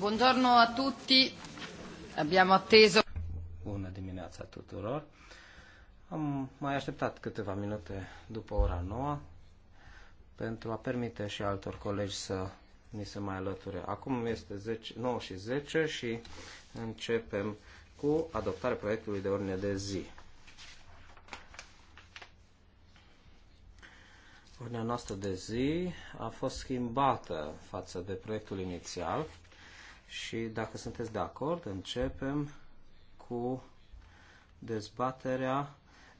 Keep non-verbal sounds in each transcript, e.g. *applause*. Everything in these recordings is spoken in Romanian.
Buongiorno a tutti. Abbiamo atteso. Bună dimineața tuturor. Am mai așteptat câteva minute după ora 9 pentru a permite și altor colegi să ni se mai alăture. Acum este 10, 9 și 10 și începem cu adoptarea proiectului de ordine de zi. Ordinea noastră de zi a fost schimbată față de proiectul inițial și dacă sunteți de acord, începem cu dezbaterea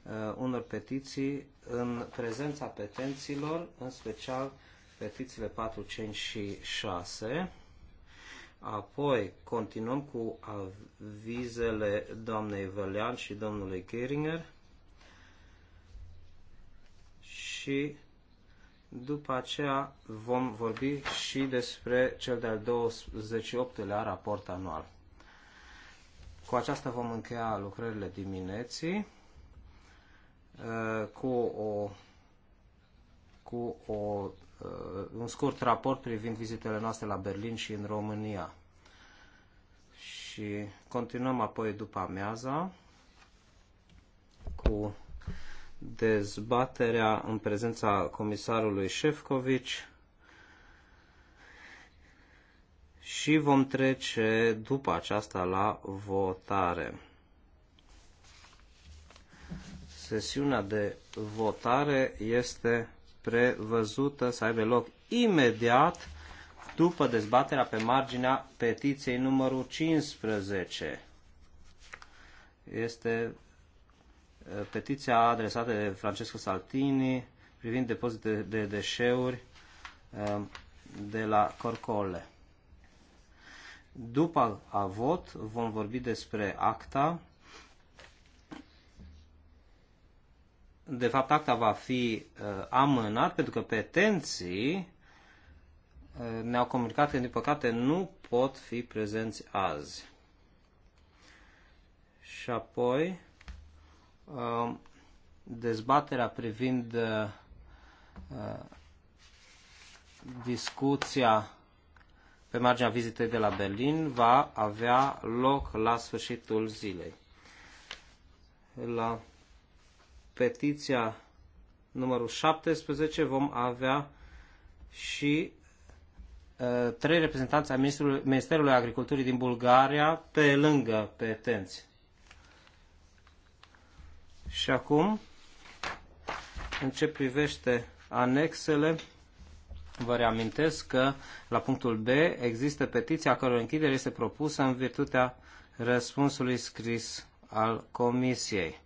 uh, unor petiții în prezența petenților, în special petițiile 4, 5 și 6. Apoi continuăm cu avizele doamnei Vălean și domnului Geringer și după aceea vom vorbi și despre cel de-al 28-lea raport anual. Cu aceasta vom încheia lucrările dimineții uh, cu, o, cu o, uh, un scurt raport privind vizitele noastre la Berlin și în România. Și continuăm apoi după amiaza cu dezbaterea în prezența comisarului Șefcovic și vom trece după aceasta la votare. Sesiunea de votare este prevăzută să aibă loc imediat după dezbaterea pe marginea petiției numărul 15. Este Eh, petiția adresată de Francesco Saltini privind depozite de deșeuri eh, de la Corcole. După a vot vom vorbi despre acta. De fapt, acta va fi uh, amânat pentru că petenții uh, ne-au comunicat că, din păcate, nu pot fi prezenți azi. Și apoi Uh, dezbaterea privind uh, uh, discuția pe marginea vizitei de la Berlin va avea loc la sfârșitul zilei. La petiția numărul 17 vom avea și trei reprezentanți ai Ministerului Agriculturii din Bulgaria pe lângă petenți. Și acum, în ce privește anexele, vă reamintesc că la punctul B există petiția căror închidere este propusă în virtutea răspunsului scris al Comisiei.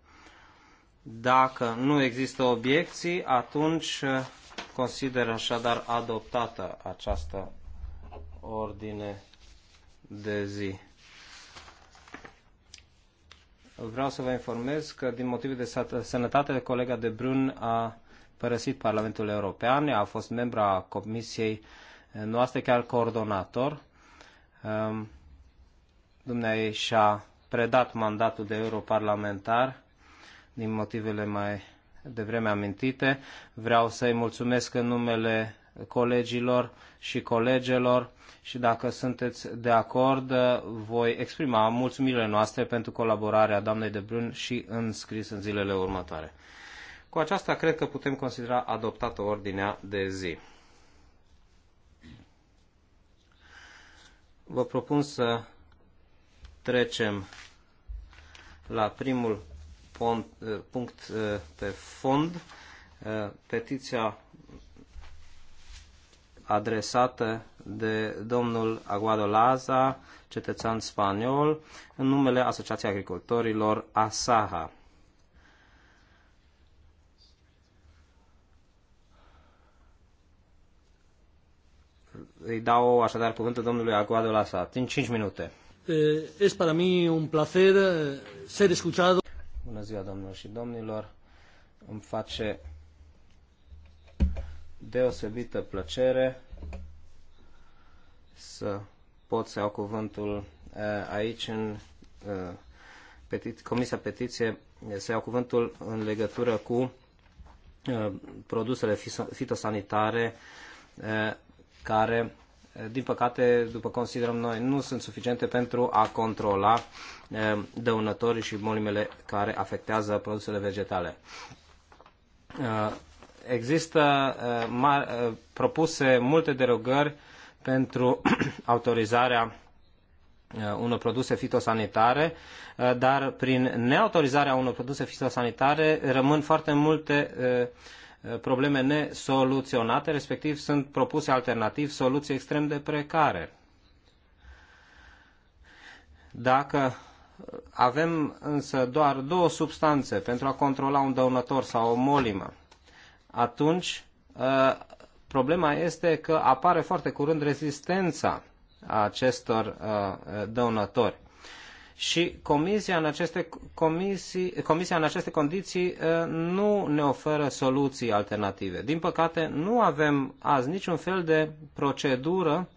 Dacă nu există obiecții, atunci uh, consider așadar adoptată această ordine de zi. Vreau să vă informez că din motive de sănătate, colega de Brun a părăsit Parlamentul European, a fost membra a comisiei eh, noastre, chiar coordonator. Ehm, Dumnezeu și-a predat mandatul de europarlamentar din motivele mai devreme amintite. Vreau să-i mulțumesc în numele colegilor și colegelor și dacă sunteți de acord, voi exprima mulțumirile noastre pentru colaborarea doamnei de Brun și scris în zilele următoare. Cu aceasta cred că putem considera adoptată ordinea de zi. Vă propun să trecem la primul eh, punct eh, pe fond, eh, petiția adresată de domnul Aguado Laza, cetățean spaniol, în numele Asociației Agricultorilor ASAHA. Îi dau așadar cuvântul domnului Aguado Laza. Tin 5 minute. Eh, es para mí un placer eh, ser escuchado. Bună ziua, domnilor și domnilor. Îmi face deosebită plăcere să pot să iau cuvântul eh, aici în eh, Comisia Petiție, eh, să iau cuvântul în legătură cu produsele fitosanitare care, din păcate, după considerăm noi, nu sunt suficiente pentru a controla dăunătorii și bolile care afectează produsele vegetale Există uh, uh, propuse multe derogări pentru *clears throat* autorizarea uh, unor produse fitosanitare, dar prin neautorizarea unor produse fitosanitare rămân foarte multe probleme nesoluționate, respectiv sunt propuse alternativ soluții extrem de precare. Dacă avem însă doar două substanțe pentru a controla un dăunător sau o molimă, atunci ă, problema este că apare foarte curând rezistența acestor ă, dăunători. Și comisia în aceste, comisii, comisia în aceste condiții ă, nu ne oferă soluții alternative. Din păcate, nu avem azi niciun fel de procedură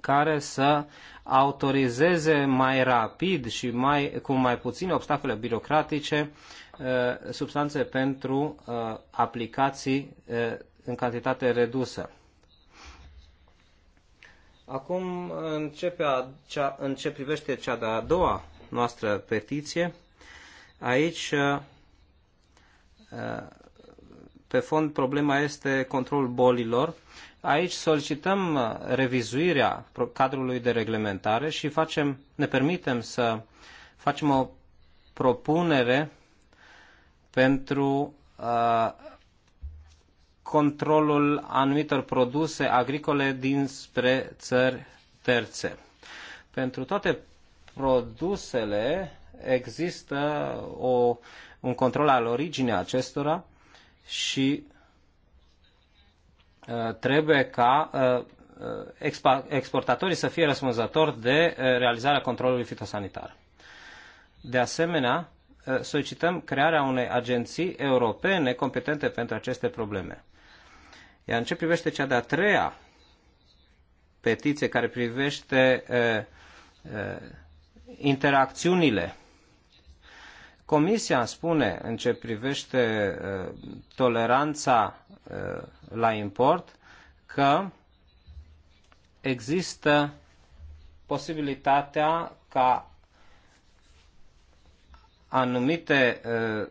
care să autorizeze mai rapid și mai, cu mai puține obstacole birocratice uh, Uh, substanțe pentru uh, aplicații uh, în cantitate redusă. Acum pe a, cea, în ce privește cea de-a doua noastră petiție. Aici, pe fond, problema este controlul bolilor. Aici solicităm revizuirea cadrului de reglementare și facem, ne permitem să facem o propunere pentru controlul anumitor produse agricole dinspre țări terțe. Pentru toate produsele există o, un control al originii acestora și trebuie ca exportatorii să fie răspunzători de realizarea controlului fitosanitar. De asemenea, Eh, solicităm crearea unei agenții europene competente pentru aceste probleme. Iar în ce privește cea de-a treia petiție care privește uh, uh, interacțiunile, Comisia spune în ce privește uh, toleranța la import că există posibilitatea ca anumite uh,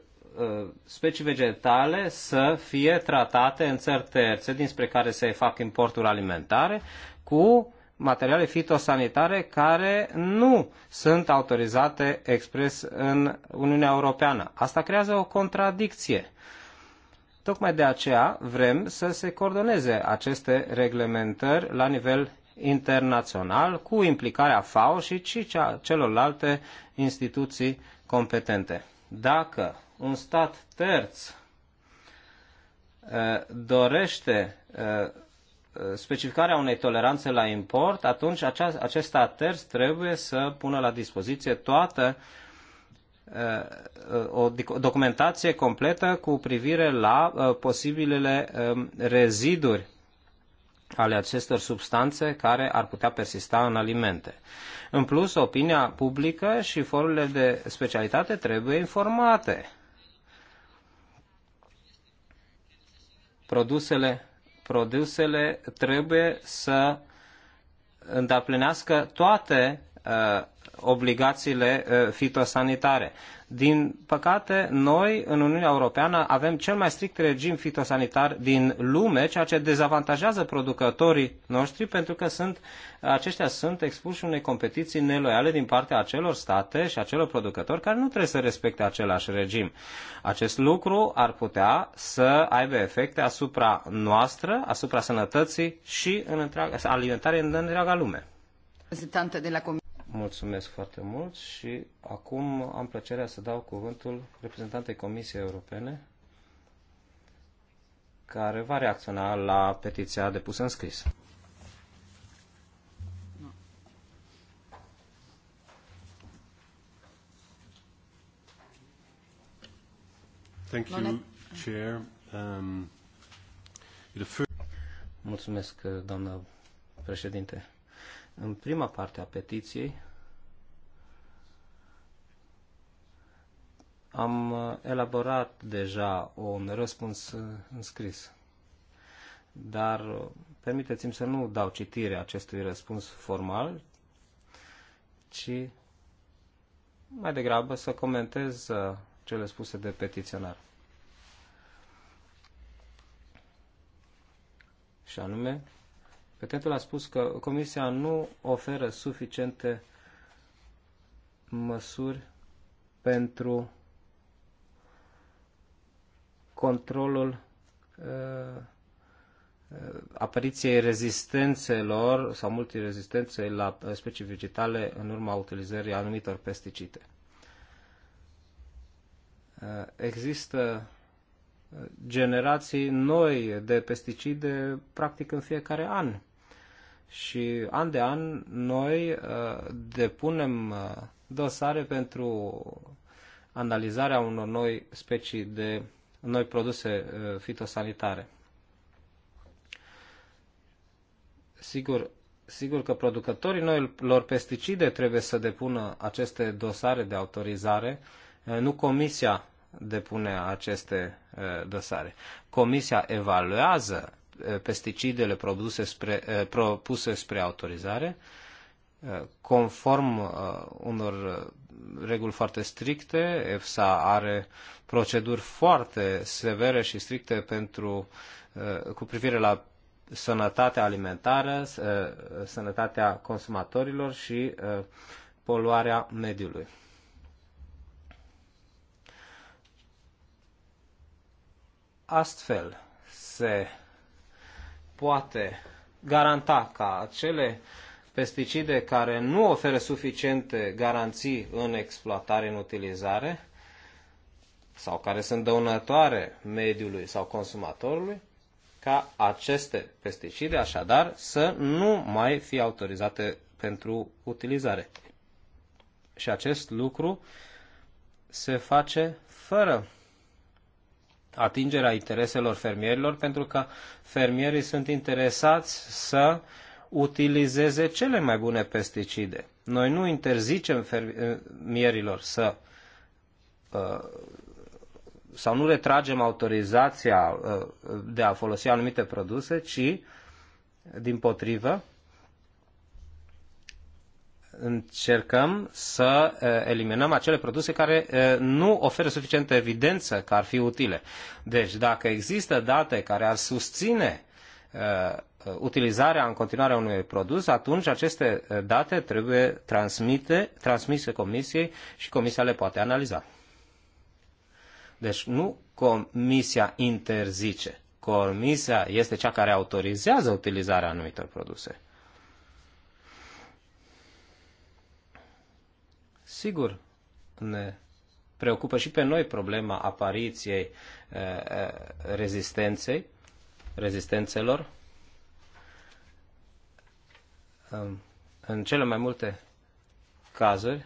uh, specii vegetale să fie tratate în țări terțe dinspre care se fac importuri alimentare cu materiale fitosanitare care nu sunt autorizate expres în Uniunea Europeană. Asta creează o contradicție. Tocmai de aceea vrem să se coordoneze aceste reglementări la nivel internațional cu implicarea FAO și celorlalte instituții competente. Dacă un stat terț eh, dorește eh, specificarea unei toleranțe la import, atunci acest stat terț trebuie să pună la dispoziție toată eh, o documentație completă cu privire la posibilele reziduri ale acestor substanțe care ar putea persista în alimente. În plus, opinia publică și forurile de specialitate trebuie informate. Produsele, produsele trebuie să îndeplinească toate uh, obligațiile fitosanitare. Din păcate, noi în Uniunea Europeană avem cel mai strict regim fitosanitar din lume, ceea ce dezavantajează producătorii noștri pentru că sunt, aceștia sunt expuși unei competiții neloiale din partea acelor state și acelor producători care nu trebuie să respecte același regim. Acest lucru ar putea să aibă efecte asupra noastră, asupra sănătății și în întreaga, alimentare în întreaga lume. Mulțumesc foarte mult și acum am plăcerea să dau cuvântul reprezentantei Comisiei Europene care va reacționa la petiția depusă în scris. Thank you, Chair. Um, Mulțumesc, doamnă președinte. În prima parte a petiției am uh, elaborat deja un răspuns uh, înscris, dar uh, permiteți-mi să nu dau citire acestui răspuns formal, ci mai degrabă să comentez cele spuse de petiționar. Și anume, Petentul a spus că Comisia nu oferă suficiente măsuri pentru controlul uh, uh, apariției rezistențelor sau multirezistenței la specii vegetale în urma utilizării anumitor pesticide. Uh, există uh, generații noi de pesticide practic în fiecare an și an de an noi uh, depunem uh, dosare pentru analizarea unor noi specii de noi produse uh, fitosanitare. Sigur, sigur că producătorii noilor pesticide trebuie să depună aceste dosare de autorizare, nu comisia depune aceste dosare. Comisia evaluează Eh, pesticidele produse spre, eh, propuse spre autorizare, eh, conform unor reguli foarte stricte. EFSA are proceduri foarte severe și stricte pentru, cu privire la sănătatea alimentară, sănătatea consumatorilor și poluarea mediului. Astfel se poate garanta ca acele pesticide care nu oferă suficiente garanții în exploatare, în utilizare, sau care sunt dăunătoare mediului sau consumatorului, ca aceste pesticide, așadar, să nu mai fie autorizate pentru utilizare. Și acest lucru se face fără atingerea intereselor fermierilor, pentru că fermierii sunt interesați să utilizeze cele mai bune pesticide. Noi nu interzicem fermierilor eh, să eh, sau nu retragem autorizația eh, de a folosi anumite produse, ci, din potrivă, încercăm să eliminăm acele produse care nu oferă suficientă evidență că ar fi utile. Deci dacă există date care ar susține utilizarea în continuare a unui produs, atunci aceste date trebuie transmite, transmise comisiei și comisia le poate analiza. Deci nu comisia interzice. Comisia este cea care autorizează utilizarea anumitor produse. Sigur, ne preocupă și pe noi problema apariției rezistenței, rezistențelor. În cele mai multe cazuri,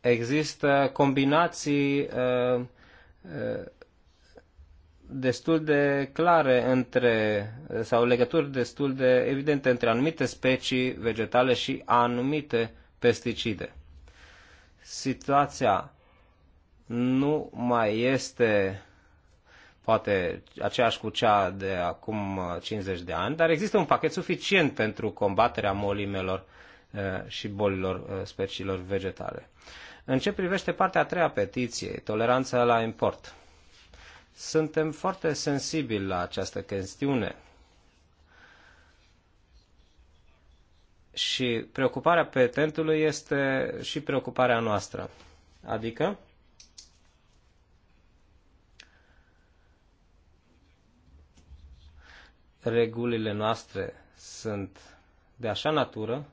există combinații destul de clare între, sau legături destul de evidente între anumite specii vegetale și anumite pesticide. Situația nu mai este poate aceeași cu cea de acum 50 uh, de ani, dar există un pachet suficient pentru combaterea molimelor uh, și bolilor uh, speciilor vegetale. În ce privește partea a treia petiției, toleranța la import, suntem foarte sensibili la această chestiune. Și preocuparea petentului este și preocuparea noastră. Adică, regulile noastre sunt de așa natură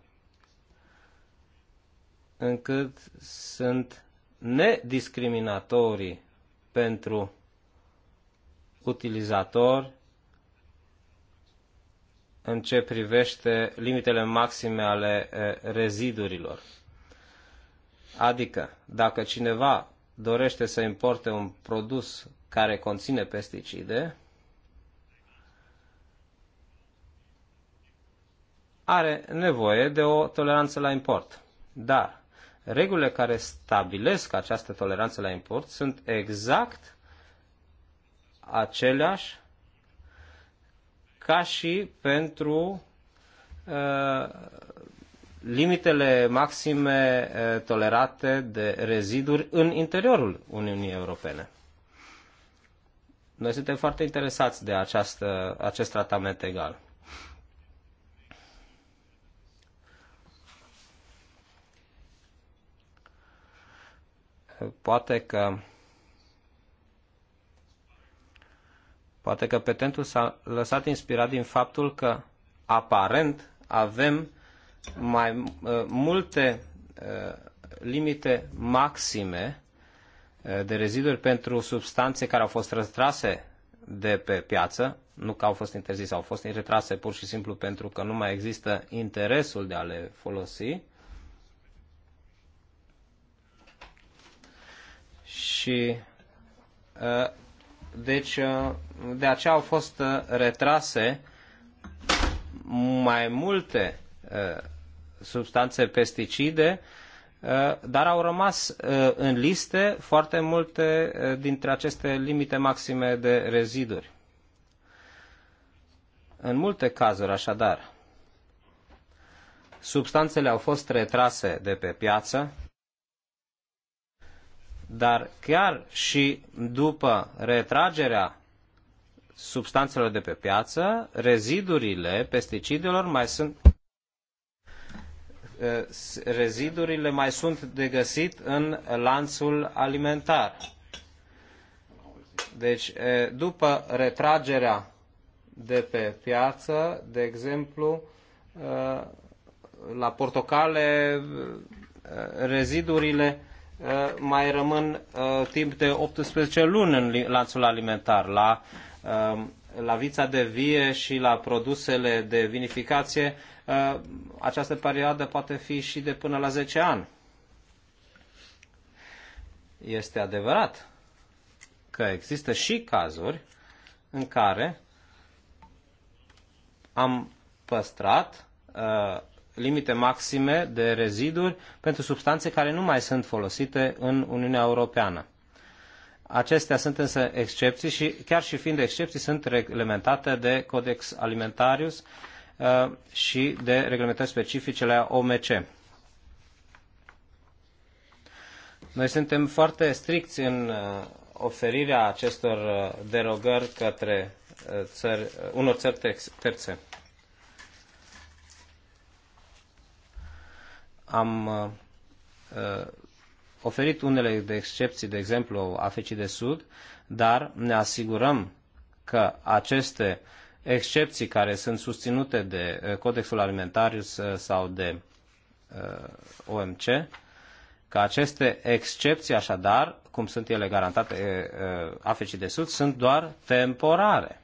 încât sunt nediscriminatorii pentru utilizator în ce privește limitele maxime ale rezidurilor. Adică, dacă cineva dorește să importe un produs care conține pesticide, are nevoie de o toleranță la import. Dar regulile care stabilesc această toleranță la import sunt exact aceleași ca și pentru uh, limitele maxime uh, tolerate de reziduri în interiorul Uniunii Europene. Noi suntem foarte interesați de această, acest tratament egal. Poate că Poate că petentul s-a lăsat inspirat din faptul că aparent avem mai uh, multe uh, limite maxime uh, de reziduri pentru substanțe care au fost retrase de pe piață, nu că au fost interzise, au fost retrase pur și simplu pentru că nu mai există interesul de a le folosi. Și deci, uh, de aceea au fost uh, retrase mai multe uh, substanțe pesticide, dar au rămas în liste foarte multe dintre aceste limite maxime de reziduri. În multe cazuri, așadar, substanțele au fost retrase de pe piață, dar chiar și după retragerea substanțelor de pe piață, rezidurile pesticidelor mai sunt eh, rezidurile mai sunt de găsit în lanțul alimentar. Deci, eh, după retragerea de pe piață, de exemplu, eh, la portocale, rezidurile Eh, mai rămân eh, timp de 18 luni în lanțul alimentar la, eh, la vița de vie și la produsele de vinificație. Această perioadă poate fi și de până la 10 ani. Este adevărat că există și cazuri în care am păstrat uh, limite maxime de reziduri pentru substanțe care nu mai sunt folosite în Uniunea Europeană. Acestea sunt însă excepții și chiar și fiind excepții sunt reglementate de Codex Alimentarius uh, și de reglementări specifice la OMC. Noi suntem foarte stricți în uh, oferirea acestor uh, derogări către țări, unor țări terțe. am uh, uh, oferit unele de excepții, de exemplu Africii de Sud, dar ne asigurăm că aceste excepții care sunt susținute de uh, Codexul Alimentarius sau de uh, OMC, că aceste excepții, așadar, cum sunt ele garantate uh, uh, Africii de Sud, sunt doar temporare.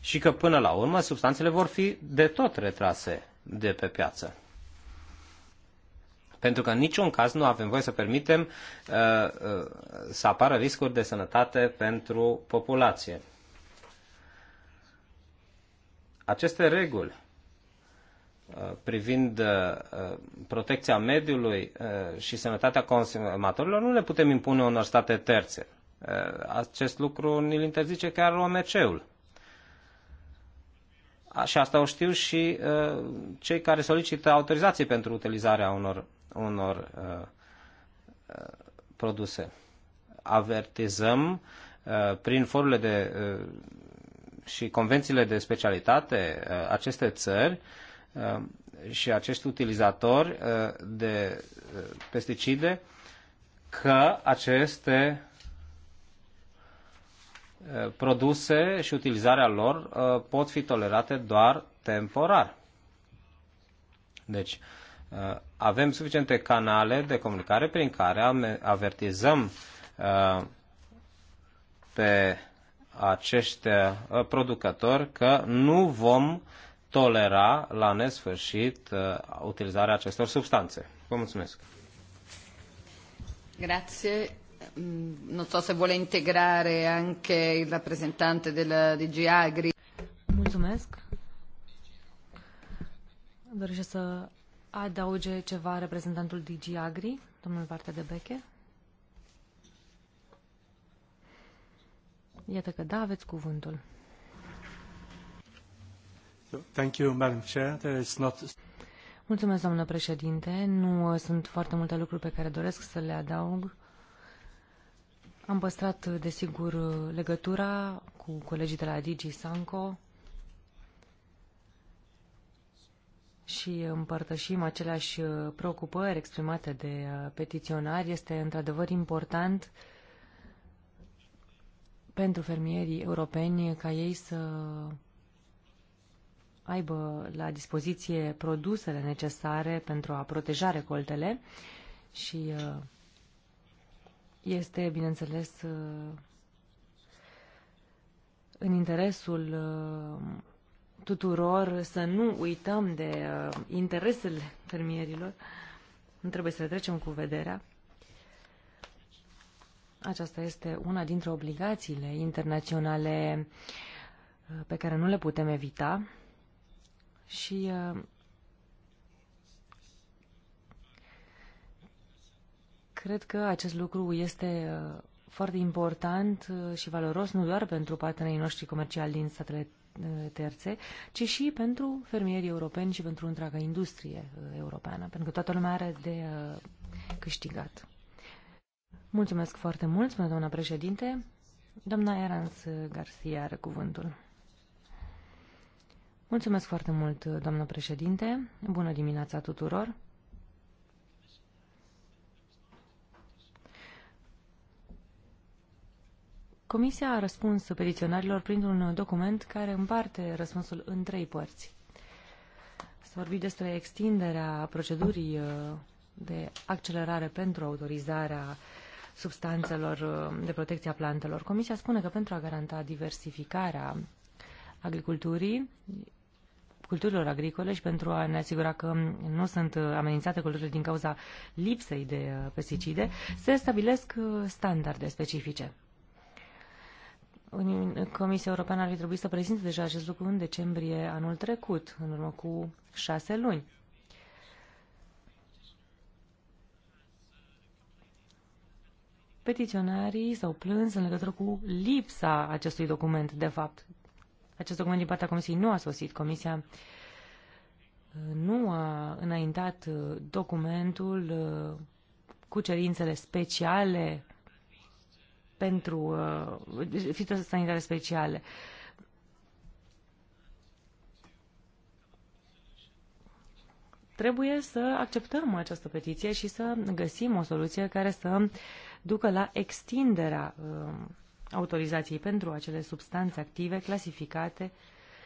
Și că până la urmă substanțele vor fi de tot retrase de pe piață pentru că în niciun caz nu avem voie să permitem uh, uh, să apară riscuri de sănătate pentru populație. Aceste reguli uh, privind protecția mediului și sănătatea consumatorilor nu le putem impune unor state terțe. Acest lucru ne l interzice chiar OMC-ul. Și asta o știu și cei care solicită autorizații pentru utilizarea unor unor uh, uh, produse. Avertizăm uh, prin forurile de, și convențiile de specialitate aceste țări și acești utilizatori de pesticide că aceste produse și utilizarea lor pot fi tolerate doar temporar. Deci, uh, Uh, avem suficiente canale de comunicare prin care avertizăm uh, pe acești uh, producători că nu vom tolera la nesfârșit utilizarea acestor substanțe. Vă mulțumesc. Grazie. Mm, non so se vuole integrare anche il rappresentante della DG Agri. Mulțumesc. Dorește să adauge ceva reprezentantul DG Agri, domnul Varte de Beche? Iată că da, aveți cuvântul. Thank you, Madam Chair. There is not... Mulțumesc, doamnă președinte. Nu uh, sunt foarte multe lucruri pe care doresc să le adaug. Am păstrat, uh, desigur, uh, legătura cu colegii de la Digi Sanco și împărtășim aceleași uh, preocupări exprimate de uh, petiționari. Este într-adevăr important pentru fermierii europeni ca ei să aibă la dispoziție produsele necesare pentru a proteja recoltele și uh, este, bineînțeles, în interesul tuturor să nu uităm de uh, interesele fermierilor. Nu trebuie să le trecem cu vederea. Aceasta este una dintre obligațiile internaționale uh, pe care nu le putem evita și uh, cred că acest lucru este foarte important și valoros nu doar pentru partenerii noștri comerciali din statele Eh, terțe, ci și pentru fermierii europeni și pentru întreaga industrie eh, europeană, pentru că toată lumea are de eh, câștigat. Mulțumesc foarte mult, spune doamna președinte. Doamna Erans Garcia are cuvântul. Mulțumesc foarte mult, doamnă președinte. Bună dimineața tuturor. Comisia a răspuns petiționarilor printr-un document care împarte răspunsul în trei părți. S-a vorbit despre extinderea procedurii uh, de accelerare pentru autorizarea substanțelor uh, de protecție a plantelor. Comisia spune că pentru a garanta diversificarea agriculturii, culturilor agricole și pentru a ne asigura că nu sunt uh, amenințate culturile din cauza lipsei de pesticide, se stabilesc standarde specifice. Comisia Europeană ar fi trebuit să prezinte deja acest lucru în decembrie anul trecut, în urmă cu șase luni. Petiționarii s-au plâns în legătură cu lipsa acestui document, de fapt. Acest document din partea Comisiei nu a sosit. Comisia uh, nu a înaintat uh, documentul uh, cu cerințele speciale pentru uh, fitosanitare speciale. Trebuie să acceptăm această petiție și să găsim o soluție care să ducă la extinderea uh, autorizației pentru acele substanțe active clasificate uh,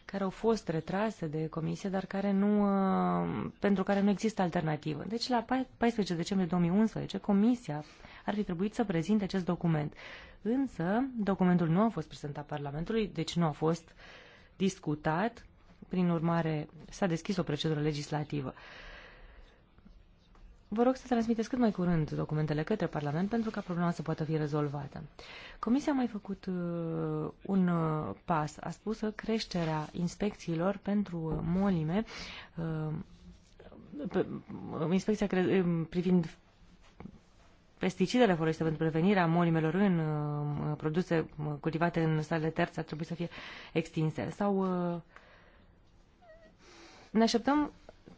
care au fost retrase de comisie, dar care nu, uh, pentru care nu există alternativă. Deci la 14 decembrie 2011 comisia ar fi trebuit să prezinte acest document. Însă documentul nu a fost prezentat Parlamentului, deci nu a fost discutat, prin urmare s-a deschis o procedură legislativă. Uh, Vă rog să transmiteți cât mai curând documentele către Parlament pentru ca problema să poată fi rezolvată. Comisia a mai făcut uh, un uh, pas. A spus că creșterea inspecțiilor pentru uh, molime, uh, pe, uh, inspecția cre- uh, privind pesticidele folosite pentru prevenirea molimelor în uh, produse cultivate în statele terțe ar trebui să fie extinse. Sau uh, ne așteptăm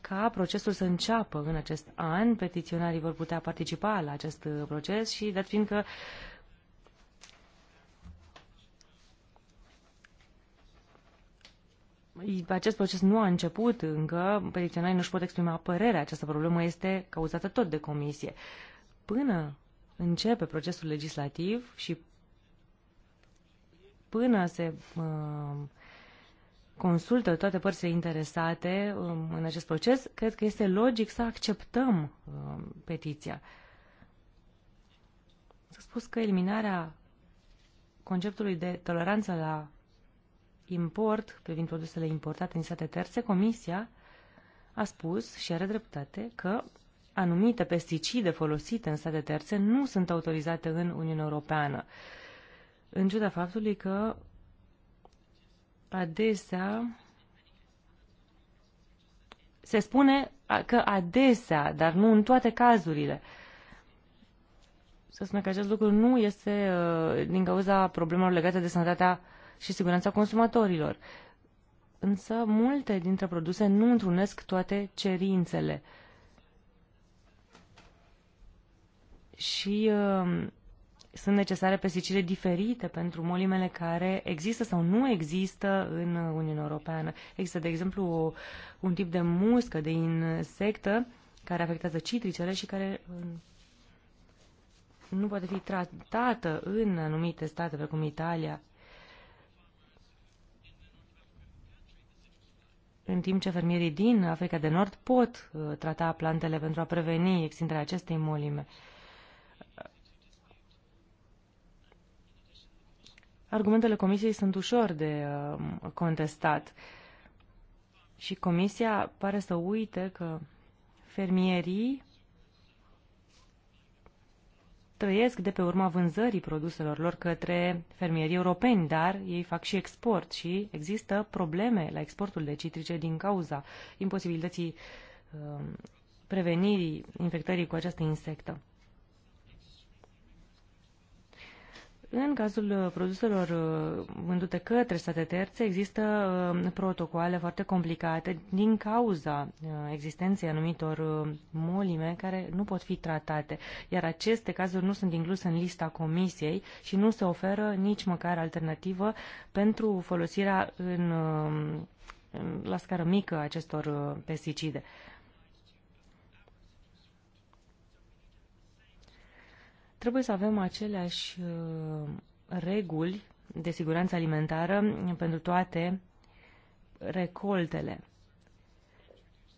ca procesul să înceapă în acest an. Petiționarii vor putea participa la acest uh, proces și dat fiindcă acest proces nu a început încă, petiționarii nu își pot exprima părerea, această problemă este cauzată tot de comisie. Până începe procesul legislativ și până se uh, consultă toate părțile interesate um, în acest proces, cred că este logic să acceptăm um, petiția. S-a spus că eliminarea conceptului de toleranță la import privind produsele importate din state terțe, Comisia a spus și are dreptate că anumite pesticide folosite în state terțe nu sunt autorizate în Uniunea Europeană, în ciuda faptului că adesea se spune că adesea, dar nu în toate cazurile, să spune că acest lucru nu este uh, din cauza problemelor legate de sănătatea și siguranța consumatorilor. Însă multe dintre produse nu întrunesc toate cerințele. Și uh, sunt necesare pesticide diferite pentru molimele care există sau nu există în Uniunea Europeană. Există, de exemplu, o, un tip de muscă, de insectă, care afectează citricele și care um, nu poate fi tratată în anumite state, precum Italia, în timp ce fermierii din Africa de Nord pot uh, trata plantele pentru a preveni extinderea acestei molime argumentele comisiei sunt ușor de uh, contestat. Și comisia pare să uite că fermierii trăiesc de pe urma vânzării produselor lor către fermierii europeni, dar ei fac și export și există probleme la exportul de citrice din cauza imposibilității uh, prevenirii infectării cu această insectă. În cazul uh, produselor uh, vândute către state terțe există uh, protocoale foarte complicate din cauza existenței anumitor molime care nu pot fi tratate, iar aceste cazuri nu sunt incluse în lista comisiei și nu se oferă nici măcar alternativă pentru folosirea în, în la scară mică acestor pesticide. Trebuie să avem aceleași uh, reguli de siguranță alimentară mm, pentru toate recoltele.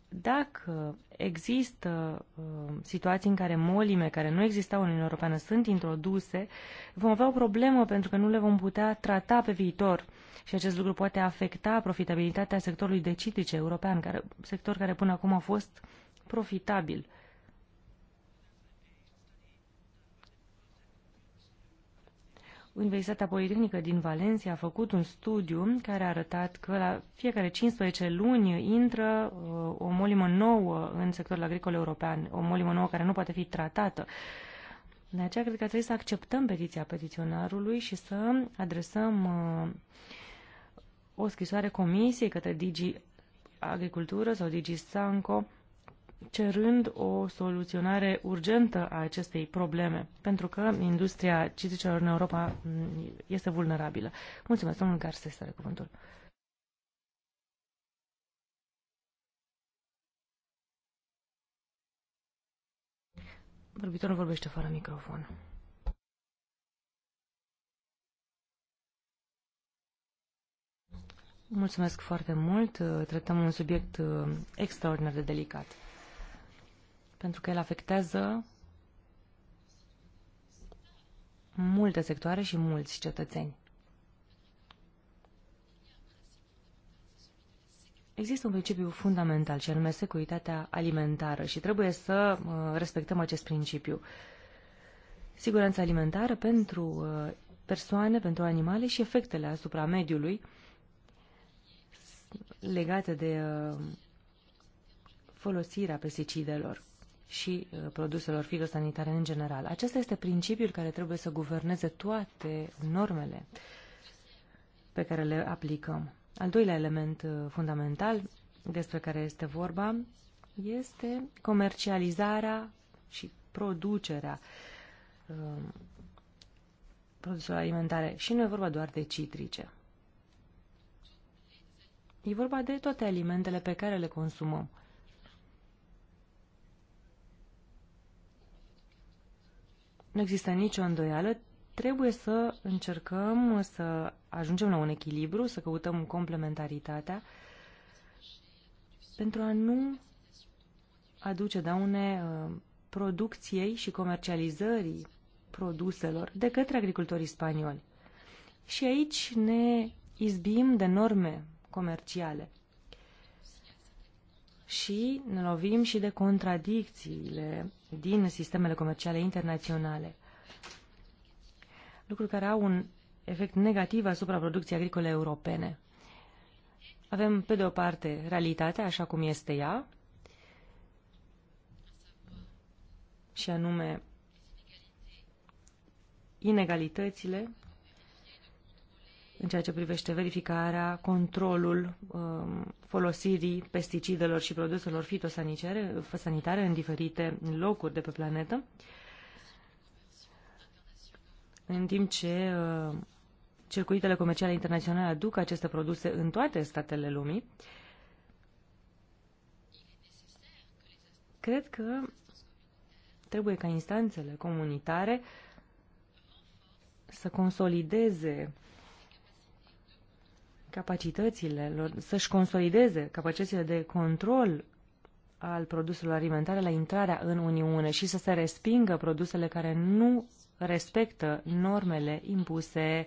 Dacă există uh, situații în care molime care nu existau în Uniunea Europeană sunt introduse, vom avea o problemă pentru că nu le vom putea trata pe viitor și acest lucru poate afecta profitabilitatea sectorului de citrice european, care, sector care până acum a fost profitabil. Universitatea Politehnică din Valencia a făcut un studiu care a arătat că la fiecare 15 luni intră uh, o molimă nouă în sectorul agricol european, o molimă nouă care nu poate fi tratată. De aceea cred că trebuie să acceptăm petiția petiționarului și să adresăm uh, o scrisoare comisiei către Digi Agricultură sau Digi Sanco cerând o soluționare urgentă a acestei probleme, pentru că industria citicelor în Europa mm, este vulnerabilă. Mulțumesc, domnul Garces, să cuvântul. Vorbitorul vorbește fără microfon. Mulțumesc foarte mult. Tratăm un subiect uh, extraordinar de delicat pentru că el afectează multe sectoare și mulți cetățeni. Există un principiu fundamental, ce anume securitatea alimentară și trebuie să uh, respectăm acest principiu. Siguranța alimentară pentru uh, persoane, pentru animale și efectele asupra mediului legate de uh, folosirea pesticidelor și uh, produselor fitosanitare în general. Acesta este principiul care trebuie să guverneze toate normele pe care le aplicăm. Al doilea element uh, fundamental despre care este vorba este comercializarea și producerea uh, produselor alimentare. Și nu e vorba doar de citrice. E vorba de toate alimentele pe care le consumăm. Nu există nicio îndoială. Trebuie să încercăm să ajungem la un echilibru, să căutăm complementaritatea pentru a nu aduce daune uh, producției și comercializării produselor de către agricultorii spanioli. Și aici ne izbim de norme comerciale și ne lovim și de contradicțiile din sistemele comerciale internaționale, lucruri care au un efect negativ asupra producției agricole europene. Avem, pe de o parte, realitatea așa cum este ea, și anume inegalitățile în ceea ce privește verificarea, controlul um, folosirii pesticidelor și produselor fitosanitare în diferite locuri de pe planetă, în timp ce uh, circuitele comerciale internaționale aduc aceste produse în toate statele lumii, cred că trebuie ca instanțele comunitare să consolideze capacitățile, să-și consolideze capacitățile de control al produselor alimentare la intrarea în Uniune și să se respingă produsele care nu respectă normele impuse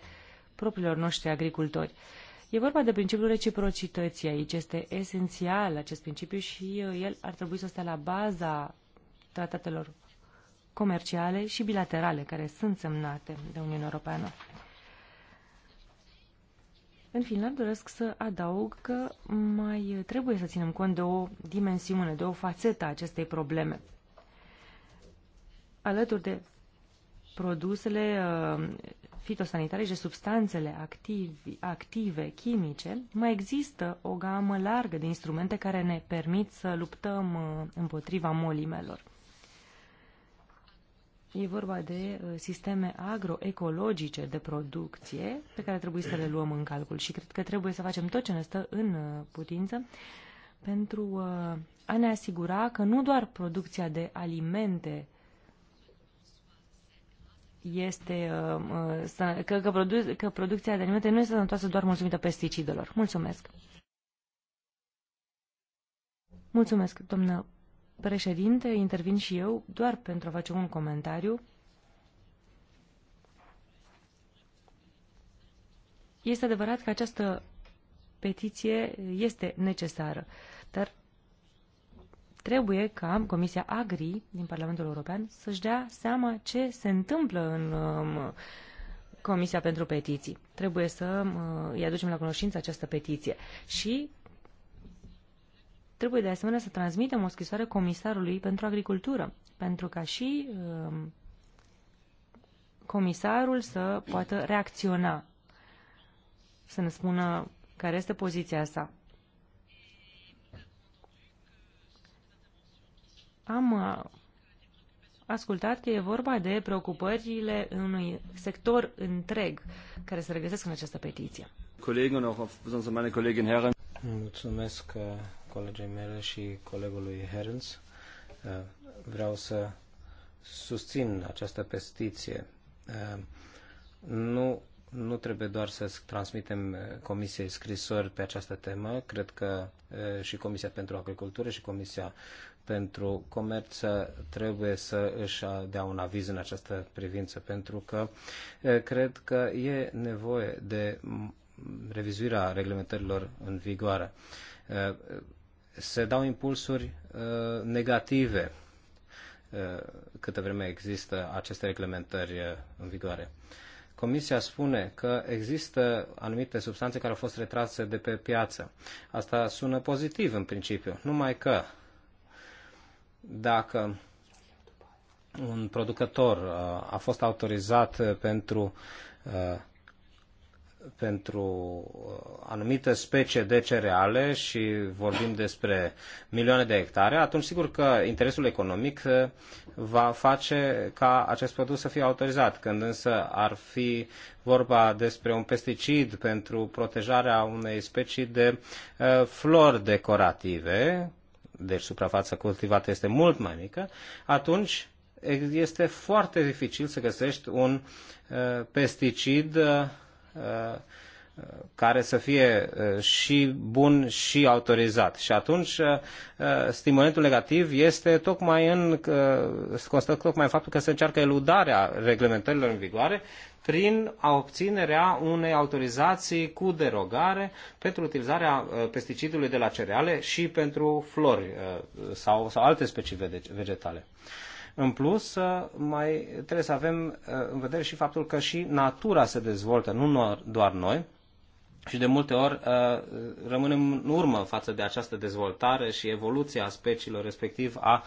propriilor noștri agricultori. E vorba de principiul reciprocității aici. Este esențial acest principiu și uh, el ar trebui să stea la baza tratatelor comerciale și bilaterale care sunt semnate de Uniunea Europeană. În final doresc să adaug că mai trebuie să ținem cont de o dimensiune, de o fațetă a acestei probleme. Alături de produsele uh, fitosanitare și de substanțele activi, active, chimice, mai există o gamă largă de instrumente care ne permit să luptăm uh, împotriva molimelor. E vorba de uh, sisteme agroecologice de producție pe care trebuie să le luăm în calcul și cred că trebuie să facem tot ce ne stă în uh, putință pentru uh, a ne asigura că nu doar producția de alimente este că, că, produ- că producția de alimente nu este sănătoasă doar mulțumită pesticidelor. Mulțumesc! Mulțumesc, doamnă președinte, intervin și eu doar pentru a face un comentariu. Este adevărat că această petiție este necesară, dar trebuie ca Comisia Agri din Parlamentul European să-și dea seama ce se întâmplă în um, Comisia pentru Petiții. Trebuie să uh, îi aducem la cunoștință această petiție și Trebuie de asemenea să transmitem o scrisoare comisarului pentru agricultură, pentru ca și um, comisarul să poată reacționa, să ne spună care este poziția sa. Am uh, ascultat că e vorba de preocupările unui sector întreg care se regăsesc în această petiție. Colegii, auch Mulțumesc uh, colegii mele și colegului Herns. Uh, vreau să susțin această pestiție. Uh, nu, nu trebuie doar să transmitem Comisiei scrisori pe această temă. Cred că și Comisia pentru Agricultură și Comisia pentru Comerț trebuie să își dea un aviz în această privință, pentru că cred că e nevoie de revizuirea reglementărilor în vigoare. Eh, se dau impulsuri eh, negative eh, câtă vreme există aceste reglementări în vigoare. Comisia spune că există anumite substanțe care au fost retrase de pe piață. Asta sună pozitiv în principiu, numai că dacă un producător a fost autorizat pentru pentru uh, anumite specie de cereale și vorbim despre milioane de hectare, atunci sigur că interesul economic uh, va face ca acest produs să fie autorizat. Când însă ar fi vorba despre un pesticid pentru protejarea unei specii de uh, flori decorative, deci suprafața cultivată este mult mai mică, atunci este foarte dificil să găsești un pesticid Uh, uh, care să fie uh, și bun și autorizat. Și atunci stimulentul negativ este tocmai în, constă tocmai în faptul că se încearcă eludarea reglementărilor în vigoare prin obținerea unei autorizații cu derogare pentru utilizarea pesticidului de la cereale și pentru flori sau, sau alte specii vegetale. În plus, uh, mai trebuie să avem uh, în vedere și faptul că și natura se dezvoltă, nu doar noi, și de multe ori uh, rămânem în urmă față de această dezvoltare și evoluția speciilor, respectiv a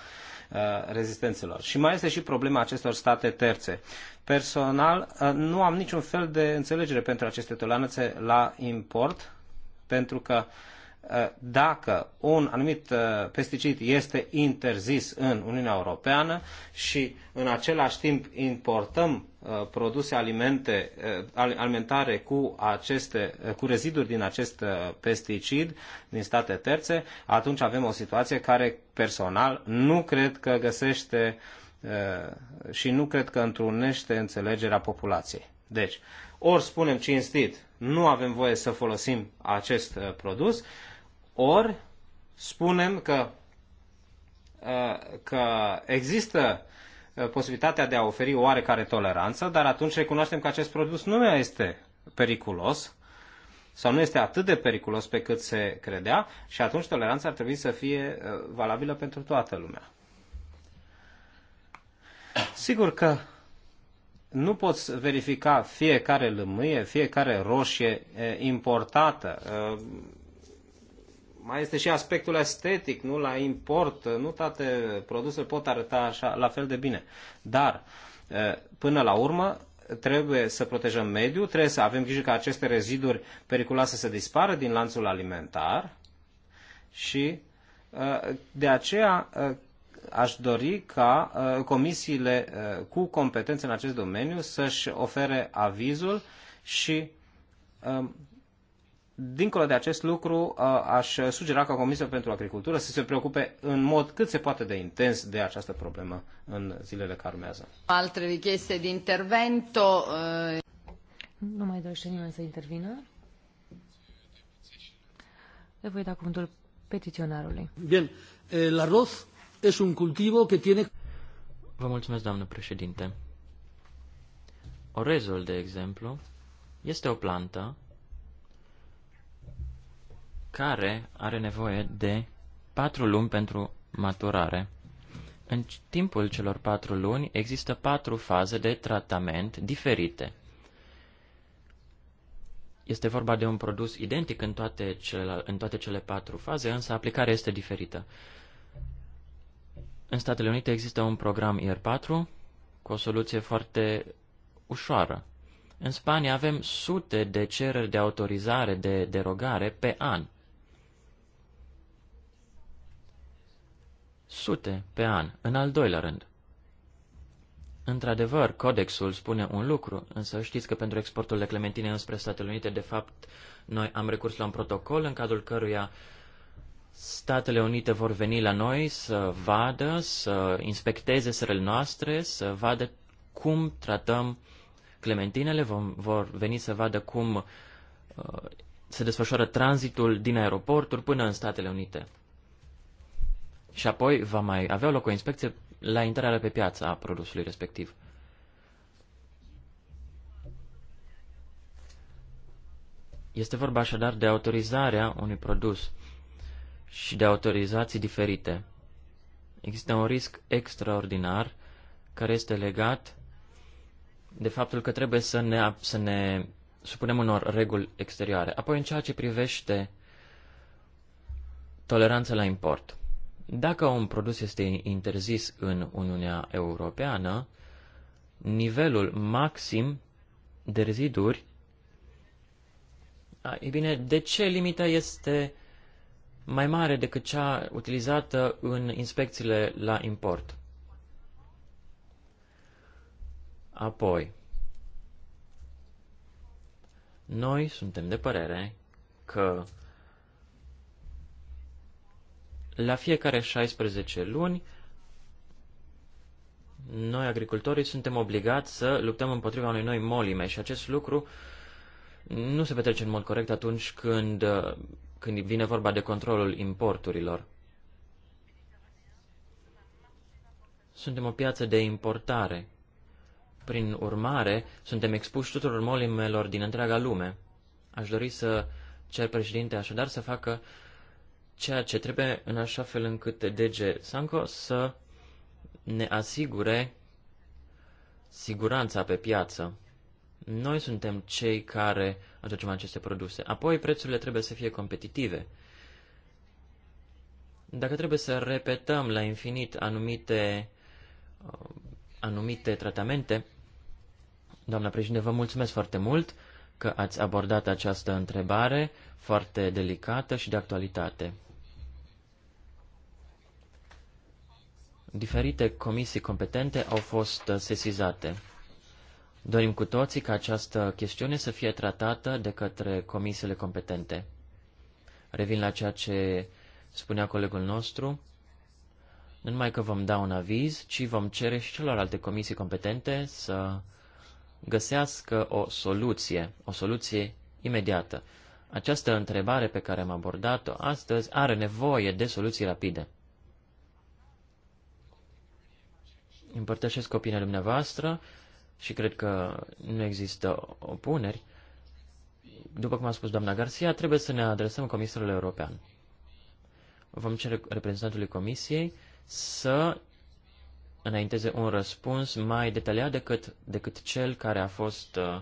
rezistențelor. Și mai este și problema acestor state terțe. Personal, nu am niciun fel de înțelegere pentru aceste tolanțe la import, pentru că uh, Eh, dacă un anumit eh, pesticid este interzis în Uniunea Europeană și în același timp importăm eh, produse alimente, alimentare cu, aceste, cu reziduri din acest pesticid din state terțe, atunci avem o situație care personal nu cred că găsește și nu cred că întrunește înțelegerea populației. Deci, ori spunem cinstit, nu avem voie să folosim acest produs, ori spunem că, ă, că există ă, posibilitatea de a oferi oarecare toleranță, dar atunci recunoaștem că acest produs nu este periculos sau nu este atât de periculos pe cât se credea și atunci toleranța ar trebui să fie ă, valabilă pentru toată lumea. Sigur că nu poți verifica fiecare lămâie, fiecare roșie importată mai este și aspectul estetic, nu la import, nu toate produsele pot arăta așa la fel de bine. Dar, până la urmă, trebuie să protejăm mediul, trebuie să avem grijă ca aceste reziduri periculoase să dispară din lanțul alimentar și de aceea aș dori ca comisiile cu competențe în acest domeniu să-și ofere avizul și dincolo de acest lucru, aș sugera ca Comisia pentru Agricultură să se preocupe în mod cât se poate de intens de această problemă în zilele care urmează. Alte richieste de intervento? Uh, nu mai dorește nimeni să intervină? Le voi da cuvântul petiționarului. Bine, el arroz este un cultivo care tiene... Vă mulțumesc, doamnă președinte. Orezul, de exemplu, este o plantă care are nevoie de patru luni pentru maturare. În timpul celor patru luni există patru faze de tratament diferite. Este vorba de un produs identic în toate, cele, în toate cele patru faze, însă aplicarea este diferită. În Statele Unite există un program IR4 cu o soluție foarte ușoară. În Spania avem sute de cereri de autorizare de derogare pe an. sute pe an, în al doilea rând. Într-adevăr, codexul spune un lucru, însă știți că pentru exportul de clementine înspre Statele Unite, de fapt, noi am recurs la un protocol în cadrul căruia Statele Unite vor veni la noi să vadă, să inspecteze sărele noastre, să vadă cum tratăm clementinele, vom, vor veni să vadă cum uh, se desfășoară tranzitul din aeroporturi până în Statele Unite și apoi va mai avea loc o inspecție la intrarea pe piață a produsului respectiv. Este vorba așadar de autorizarea unui produs și de autorizații diferite. Există un risc extraordinar care este legat de faptul că trebuie să ne, să ne supunem unor reguli exterioare. Apoi, în ceea ce privește toleranța la import. Dacă un produs este interzis în Uniunea Europeană, nivelul maxim de reziduri, e bine, de ce limita este mai mare decât cea utilizată în inspecțiile la import? Apoi, noi suntem de părere că la fiecare 16 luni, noi, agricultorii, suntem obligați să luptăm împotriva unui noi molime și acest lucru nu se petrece în mod corect atunci când, când vine vorba de controlul importurilor. Suntem o piață de importare. Prin urmare, suntem expuși tuturor molimelor din întreaga lume. Aș dori să cer președinte așadar să facă uh, ceea ce trebuie în așa fel încât DG Sanco să ne asigure siguranța pe piață. Noi suntem cei care aducem aceste produse. Apoi, prețurile trebuie să fie competitive. Dacă trebuie să repetăm la infinit anumite, uh, anumite tratamente, doamna președinte, vă mulțumesc foarte mult că ați abordat această întrebare foarte delicată și de actualitate. Diferite comisii competente au fost uh, sesizate. Dorim cu toții ca această chestiune să fie tratată de către comisiile competente. Revin la ceea ce spunea colegul nostru. Nu numai că vom da un aviz, ci vom cere și celorlalte comisii competente să găsească o soluție, o soluție imediată. Această întrebare pe care am abordat-o astăzi are nevoie de soluții rapide. Împărtășesc opinia dumneavoastră și cred că nu există opuneri. După cum a spus doamna Garcia, trebuie să ne adresăm Comisarul European. Vom cere reprezentantului Comisiei să înainteze un răspuns mai detaliat decât, decât cel care a fost uh,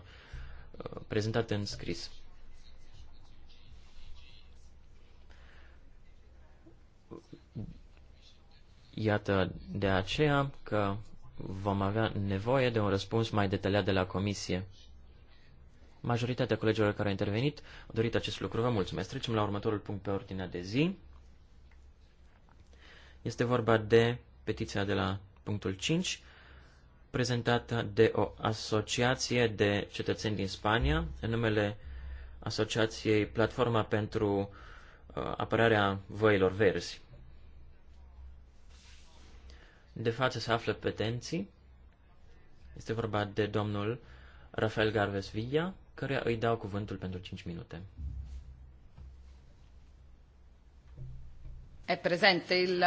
prezentat în scris. Iată de aceea că vom avea nevoie de un răspuns mai detaliat de la Comisie. Majoritatea colegilor care au intervenit au dorit acest lucru. Vă mulțumesc. Trecem la următorul punct pe ordinea de zi. Este vorba de petiția de la punctul 5, prezentată de o asociație de cetățeni din Spania, în numele asociației Platforma pentru uh, apărarea Văilor Verzi. De față se află petenții. Este vorba de domnul Rafael Garves Villa, căruia îi dau cuvântul pentru 5 minute. E presente il...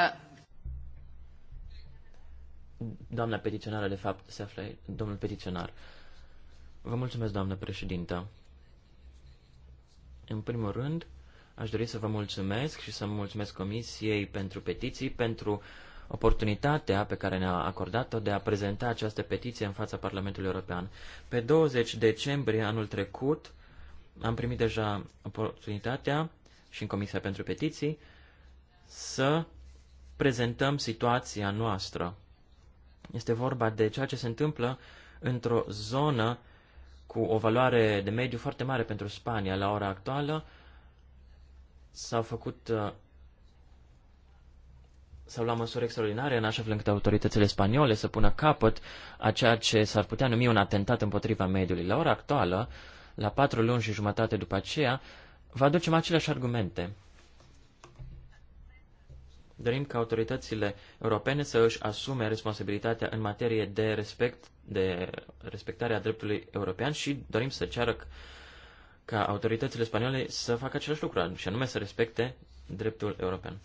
Doamna petiționară, de fapt, se află domnul petiționar. Vă mulțumesc, doamnă președintă. În primul rând, aș dori să vă mulțumesc și să mulțumesc Comisiei pentru petiții, pentru oportunitatea pe care ne-a acordat-o de a prezenta această petiție în fața Parlamentului European. Pe 20 decembrie anul trecut am primit deja oportunitatea și în Comisia pentru Petiții să prezentăm situația noastră. Este vorba de ceea ce se întâmplă într-o zonă cu o valoare de mediu foarte mare pentru Spania. La ora actuală s-au făcut uh, sau la măsuri extraordinare, în așa fel încât autoritățile spaniole să pună capăt a ceea ce s-ar putea numi un atentat împotriva mediului. La ora actuală, la patru luni și jumătate după aceea, vă aducem aceleași argumente. Dorim ca autoritățile europene să își asume responsabilitatea în materie de respect, de respectarea dreptului european și dorim să ceară ca autoritățile spaniole să facă același lucru, și anume să respecte dreptul european.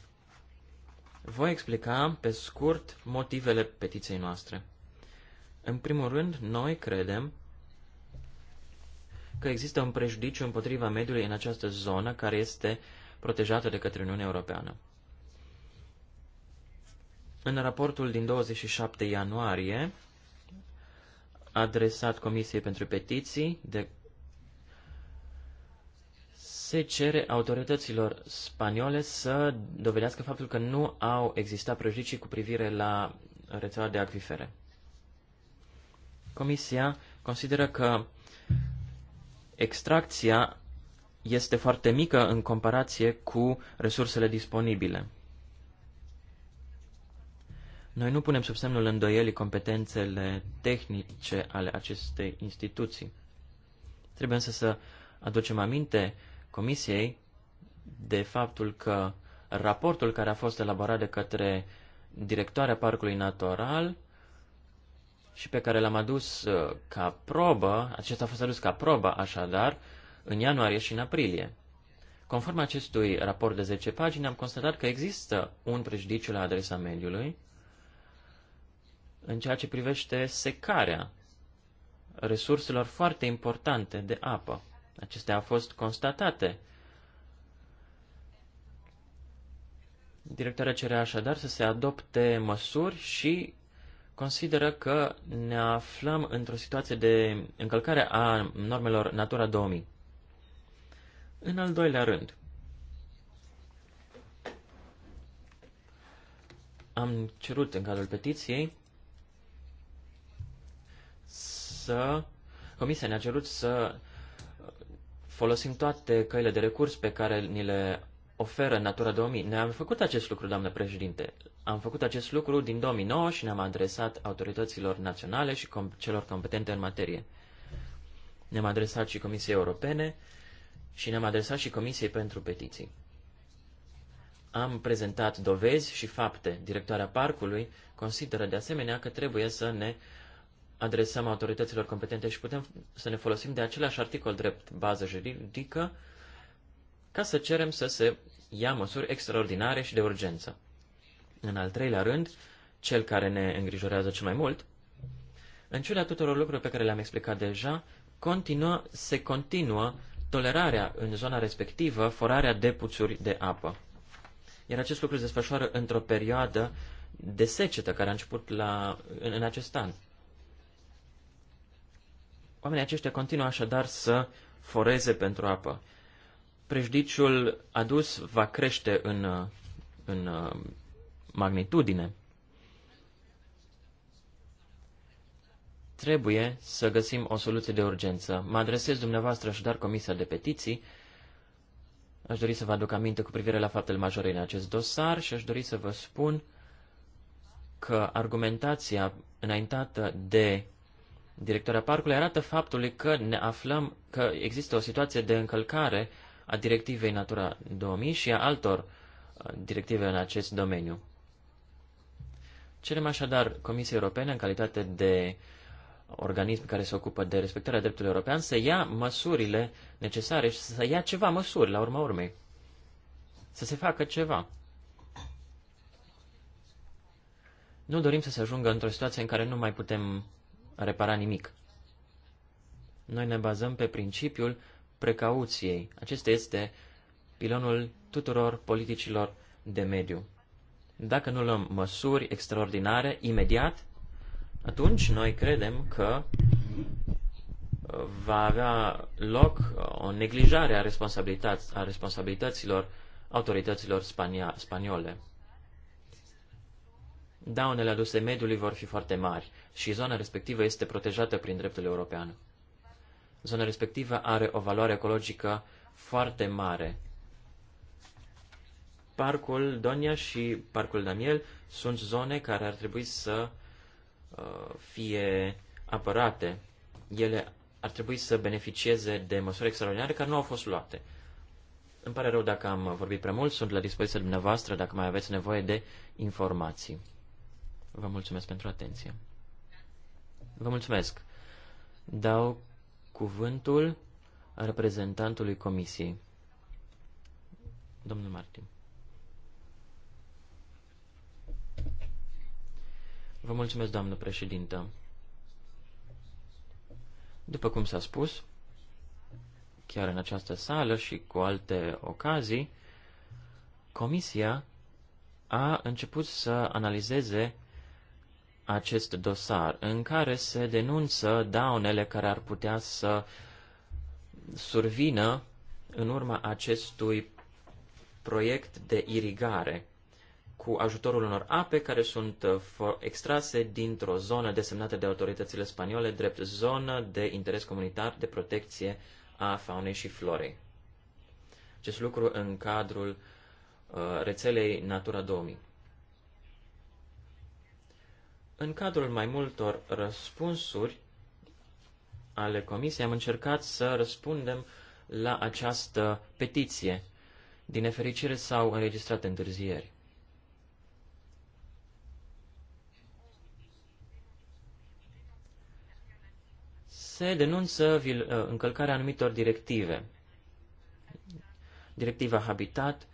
Voi explica pe scurt motivele petiției noastre. În primul rând, noi credem că există un prejudiciu împotriva mediului în această zonă care este protejată de către Uniunea Europeană. În raportul din 27 ianuarie, adresat Comisiei pentru Petiții de se cere autorităților spaniole să dovedească faptul că nu au existat prejudicii cu privire la rețeaua de acvifere. Comisia consideră că extracția este foarte mică în comparație cu resursele disponibile. Noi nu punem sub semnul îndoielii competențele tehnice ale acestei instituții. Trebuie însă să aducem aminte Comisiei de faptul că raportul care a fost elaborat de către directoarea Parcului Natural și pe care l-am adus uh, ca probă, acesta a fost adus ca probă așadar, în ianuarie și în aprilie. Conform acestui raport de 10 pagini, am constatat că există un prejudiciu la adresa mediului în ceea ce privește secarea resurselor foarte importante de apă. Acestea au fost constatate. Directoarea cere așadar să se adopte măsuri și consideră că ne aflăm într-o situație de încălcare a normelor Natura 2000. În al doilea rând, am cerut în cadrul petiției să Comisia ne-a cerut să folosim toate căile de recurs pe care ni le oferă Natura 2000. ne am făcut acest lucru, doamnă președinte. Am făcut acest lucru din 2009 și ne-am adresat autorităților naționale și com- celor competente în materie. Ne-am adresat și Comisiei Europene și ne-am adresat și Comisiei pentru Petiții. Am prezentat dovezi și fapte. Directoarea parcului consideră de asemenea că trebuie să ne uh, adresăm autorităților competente și putem să ne folosim de același articol drept bază juridică ca să cerem să se ia măsuri extraordinare și de urgență. În al treilea rând, cel care ne îngrijorează cel mai mult, în ciuda tuturor lucrurilor pe care le-am explicat deja, continuă, se continuă tolerarea în zona respectivă forarea de puțuri de apă. Iar acest lucru se desfășoară într-o perioadă de secetă care a început la, în, în acest an. Oamenii aceștia continuă așadar să foreze pentru apă. Prejudiciul adus va crește în, în uh, magnitudine. Trebuie să găsim o soluție de urgență. Mă adresez dumneavoastră și dar Comisia de Petiții. Aș dori să vă aduc aminte cu privire la faptele majore în acest dosar și aș dori să vă spun că argumentația înaintată de directoarea parcului arată faptul că ne aflăm că există o situație de încălcare a directivei Natura 2000 și a altor uh, directive în acest domeniu. Cerem așadar Comisiei Europene, în calitate de organism care se ocupă de respectarea dreptului european, să ia măsurile necesare și să ia ceva măsuri, la urma urmei. Să se facă ceva. Nu dorim să se ajungă într-o situație în care nu mai putem repara nimic. Noi ne bazăm pe principiul precauției. Acesta este pilonul tuturor politicilor de mediu. Dacă nu luăm măsuri extraordinare imediat, atunci noi credem că uh, va avea loc uh, o neglijare a, responsabilităț- a responsabilităților autorităților spania- spaniole daunele aduse mediului vor fi foarte mari și zona respectivă este protejată prin dreptul european. Zona respectivă are o valoare ecologică foarte mare. Parcul Donia și Parcul Daniel sunt zone care ar trebui să uh, fie apărate. Ele ar trebui să beneficieze de măsuri extraordinare care nu au fost luate. Îmi pare rău dacă am vorbit prea mult, sunt la dispoziția dumneavoastră dacă mai aveți nevoie de informații. Vă mulțumesc pentru atenție. Vă mulțumesc. Dau cuvântul reprezentantului Comisiei, domnul Martin. Vă mulțumesc, doamnă președintă. După cum s-a spus, chiar în această sală și cu alte ocazii, Comisia a început să analizeze acest dosar în care se denunță daunele care ar putea să survină în urma acestui proiect de irigare cu ajutorul unor ape care sunt uh, extrase dintr-o zonă desemnată de autoritățile spaniole drept zonă de interes comunitar de protecție a faunei și florei. Acest lucru în cadrul uh, rețelei Natura 2000. În cadrul mai multor răspunsuri ale comisiei am încercat să răspundem la această petiție. Din nefericire s-au înregistrat întârzieri. Se denunță uh, încălcarea anumitor directive. Directiva Habitat,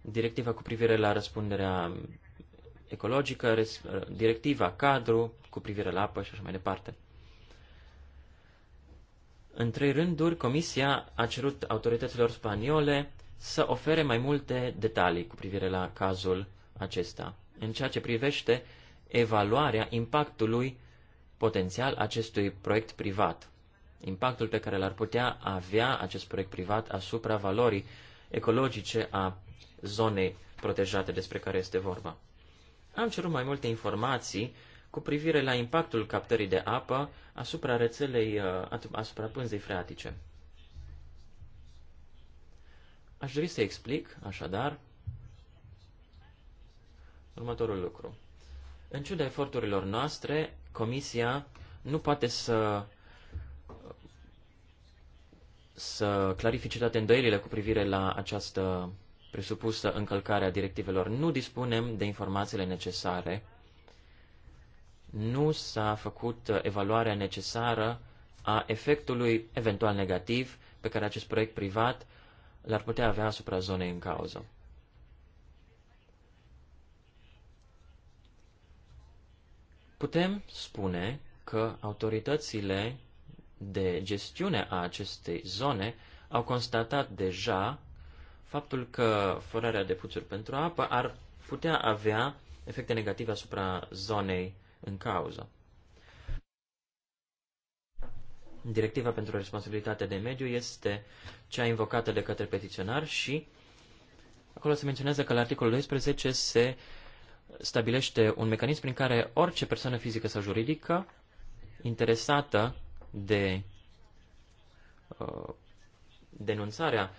directiva cu privire la răspunderea ecologică, uh, directiva cadru cu privire la apă și așa mai departe. În trei rânduri, Comisia a cerut autorităților spaniole să ofere mai multe detalii cu privire la cazul acesta, în ceea ce privește evaluarea impactului potențial acestui proiect privat, impactul pe care l-ar putea avea acest proiect privat asupra valorii ecologice a zonei protejate despre care este vorba am cerut mai multe informații cu privire la impactul captării de apă asupra rețelei, uh, asupra pânzei freatice. Aș dori să explic, așadar, următorul lucru. În ciuda eforturilor noastre, Comisia nu poate să să clarifice toate îndoielile cu privire la această presupusă încălcarea directivelor, nu dispunem de informațiile necesare, nu s-a făcut uh, evaluarea necesară a efectului eventual negativ pe care acest proiect privat l-ar putea avea asupra zonei în cauză. Putem spune că autoritățile de gestiune a acestei zone au constatat deja faptul că forarea de puțuri pentru apă ar putea avea efecte negative asupra zonei în cauză. Directiva pentru responsabilitatea de mediu este cea invocată de către petiționar și acolo se menționează că la articolul 12 se stabilește un mecanism prin care orice persoană fizică sau juridică interesată de uh, denunțarea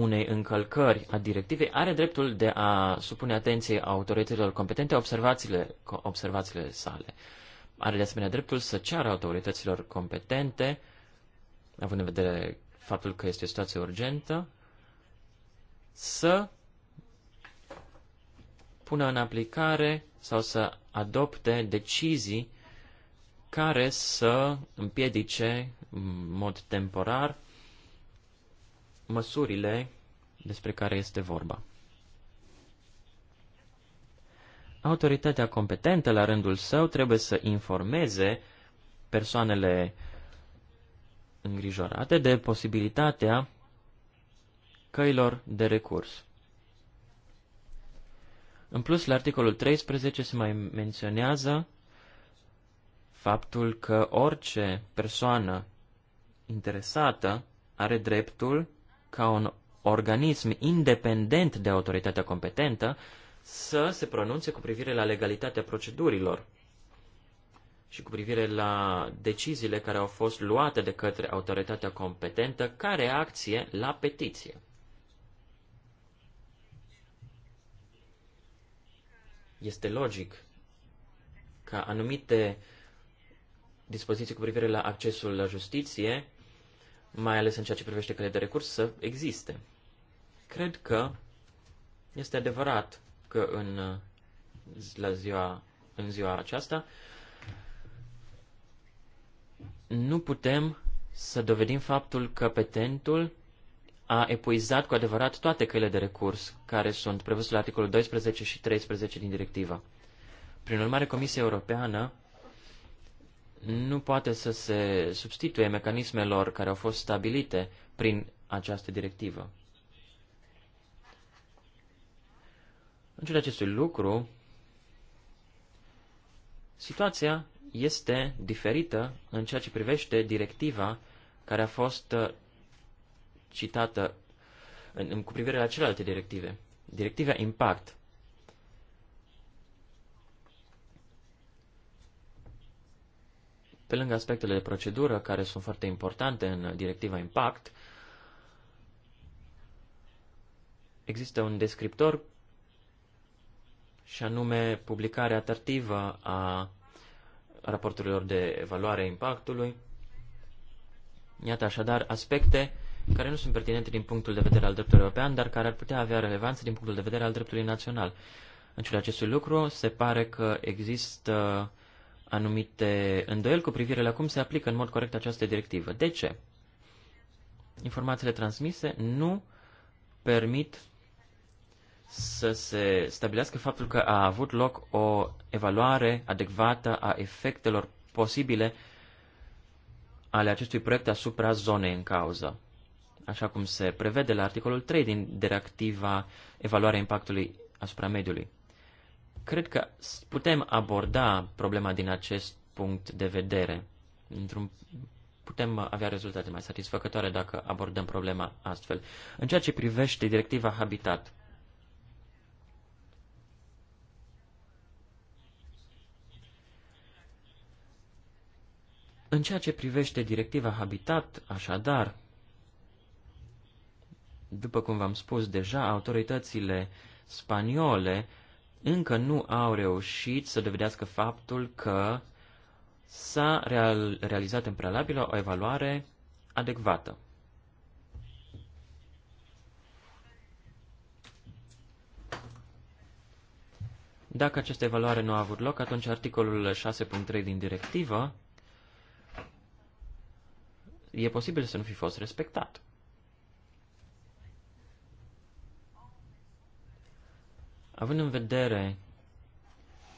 unei încălcări a directivei are dreptul de a supune atenției autorităților competente observațiile, observațiile sale. Are de asemenea dreptul să ceară autorităților competente, având în vedere faptul că este o situație urgentă, să pună în aplicare sau să adopte decizii care să împiedice în mod temporar măsurile despre care este vorba. Autoritatea competentă, la rândul său, trebuie să informeze persoanele îngrijorate de posibilitatea căilor de recurs. În plus, la articolul 13 se mai menționează faptul că orice persoană interesată are dreptul ca un organism independent de autoritatea competentă să se pronunțe cu privire la legalitatea procedurilor și cu privire la deciziile care au fost luate de către autoritatea competentă ca reacție la petiție. Este logic ca anumite dispoziții cu privire la accesul la justiție mai ales în ceea ce privește căile de recurs, să existe. Cred că este adevărat că în, la ziua, în ziua aceasta nu putem să dovedim faptul că petentul a epuizat cu adevărat toate căile de recurs care sunt prevăzute la articolul 12 și 13 din directiva. Prin urmare, Comisia Europeană nu poate să se substituie mecanismelor care au fost stabilite prin această directivă. În ciuda acestui lucru, situația este diferită în ceea ce privește directiva care a fost uh, citată în, în, cu privire la celelalte directive. Directiva Impact Pe lângă aspectele de procedură, care sunt foarte importante în directiva Impact, există un descriptor și anume publicarea tartivă a raporturilor de evaluare a impactului. Iată așadar aspecte care nu sunt pertinente din punctul de vedere al dreptului european, dar care ar putea avea relevanță din punctul de vedere al dreptului național. În ciuda acestui lucru, se pare că există uh, anumite îndoieli cu privire la cum se aplică în mod corect această directivă. De ce? Informațiile transmise nu permit să se stabilească faptul că a avut loc o evaluare adecvată a efectelor posibile ale acestui proiect asupra zonei în cauză, așa cum se prevede la articolul 3 din directiva Evaluarea impactului asupra mediului. Cred că putem aborda problema din acest punct de vedere. Într-un, putem avea rezultate mai satisfăcătoare dacă abordăm problema astfel. În ceea ce privește directiva Habitat, În ceea ce privește directiva Habitat, așadar, după cum v-am spus deja, autoritățile spaniole încă nu au reușit să dovedească faptul că s-a real, realizat în prealabil o evaluare adecvată. Dacă această evaluare nu a avut loc, atunci articolul 6.3 din directivă e posibil să nu fi fost respectat. Având în vedere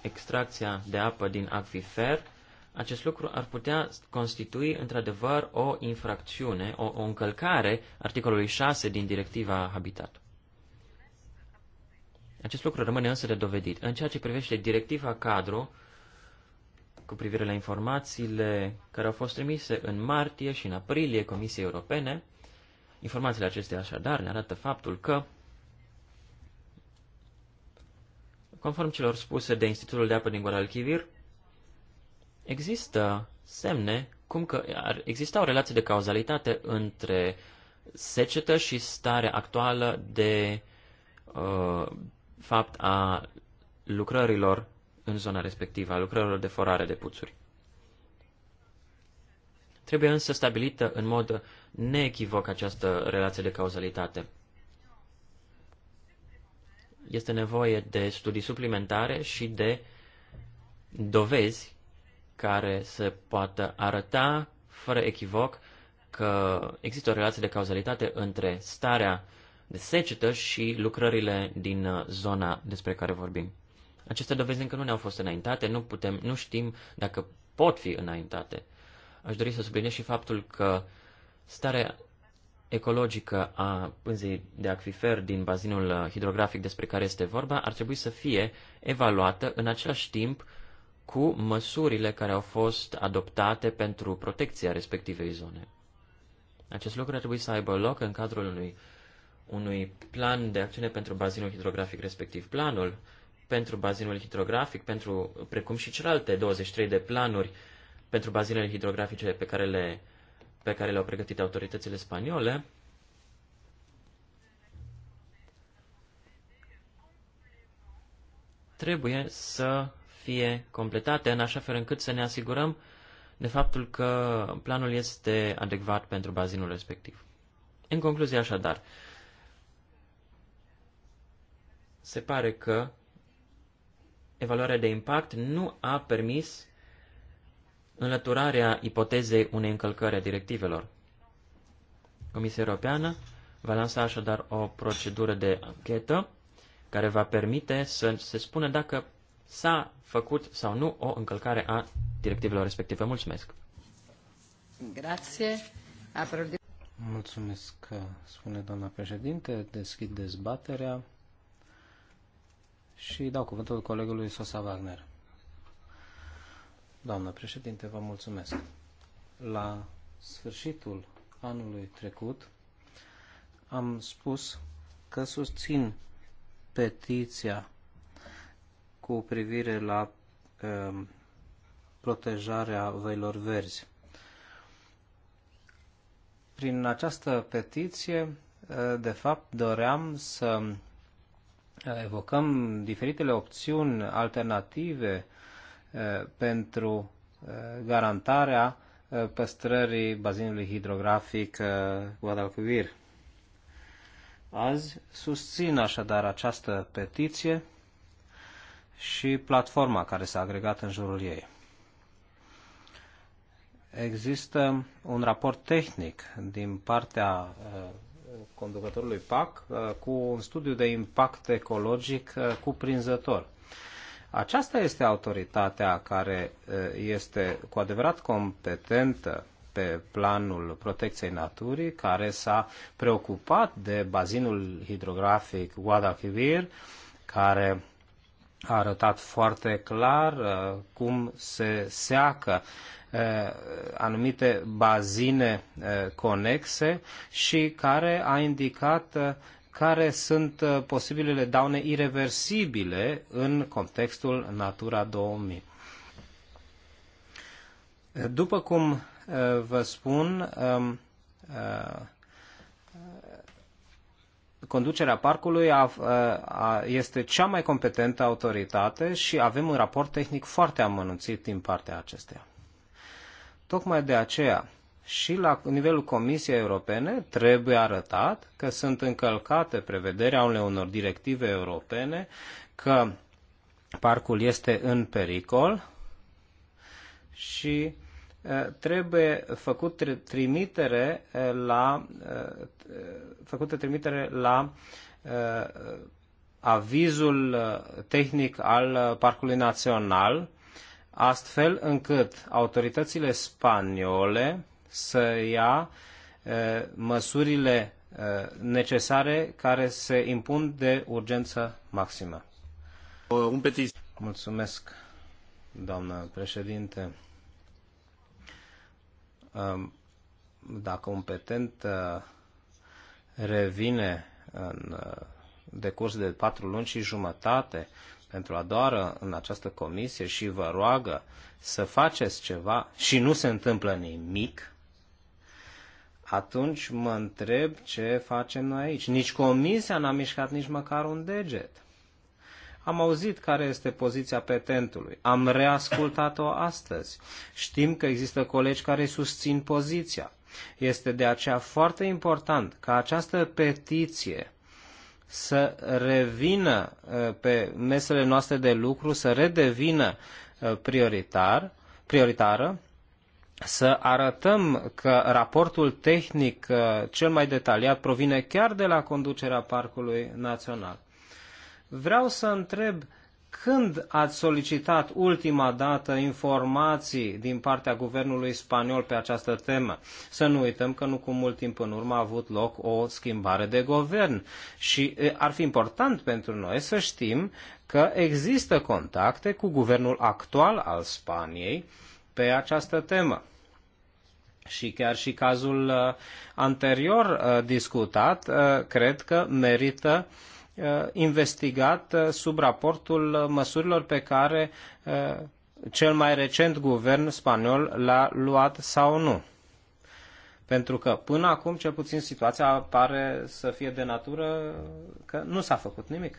extracția de apă din acvifer, acest lucru ar putea constitui într-adevăr o infracțiune, o, o încălcare articolului 6 din directiva Habitat. Acest lucru rămâne însă de dovedit. În ceea ce privește directiva cadru, cu privire la informațiile care au fost trimise în martie și în aprilie Comisiei Europene, informațiile acestea așadar ne arată faptul că Conform celor spuse de Institutul de Apă din Guadalquivir, există semne cum că ar exista o relație de cauzalitate între secetă și starea actuală de uh, fapt a lucrărilor în zona respectivă, a lucrărilor de forare de puțuri. Trebuie însă stabilită în mod neechivoc această relație de cauzalitate este nevoie de studii suplimentare și de dovezi care să poată arăta, fără echivoc, că există o relație de cauzalitate între starea de secetă și lucrările din uh, zona despre care vorbim. Aceste dovezi încă nu ne-au fost înaintate, nu, putem, nu știm dacă pot fi înaintate. Aș dori să subliniez și faptul că starea ecologică a pânzei de acvifer din bazinul uh, hidrografic despre care este vorba ar trebui să fie evaluată în același timp cu măsurile care au fost adoptate pentru protecția respectivei zone. Acest lucru ar trebui să aibă loc în cadrul unui, unui plan de acțiune pentru bazinul hidrografic respectiv. Planul pentru bazinul hidrografic, pentru, precum și celelalte 23 de planuri pentru bazinele hidrografice pe care le pe care le-au pregătit autoritățile spaniole, trebuie să fie completate în așa fel încât să ne asigurăm de faptul că planul este adecvat pentru bazinul respectiv. În concluzie, așadar, se pare că evaluarea de impact nu a permis înlăturarea ipotezei unei încălcări a directivelor. Comisia Europeană va lansa așadar o procedură de anchetă care va permite să se spună dacă s-a făcut sau nu o încălcare a directivelor respective. Mulțumesc! Mulțumesc, spune doamna președinte. Deschid dezbaterea și dau cuvântul colegului Sosa Wagner. Doamnă președinte, vă mulțumesc. La sfârșitul anului trecut am spus că susțin petiția cu privire la ehm, protejarea văilor verzi. Prin această petiție, eh, de fapt, doream să evocăm diferitele opțiuni alternative Uh, pentru uh, garantarea uh, păstrării bazinului hidrografic Guadalquivir. Azi susțin așadar această petiție și platforma care s-a agregat în jurul ei. Există un raport tehnic din partea conducătorului PAC cu un studiu de impact ecologic cuprinzător aceasta este autoritatea care este cu adevărat competentă pe planul protecției naturii, care s-a preocupat de bazinul hidrografic Guadalquivir, care a arătat foarte clar cum se seacă anumite bazine conexe și care a indicat care sunt uh, posibilele daune irreversibile în contextul Natura 2000. După cum uh, vă spun, um, uh, conducerea parcului este cea mai competentă autoritate și avem un raport tehnic foarte amănunțit din partea acesteia. Tocmai de aceea și la nivelul Comisiei Europene trebuie arătat că sunt încălcate prevederea unor directive europene, că parcul este în pericol și trebuie făcut trimitere la, făcută trimitere la avizul tehnic al Parcului Național, astfel încât autoritățile spaniole să ia măsurile necesare care se impun de urgență maximă. Un petit. Mulțumesc, doamnă președinte. Dacă un petent revine în decurs de patru luni și jumătate pentru a doară în această comisie și vă roagă să faceți ceva și nu se întâmplă nimic, atunci mă întreb ce facem noi aici. Nici comisia n-a mișcat nici măcar un deget. Am auzit care este poziția petentului. Am reascultat-o astăzi. Știm că există colegi care susțin poziția. Este de aceea foarte important ca această petiție să revină uh, pe mesele noastre de lucru, să redevină uh, prioritar, prioritară să arătăm că raportul tehnic uh, cel mai detaliat provine chiar de la conducerea Parcului Național. Vreau să întreb când ați solicitat ultima dată informații din partea guvernului spaniol pe această temă? Să nu uităm că nu cu mult timp în urmă a avut loc o schimbare de guvern și ar fi important pentru noi să știm că există contacte cu guvernul actual al Spaniei uh, pe această temă. Și chiar și cazul uh, anterior uh, discutat, uh, cred că merită investigat sub raportul măsurilor pe care cel mai recent guvern spaniol l-a luat sau nu. Pentru că până acum, cel puțin, situația pare să fie de natură că nu s-a făcut nimic.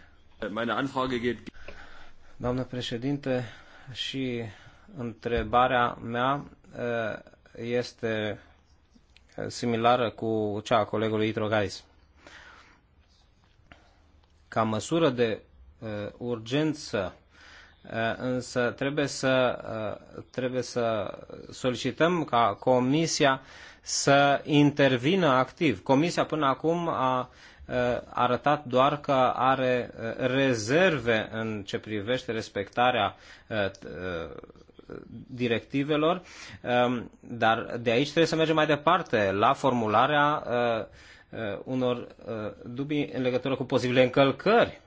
Doamnă președinte, și întrebarea mea eh, este similară cu cea a colegului Itrogais. Ca măsură de eh, urgență, eh, însă trebuie să, trebuie să solicităm ca Comisia să intervină activ. Comisia până acum a arătat doar că are rezerve în ce privește respectarea directivelor, um, dar de aici trebuie să mergem mai departe la formularea uh, uh, unor uh, dubii în legătură cu posibile încălcări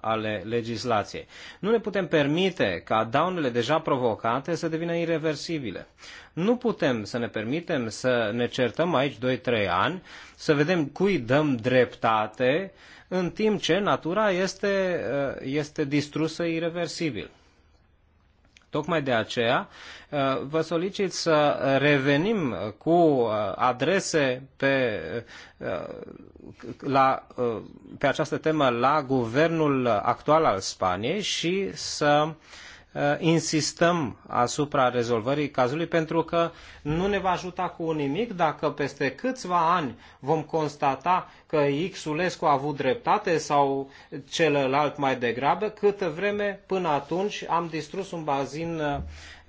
ale legislației. Nu ne putem permite ca daunele deja provocate să devină irreversibile. Nu putem să ne permitem să ne certăm aici 2-3 ani, să vedem cui dăm dreptate, în timp ce natura este, este distrusă irreversibil. Tocmai de aceea uh, vă solicit să revenim cu uh, adrese pe, uh, la, pe această temă la guvernul actual al Spaniei și să uh, Uh, insistăm asupra rezolvării cazului pentru că nu ne va ajuta cu nimic dacă peste câțiva ani vom constata că Xulescu a avut dreptate sau celălalt mai degrabă, câtă vreme până atunci am distrus un bazin uh,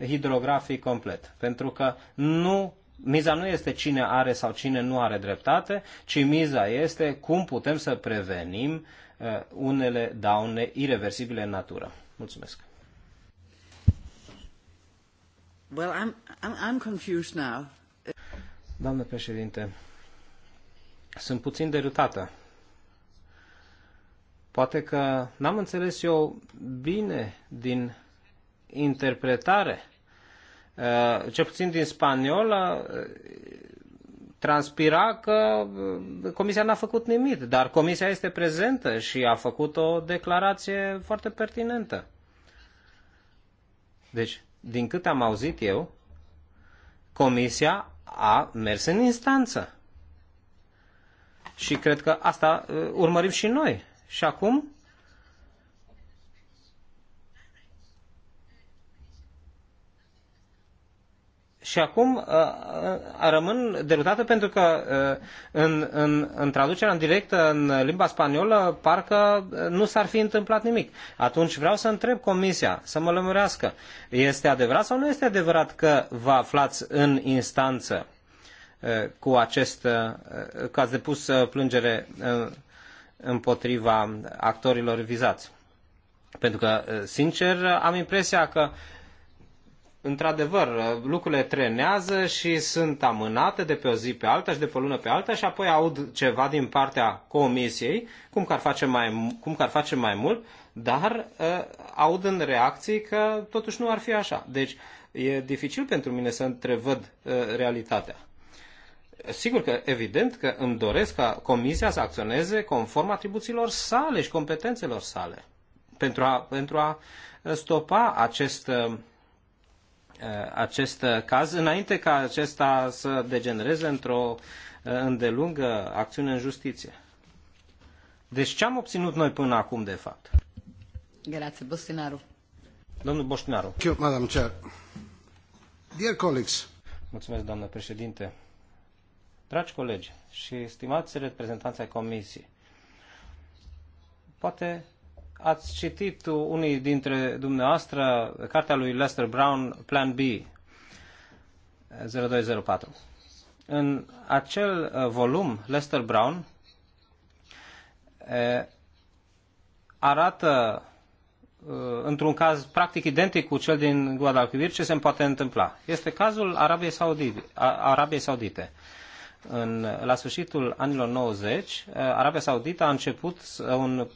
hidrografic complet. Pentru că nu Miza nu este cine are sau cine nu are dreptate, ci miza este cum putem să prevenim uh, unele daune irreversibile în natură. Mulțumesc! Well, I'm, I'm, I'm confused now. Doamnă președinte, sunt puțin derutată. Poate că n-am înțeles eu bine din interpretare. Uh, cel puțin din spaniolă uh, transpira că uh, comisia n-a făcut nimic, dar comisia este prezentă și a făcut o declarație foarte pertinentă. Deci, din câte am auzit eu, comisia a mers în instanță. Și cred că asta uh, urmărim și noi. Și acum și acum uh, uh rămân derutată pentru că uh, în, în, în traducerea în directă în limba spaniolă parcă uh, nu s-ar fi întâmplat nimic. Atunci vreau să întreb comisia să mă lămurească. Este adevărat sau nu este adevărat că vă aflați în instanță cu acest, că ați depus plângere împotriva actorilor vizați? Pentru că, sincer, am impresia că uh, într-adevăr, lucrurile trenează și sunt amânate de pe o zi pe alta și de pe o lună pe alta și apoi aud ceva din partea comisiei, cum că ar face mai, cum că ar face mai mult, dar uh, aud în reacții că totuși nu ar fi așa. Deci e dificil pentru mine să întrevăd uh, realitatea. Sigur că, evident că îmi doresc ca comisia să acționeze conform atribuțiilor sale și competențelor sale pentru a, pentru a stopa acest uh, Uh, acest caz, înainte ca acesta să degenereze într-o uh, îndelungă acțiune în justiție. Deci ce am obținut noi până acum, de fapt? Grație, Bostinaru. Domnul Boștinaru. Madam Chair. Dear colleagues. Mulțumesc, doamnă președinte. Dragi colegi și stimați reprezentanți ai Comisiei, poate ați citit unii dintre dumneavoastră cartea lui Lester Brown, Plan B 0204. În acel uh, volum, Lester Brown eh, arată uh, într-un caz practic identic cu cel din Guadalquivir, ce se poate întâmpla. Este cazul Arabiei Saudite. Arabiei Saudite. În, la sfârșitul anilor 90, eh, Arabia Saudită a început un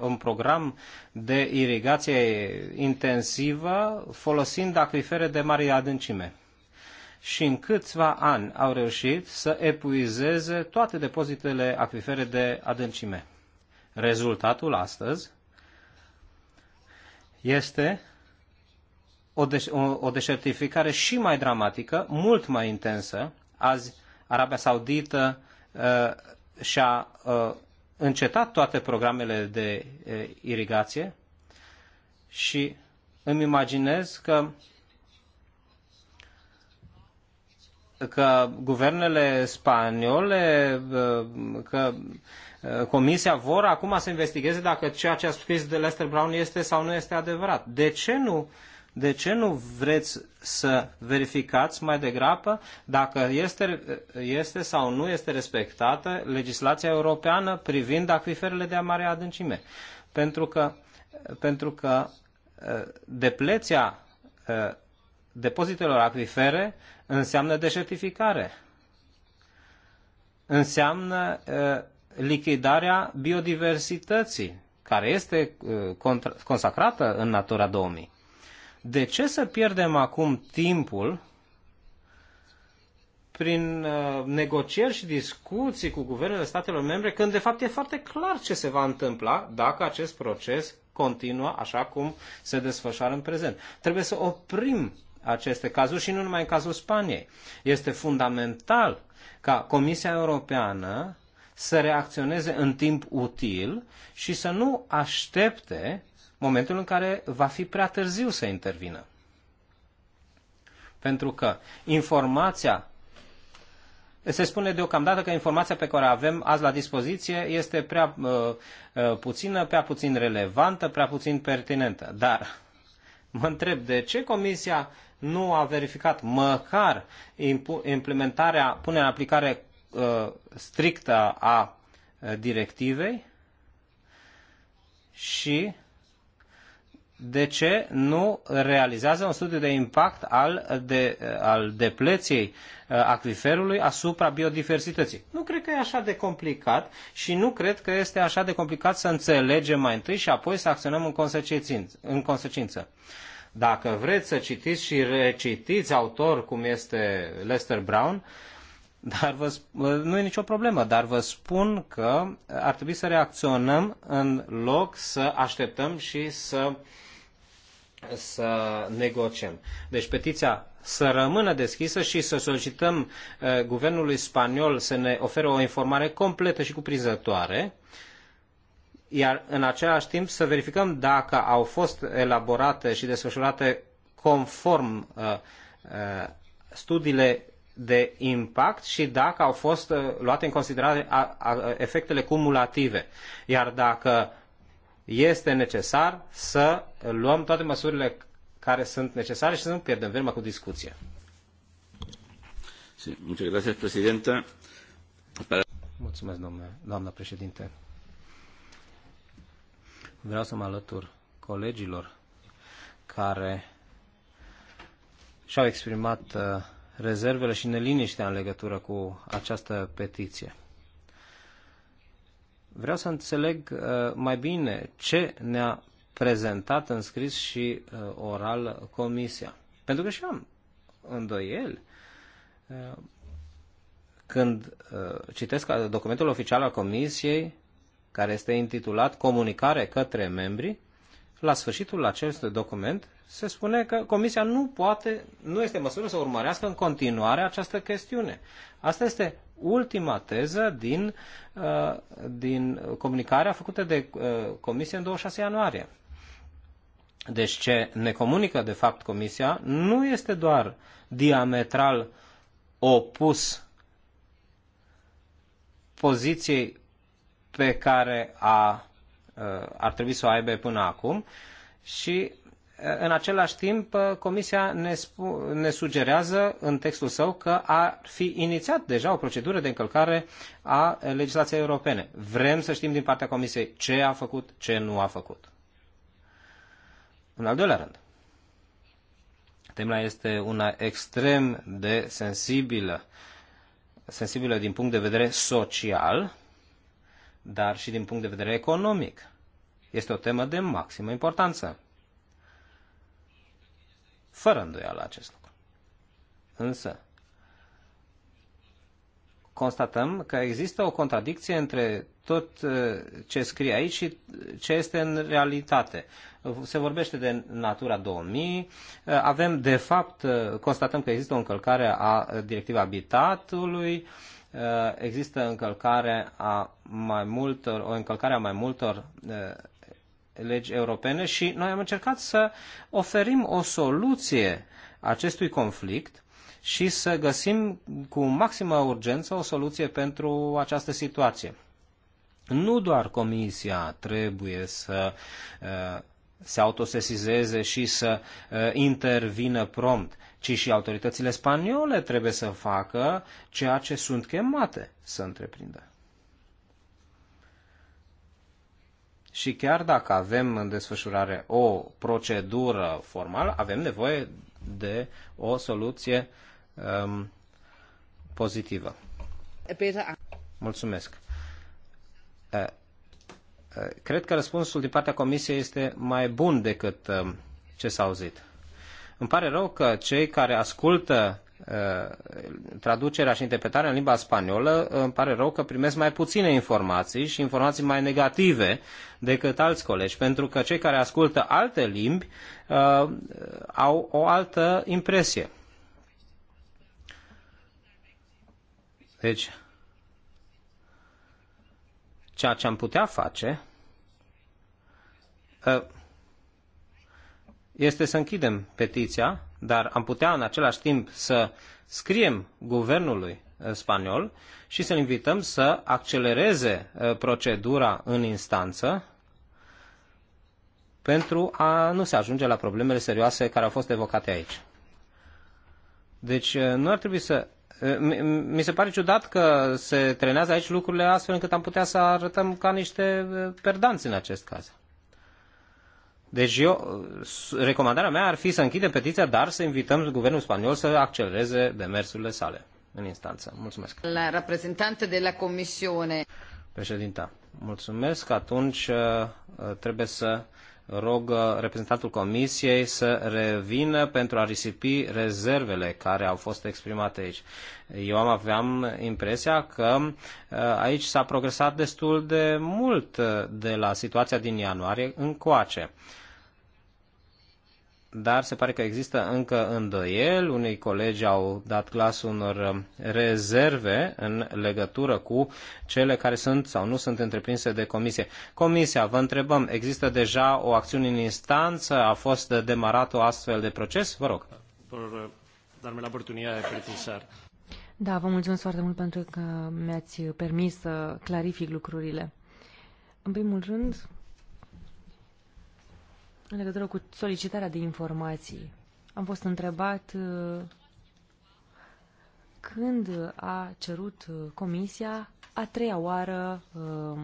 un program de irigație intensivă folosind acvifere de mare adâncime. Și în câțiva ani au reușit să epuizeze toate depozitele acvifere de adâncime. Rezultatul astăzi este o, de- o, o deșertificare și mai dramatică, mult mai intensă. Azi Arabia Saudită uh, și-a uh, încetat toate programele de irigație și îmi imaginez că că guvernele spaniole, că Comisia vor acum să investigheze dacă ceea ce a scris de Lester Brown este sau nu este adevărat. De ce nu uh, de ce nu vreți să verificați mai degrabă dacă este, este sau nu este respectată legislația europeană privind acviferele de mare adâncime? Pentru că, pentru că ă, depleția ă, depozitelor acvifere înseamnă deșertificare. Înseamnă ă, lichidarea biodiversității, care este consacrată în Natura 2000. De ce să pierdem acum timpul prin uh, negocieri și discuții cu guvernele statelor membre, când de fapt e foarte clar ce se va întâmpla dacă acest proces continuă așa cum se desfășoară în prezent. Trebuie să oprim aceste cazuri și nu numai în cazul Spaniei. Este fundamental ca Comisia Europeană să reacționeze în timp util și să nu aștepte momentul în care va fi prea târziu să intervină. Pentru că informația se spune deocamdată că informația pe care o avem azi la dispoziție este prea uh, uh puțină, prea puțin relevantă, prea puțin pertinentă. Dar mă întreb de ce Comisia nu a verificat măcar implementarea, punerea în aplicare uh, strictă a uh, directivei și de ce nu realizează un studiu de impact al, de, al depleției uh, acviferului asupra biodiversității. Nu cred că e așa de complicat și nu cred că este așa de complicat să înțelegem mai întâi și apoi să acționăm în consecință. În consecință. Dacă vreți să citiți și recitiți autor cum este Lester Brown, dar vă, uh, nu e nicio problemă, dar vă spun că ar trebui să reacționăm în loc să așteptăm și să uh, să negociem. Deci petiția să rămână deschisă și să solicităm uh, guvernului spaniol să ne ofere o informare completă și cuprinzătoare, iar în același timp să verificăm dacă au fost elaborate și desfășurate conform uh, uh, studiile de impact și dacă au fost uh, luate în considerare a, a, efectele cumulative. Iar dacă este necesar să luăm toate măsurile care sunt necesare și să nu pierdem vremea cu discuția. Sí, muchas gracias, Presidenta. Para... Mulțumesc, domnule, doamna președinte. Vreau să mă alătur colegilor care și-au exprimat uh, rezervele și neliniștea în legătură cu această petiție. Vreau să înțeleg uh, mai bine ce ne-a prezentat în scris și uh, oral comisia. Pentru că și am îndoieli uh, când citesc documentul oficial al comisiei, care este intitulat Comunicare către membrii, la sfârșitul acestui document se spune că Comisia nu poate, nu este măsură să urmărească în continuare această chestiune. Asta este ultima teză din, uh, din comunicarea făcută de uh, Comisie în 26 ianuarie. Deci ce ne comunică de fapt Comisia nu este doar diametral opus poziției pe care a Uh, ar trebui să o aibă până acum și uh, în același timp, uh, Comisia ne, ne, sugerează în textul său că ar fi inițiat deja o procedură de încălcare a legislației europene. Vrem să știm din partea Comisiei ce a făcut, ce nu a făcut. În al doilea rând, tema este una extrem de sensibilă, sensibilă din punct de vedere social, dar și din punct de vedere economic este o temă de maximă importanță. Fără îndoială acest lucru. Însă, constatăm că există o contradicție între tot uh, ce scrie aici și ce este în realitate. Se vorbește de Natura 2000, uh, avem de fapt, uh, constatăm că există o încălcare a directivei habitatului, există încălcare a mai multor, o încălcare a mai multor legi europene și noi am încercat să oferim o soluție acestui conflict și să găsim cu maximă urgență o soluție pentru această situație. Nu doar Comisia trebuie să uh, se autosesizeze și să uh, intervină prompt, ci și autoritățile spaniole trebuie să facă ceea ce sunt chemate să întreprindă. și chiar dacă avem în desfășurare o procedură formală, avem nevoie de o soluție um, pozitivă. Mulțumesc. Uh, uh, cred că răspunsul din partea Comisiei este mai bun decât um, ce s-a auzit. Îmi pare rău că cei care ascultă Uh, traducerea și interpretarea în limba spaniolă, uh, îmi pare rău că primesc mai puține informații și informații mai negative decât alți colegi, pentru că cei care ascultă alte limbi uh, au o altă impresie. Deci, ceea ce am putea face, uh, este să închidem petiția, dar am putea în același timp să scriem guvernului uh, spaniol și să-l invităm să accelereze uh, procedura în instanță pentru a nu se ajunge la problemele serioase care au fost evocate aici. Deci uh, nu ar trebui să... Mi se pare ciudat că se trenează aici lucrurile astfel încât am putea să arătăm ca niște perdanți în acest caz. Deci eu, recomandarea mea ar fi să închidem petiția, dar să invităm guvernul spaniol să accelereze demersurile sale în instanță. Mulțumesc. La reprezentantă de la Comisiune. Președinta, mulțumesc. Atunci uh, trebuie să rog uh, reprezentantul Comisiei să revină pentru a risipi rezervele care au fost exprimate aici. Eu am aveam impresia că uh, aici s-a progresat destul de mult uh, de la situația din ianuarie încoace. coace dar se pare că există încă îndoieli. Unii colegi au dat glas unor um, rezerve în legătură cu cele care sunt sau nu sunt întreprinse de comisie. Comisia, vă întrebăm, există deja o acțiune în instanță? A fost demarat o astfel de proces? Vă rog. Por uh, darme la oportunidad de Da, vă mulțumesc foarte mult pentru că mi-ați permis să clarific lucrurile. În primul rând, în legătură cu solicitarea de informații. Am fost întrebat uh, când a cerut uh, Comisia a treia oară uh,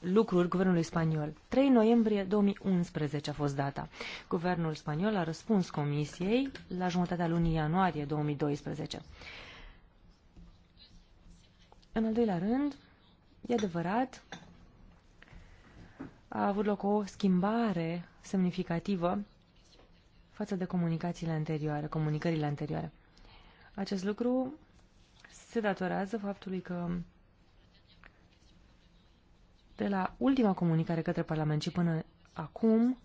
lucruri guvernului spaniol. 3 noiembrie 2011 a fost data. Guvernul spaniol a răspuns Comisiei la jumătatea lunii ianuarie 2012. În al doilea rând, e adevărat, a avut loc o schimbare semnificativă față de comunicațiile anterioare, comunicările anterioare. Acest lucru se datorează faptului că de la ultima comunicare către Parlament și până acum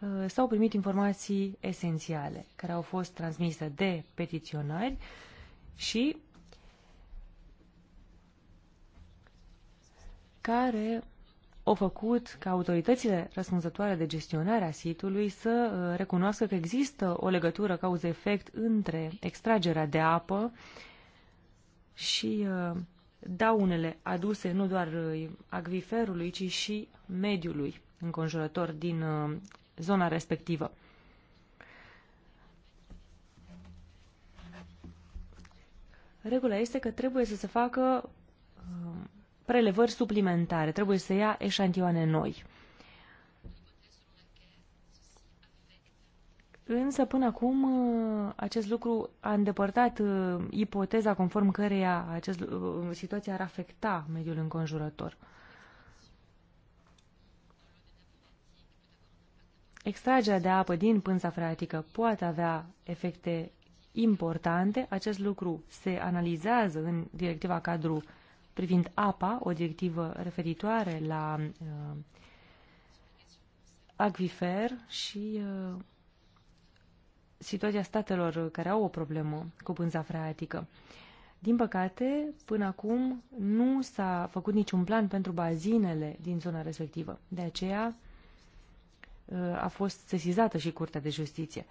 uh, s-au primit informații esențiale care au fost transmise de petiționari și care au făcut ca autoritățile răspunzătoare de gestionare a sitului să uh, recunoască că există o legătură cauză-efect între extragerea de apă și uh, daunele aduse nu doar uh, acviferului, ci și mediului înconjurător din zona respectivă. Regula este că trebuie să se facă prelevări suplimentare, trebuie să ia eșantioane noi. Însă, până acum, uh, acest lucru a îndepărtat uh, ipoteza conform căreia acest, uh, situația ar afecta mediul înconjurător. Extragerea de apă din pânza freatică poate avea efecte importante. Acest lucru se analizează în directiva cadru privind apa, o directivă referitoare la uh, acvifer și uh, situația statelor care au o problemă cu pânza freatică. Din păcate, până acum nu s-a făcut niciun plan pentru bazinele din zona respectivă. De aceea uh, a fost sesizată și Curtea de Justiție.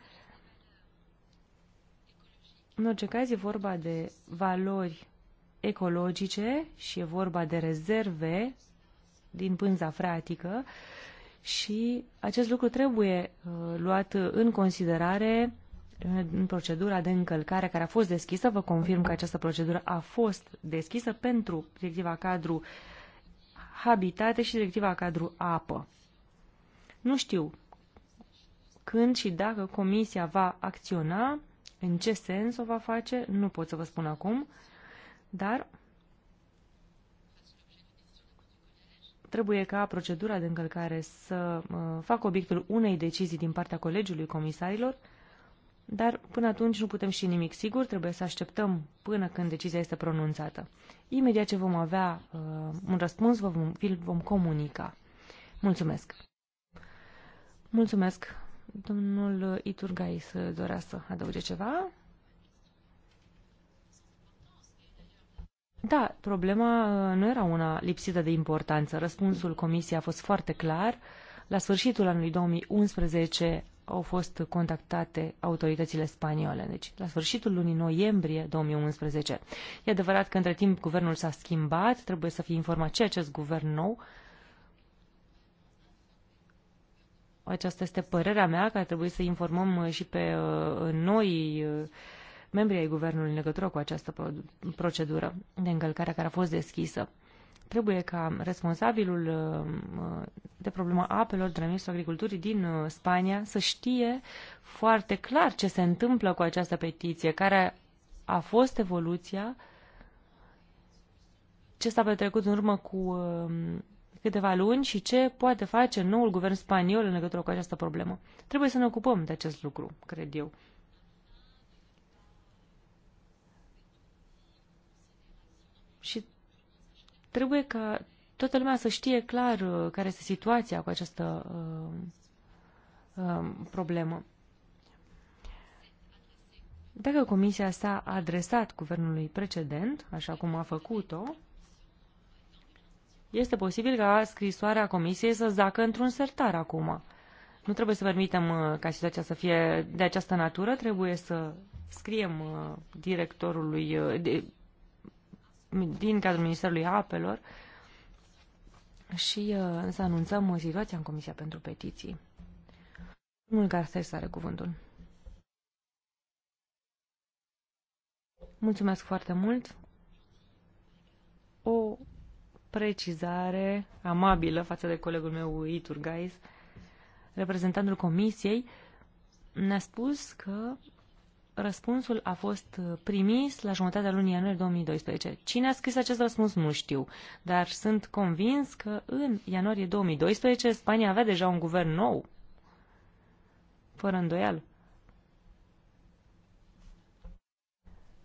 În orice caz, e vorba de valori ecologice și e vorba de rezerve din pânza fratică și acest lucru trebuie uh, luat în considerare uh, în procedura de încălcare care a fost deschisă. Vă confirm că această procedură a fost deschisă pentru directiva cadru habitate și directiva cadru apă. Nu știu când și dacă comisia va acționa, în ce sens o va face, nu pot să vă spun acum. Dar trebuie ca procedura de încălcare să uh, facă obiectul unei decizii din partea Colegiului Comisarilor, dar până atunci nu putem ști nimic sigur, trebuie să așteptăm până când decizia este pronunțată. Imediat ce vom avea uh, un răspuns, vă vom, vi vom comunica. Mulțumesc! Mulțumesc! Domnul Iturgai să dorea să adăuge ceva. Da, problema uh, nu era una lipsită de importanță. Răspunsul comisiei a fost foarte clar. La sfârșitul anului 2011 au fost contactate autoritățile spaniole, deci la sfârșitul lunii noiembrie 2011. E adevărat că între timp guvernul s-a schimbat, trebuie să fie informat ce acest guvern nou. Aceasta este părerea mea, că ar trebui să informăm uh, și pe uh, noi membrii ai guvernului în legătură cu această procedură de încălcare care a fost deschisă. Trebuie ca responsabilul uh, de problema apelor de la Ministrul Agriculturii din uh, Spania să știe foarte clar ce se întâmplă cu această petiție, care a fost evoluția, ce s-a petrecut în urmă cu uh, câteva luni și ce poate face noul guvern spaniol în legătură cu această problemă. Trebuie să ne ocupăm de acest lucru, cred eu. și trebuie ca toată lumea să știe clar uh, care este situația cu această uh, uh, problemă. Dacă Comisia s-a adresat guvernului precedent, așa cum a făcut-o, este posibil ca scrisoarea Comisiei să zacă într-un sertar acum. Nu trebuie să permitem uh, ca situația să fie de această natură, trebuie să scriem uh, directorului, din cadrul Ministerului Apelor și uh, să anunțăm situația în Comisia pentru Petiții. Domnul Garces are cuvântul. Mulțumesc foarte mult. O precizare amabilă față de colegul meu Iturgais, reprezentantul comisiei, ne-a spus că răspunsul a fost uh, primis la jumătatea lunii ianuarie 2012. Cine a scris acest răspuns nu știu, dar sunt convins că în ianuarie 2012 Spania avea deja un guvern nou. Fără îndoială.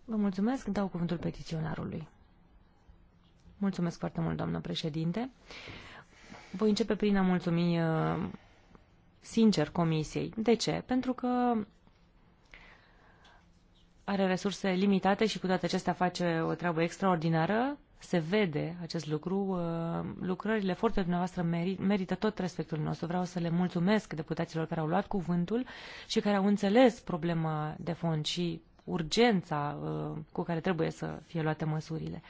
Vă mulțumesc, dau cuvântul petiționarului. Mulțumesc foarte mult, doamnă președinte. Voi începe prin a mulțumi uh, sincer comisiei. De ce? Pentru că are resurse limitate și cu toate acestea face o treabă extraordinară. Se vede acest lucru. Uh, lucrările, eforturile dumneavoastră merită tot respectul nostru. Vreau să le mulțumesc deputaților care au luat cuvântul și care au înțeles problema de fond și urgența uh, cu care trebuie să fie luate măsurile.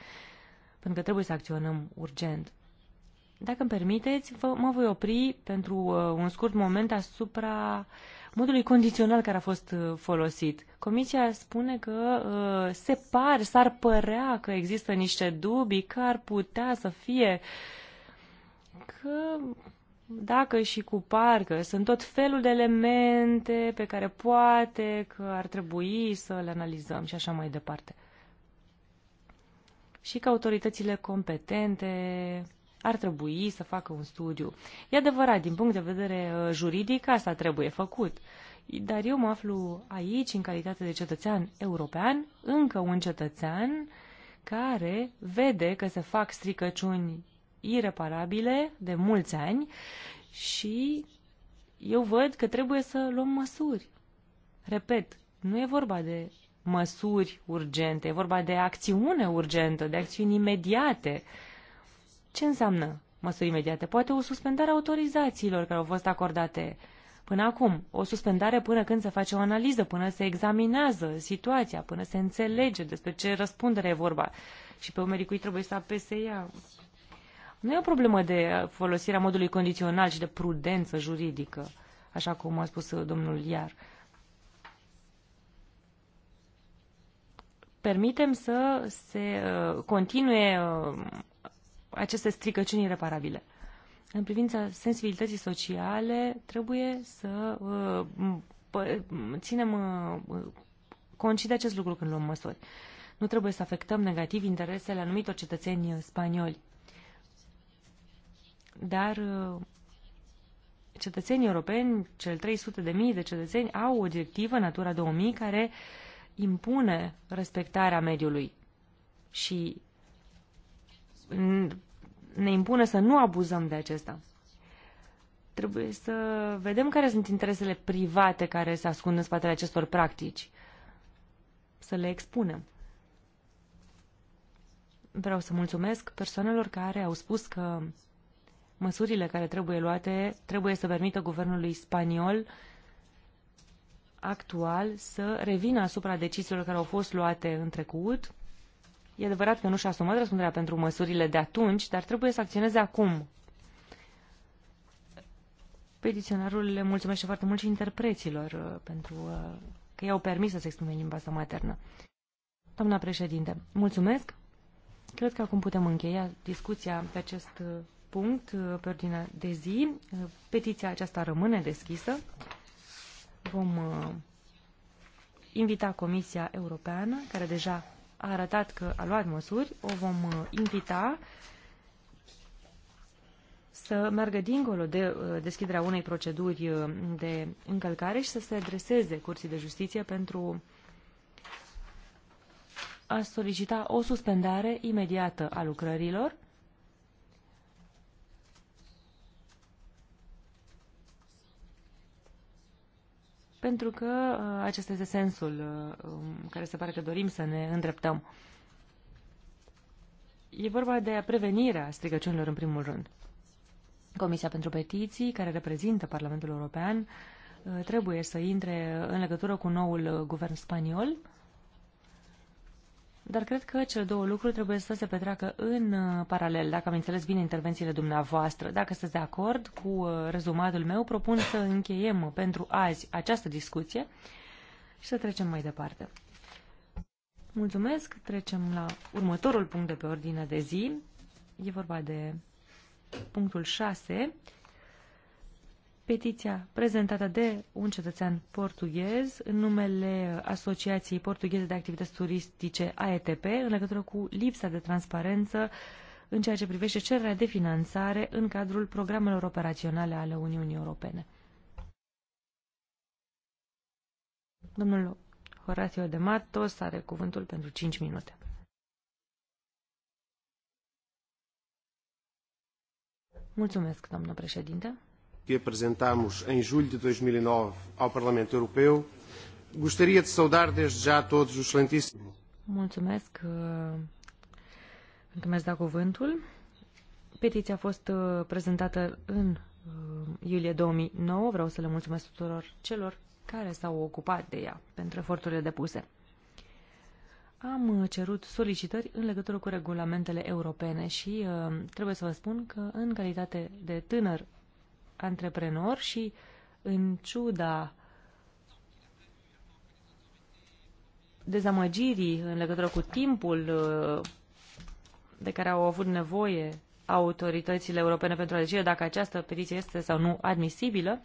Pentru că trebuie să acționăm urgent. Dacă îmi permiteți, mă voi opri pentru uh, un scurt moment asupra uh, modului condițional care a fost uh, folosit. Comisia spune că uh, se par, s-ar părea că există niște dubii, că ar putea să fie că dacă și cu parcă sunt tot felul de elemente pe care poate că ar trebui să le analizăm și așa mai departe. Și că autoritățile competente ar trebui să facă un studiu. E adevărat, din punct de vedere uh, juridic, asta trebuie făcut. Dar eu mă aflu aici, în calitate de cetățean european, încă un cetățean care vede că se fac stricăciuni ireparabile de mulți ani și eu văd că trebuie să luăm măsuri. Repet, nu e vorba de măsuri urgente, e vorba de acțiune urgentă, de acțiuni imediate. Uh, ce înseamnă măsuri imediate? Poate o suspendare a autorizațiilor care au fost acordate până acum, o suspendare până când se face o analiză, până se examinează situația, până se înțelege despre ce răspundere e vorba și pe umerii cui trebuie să apese ea. Nu e o problemă de folosirea modului condițional și de prudență juridică, așa cum a spus domnul Iar. Permitem să se uh, continue uh, aceste stricăciuni ireparabile. În privința sensibilității sociale, trebuie să uh, ținem uh, de acest lucru când luăm măsuri. Nu trebuie să afectăm negativ interesele anumitor cetățeni spanioli. Dar uh, cetățenii europeni, cel 300 de mii de cetățeni, au o directivă Natura 2000 care impune respectarea mediului și ne impune să nu abuzăm de acesta. Trebuie să vedem care sunt interesele private care se ascund în spatele acestor practici. Să le expunem. Vreau să mulțumesc persoanelor care au spus că măsurile care trebuie luate trebuie să permită guvernului spaniol actual să revină asupra deciziilor care au fost luate în trecut E adevărat că nu și-a asumat răspunderea pentru măsurile de atunci, dar trebuie să acționeze acum. Petiționarul le mulțumește foarte mult și interpreților uh, pentru uh, că i-au permis să se exprime în limba sa maternă. Doamna președinte, mulțumesc. Cred că acum putem încheia discuția pe acest uh, punct, pe ordinea de zi. Petiția aceasta rămâne deschisă. Vom invita Comisia Europeană, care deja a arătat că a luat măsuri, o vom uh, invita să meargă dincolo de uh, deschiderea unei proceduri uh, de încălcare și să se adreseze Curții de Justiție pentru a solicita o suspendare imediată a lucrărilor pentru că uh, acesta este sensul uh, um, care se pare că dorim să ne îndreptăm. E vorba de prevenirea strigăciunilor în primul rând. Comisia pentru Petiții, care reprezintă Parlamentul European, uh, trebuie să intre în legătură cu noul guvern spaniol dar cred că cele două lucruri trebuie să se petreacă în uh, paralel. Dacă am înțeles bine intervențiile dumneavoastră, dacă sunteți de acord cu uh, rezumatul meu, propun să încheiem pentru azi această discuție și să trecem mai departe. Mulțumesc, trecem la următorul punct de pe ordinea de zi. E vorba de punctul 6, Petiția prezentată de un cetățean portughez în numele Asociației Portugheze de Activități Turistice AETP în legătură cu lipsa de transparență în ceea ce privește cererea de finanțare în cadrul programelor operaționale ale Uniunii Europene. Domnul Horatio de Matos are cuvântul pentru 5 minute. Mulțumesc, doamnă președinte que apresentámos em julho de 2009 ao Parlamento Europeu, gostaria de saudar desde já todos o excelentíssimo. Mulțumesc că uh, mi da cuvântul. Petiția a fost uh, prezentată în uh, iulie 2009. Vreau să le mulțumesc tuturor celor care s-au ocupat de ea pentru eforturile depuse. Am cerut solicitări în legătură cu regulamentele europene și uh, trebuie să vă spun că în calitate de tânăr antreprenor și, în ciuda dezamăgirii în legătură cu timpul uh, de care au avut nevoie autoritățile europene pentru a decide dacă această petiție este sau nu admisibilă,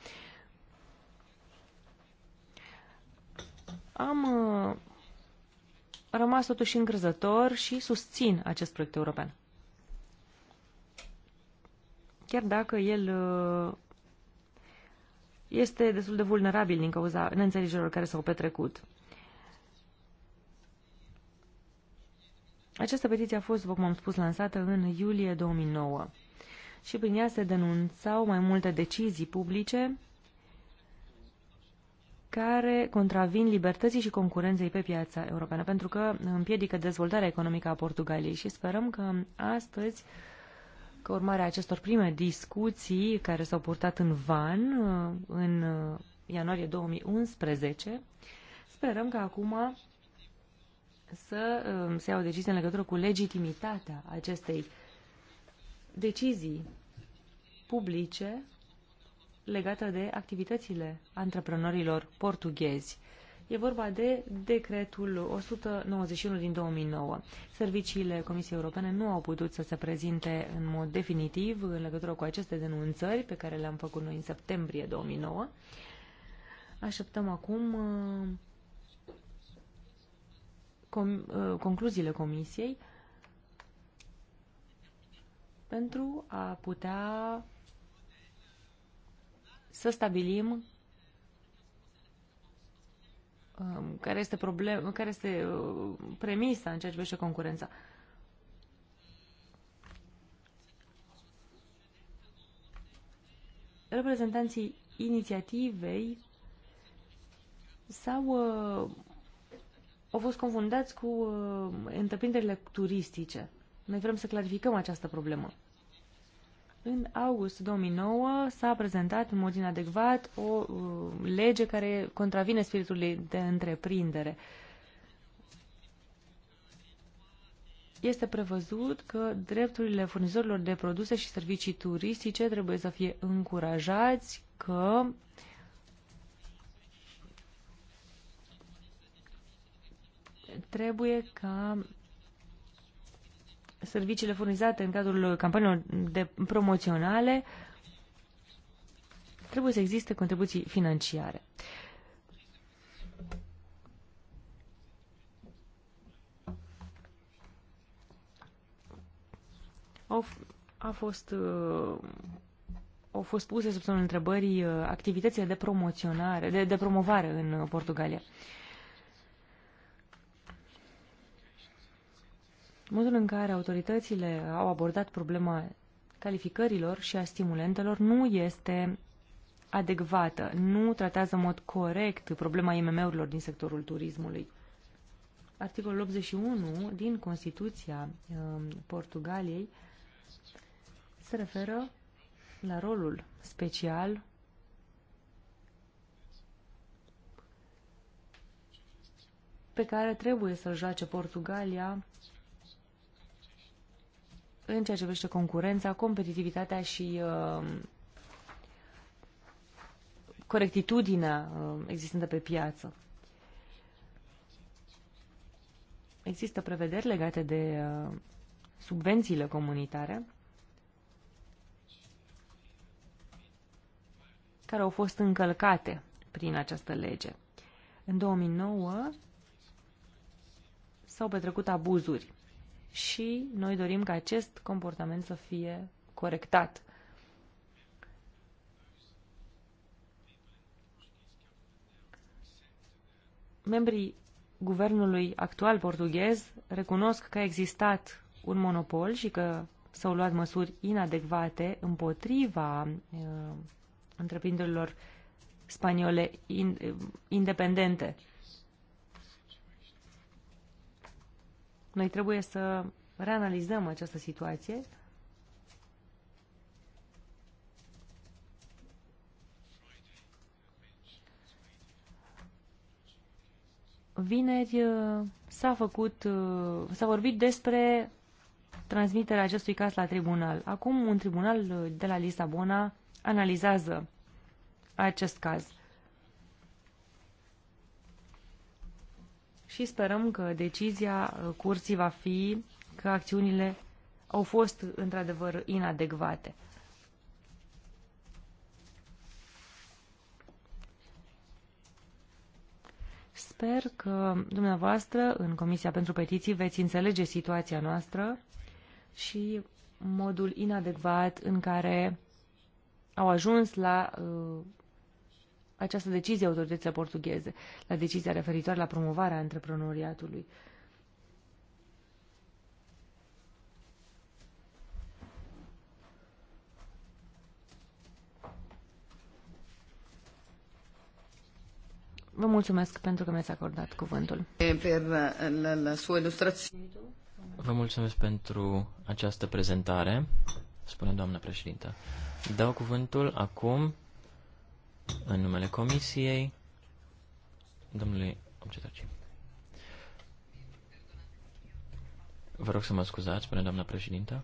am uh, rămas totuși încrezător și susțin acest proiect european. Chiar dacă el uh, este destul de vulnerabil din cauza neînțelegerilor care s-au petrecut. Această petiție a fost, după cum am spus, lansată în iulie 2009 și prin ea se denunțau mai multe decizii publice care contravin libertății și concurenței pe piața europeană, pentru că împiedică dezvoltarea economică a Portugaliei și sperăm că astăzi ca urmare a acestor prime discuții care s-au purtat în van uh, în uh, ianuarie 2011, sperăm că acum să uh, se iau o decizie în legătură cu legitimitatea acestei decizii publice legată de activitățile antreprenorilor portughezi. E vorba de decretul 191 din 2009. Serviciile Comisiei Europene nu au putut să se prezinte în mod definitiv în legătură cu aceste denunțări pe care le-am făcut noi în septembrie 2009. Așteptăm acum uh, com uh, concluziile Comisiei pentru a putea să stabilim Um, care este, problem, care este uh, premisa în ceea ce privește concurența. Reprezentanții inițiativei sau uh, au fost confundați cu uh, întreprinderile turistice. Noi vrem să clarificăm această problemă. În august 2009 s-a prezentat în mod inadecvat o uh, lege care contravine spiritului de întreprindere. Este prevăzut că drepturile furnizorilor de produse și servicii turistice trebuie să fie încurajați că trebuie ca serviciile furnizate în cadrul campaniilor de promoționale, trebuie să existe contribuții financiare. Au, a fost, uh, au fost puse sub semnul întrebării uh, activitățile de promoționare, de, de promovare în Portugalia. Uh, Modul în care autoritățile au abordat problema calificărilor și a stimulentelor nu este adecvată, nu tratează în mod corect problema IMM-urilor din sectorul turismului. Articolul 81 din Constituția um, Portugaliei se referă la rolul special pe care trebuie să-l joace Portugalia în ceea ce privește concurența, competitivitatea și uh, corectitudinea uh, existentă pe piață. Există prevederi legate de uh, subvențiile comunitare care au fost încălcate prin această lege. În 2009 s-au petrecut abuzuri și noi dorim ca acest comportament să fie corectat. Membrii guvernului actual portughez recunosc că a existat un monopol și că s-au luat măsuri inadecvate împotriva uh, întreprinderilor spaniole in, uh, independente. Noi trebuie să reanalizăm această situație vineri uh, s-a făcut, uh, s-a vorbit despre transmiterea acestui caz la tribunal. Acum un tribunal uh, de la Lisabona analizează acest caz. și sperăm că decizia uh, curții va fi că acțiunile au fost într-adevăr inadecvate. Sper că dumneavoastră, în Comisia pentru Petiții, veți înțelege situația noastră și modul inadecvat în care au ajuns la uh, această decizie a autorităților portugheze, la decizia referitoare la promovarea antreprenoriatului. Vă mulțumesc pentru că mi-ați acordat cuvântul. Vă mulțumesc pentru această prezentare, spune doamna președintă. Dau cuvântul acum în numele Comisiei, Domnule Obcetarci. Vă rog să mă scuzați, spune doamna președintă.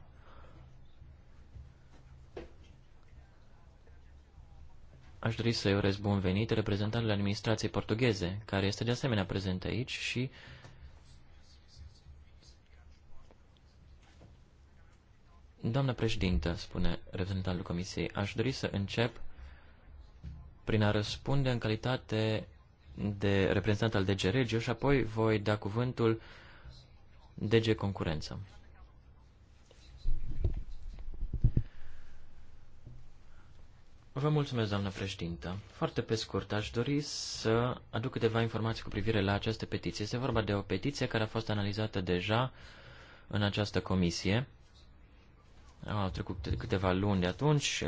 Aș dori să-i urez bun venit reprezentantului administrației portugheze, care este de asemenea prezent aici și Doamna președintă, spune reprezentantul Comisiei, aș dori să încep prin a răspunde în calitate de reprezentant al DG Regio și apoi voi da cuvântul DG Concurență. Vă mulțumesc, doamnă președintă. Foarte pe scurt, aș dori să aduc câteva informații cu privire la această petiție. Este vorba de o petiție care a fost analizată deja în această comisie. Au trecut câteva luni de atunci